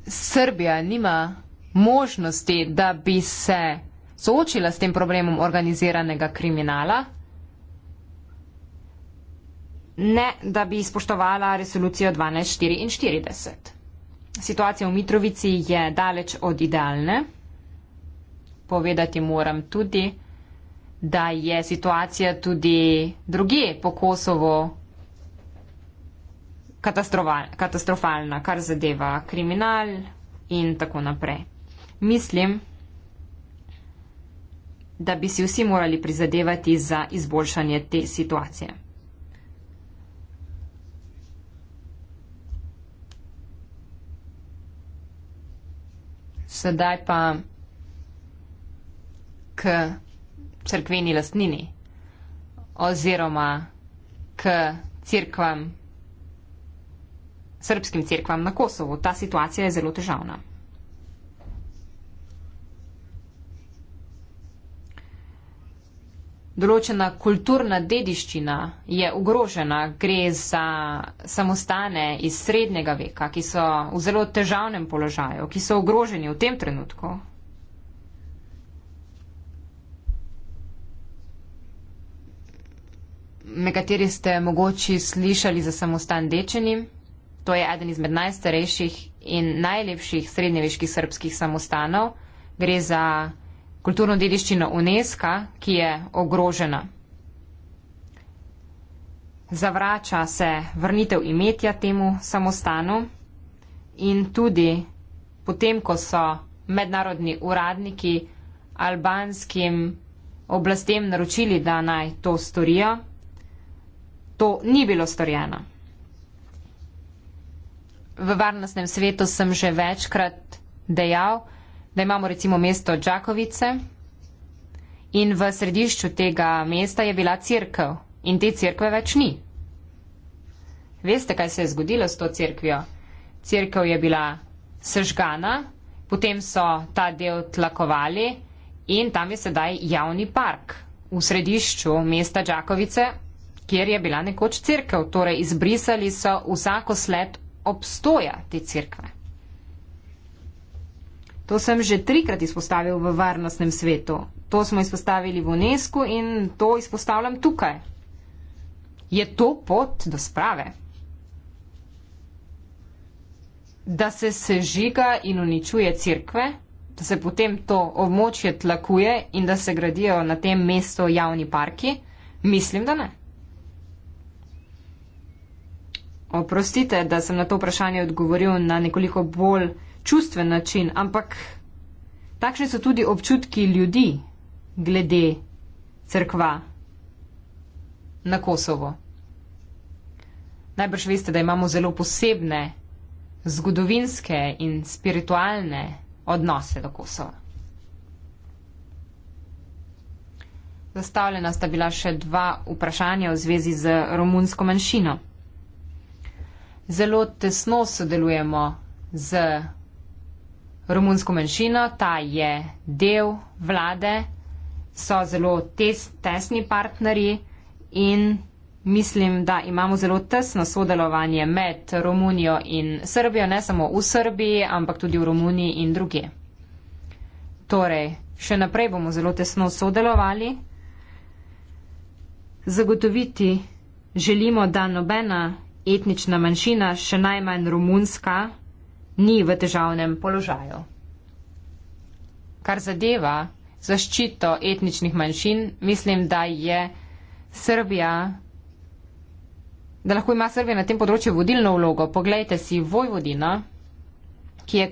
Srbija nima možnosti, da bi se soočila s tem problemom organiziranega kriminala, ne da bi spoštovala resolucijo 1244. Situacija v Mitrovici je daleč od idealne. Povedati moram tudi, da je situacija tudi druge po Kosovo katastrofalna, kar zadeva kriminal in tako naprej. Mislim, da bi si vsi morali prizadevati za izboljšanje te situacije. Sedaj pa k crkveni lastnini oziroma k crkvam, srpskim crkvam na Kosovu. Ta situacija je zelo težavna. določena kulturna dediščina je ogrožena, gre za samostane iz srednjega veka, ki so v zelo težavnem položaju, ki so ogroženi v tem trenutku. Nekateri ste mogoče slišali za samostan Dečenim, to je eden izmed najstarejših in najlepših srednjeveških srpskih samostanov. Gre za kulturno dediščino UNESCO, ki je ogrožena. Zavrača se vrnitev imetja temu samostanu in tudi potem, ko so mednarodni uradniki albanskim oblastem naročili, da naj to storijo, to ni bilo storjeno. V varnostnem svetu sem že večkrat dejal, da imamo recimo mesto Đakovice in v središču tega mesta je bila crkv in te crkve več ni. Veste, kaj se je zgodilo s to crkvijo? Crkv je bila sežgana, potem so ta del tlakovali in tam je sedaj javni park v središču mesta Đakovice, kjer je bila nekoč crkv. Torej, izbrisali so vsako sled obstoja te crkve. To sem že trikrat izpostavil v varnostnem svetu. To smo izpostavili v UNESCO in to izpostavljam tukaj. Je to pot do sprave? Da se sežiga in uničuje crkve, da se potem to območje tlakuje in da se gradijo na tem mestu javni parki? Mislim, da ne. Oprostite, da sem na to vprašanje odgovoril na nekoliko bolj čustven način, ampak takšni so tudi občutki ljudi glede crkva na Kosovo. Najbrž veste, da imamo zelo posebne zgodovinske in spiritualne odnose do Kosova. Zastavljena sta bila še dva vprašanja v zvezi z romunsko manjšino. Zelo tesno sodelujemo z romunsko manjšino, ta je del vlade, so zelo tes, tesni partnerji in mislim, da imamo zelo tesno sodelovanje med Romunijo in Srbijo, ne samo v Srbiji, ampak tudi v Romuniji in druge. Torej, še naprej bomo zelo tesno sodelovali. Zagotoviti želimo, da nobena etnična manjšina, še najmanj romunska, ni v težavnem položaju. Kar zadeva zaščito etničnih manjšin, mislim, da je Srbija, da lahko ima Srbija na tem področju vodilno vlogo. Poglejte si Vojvodina.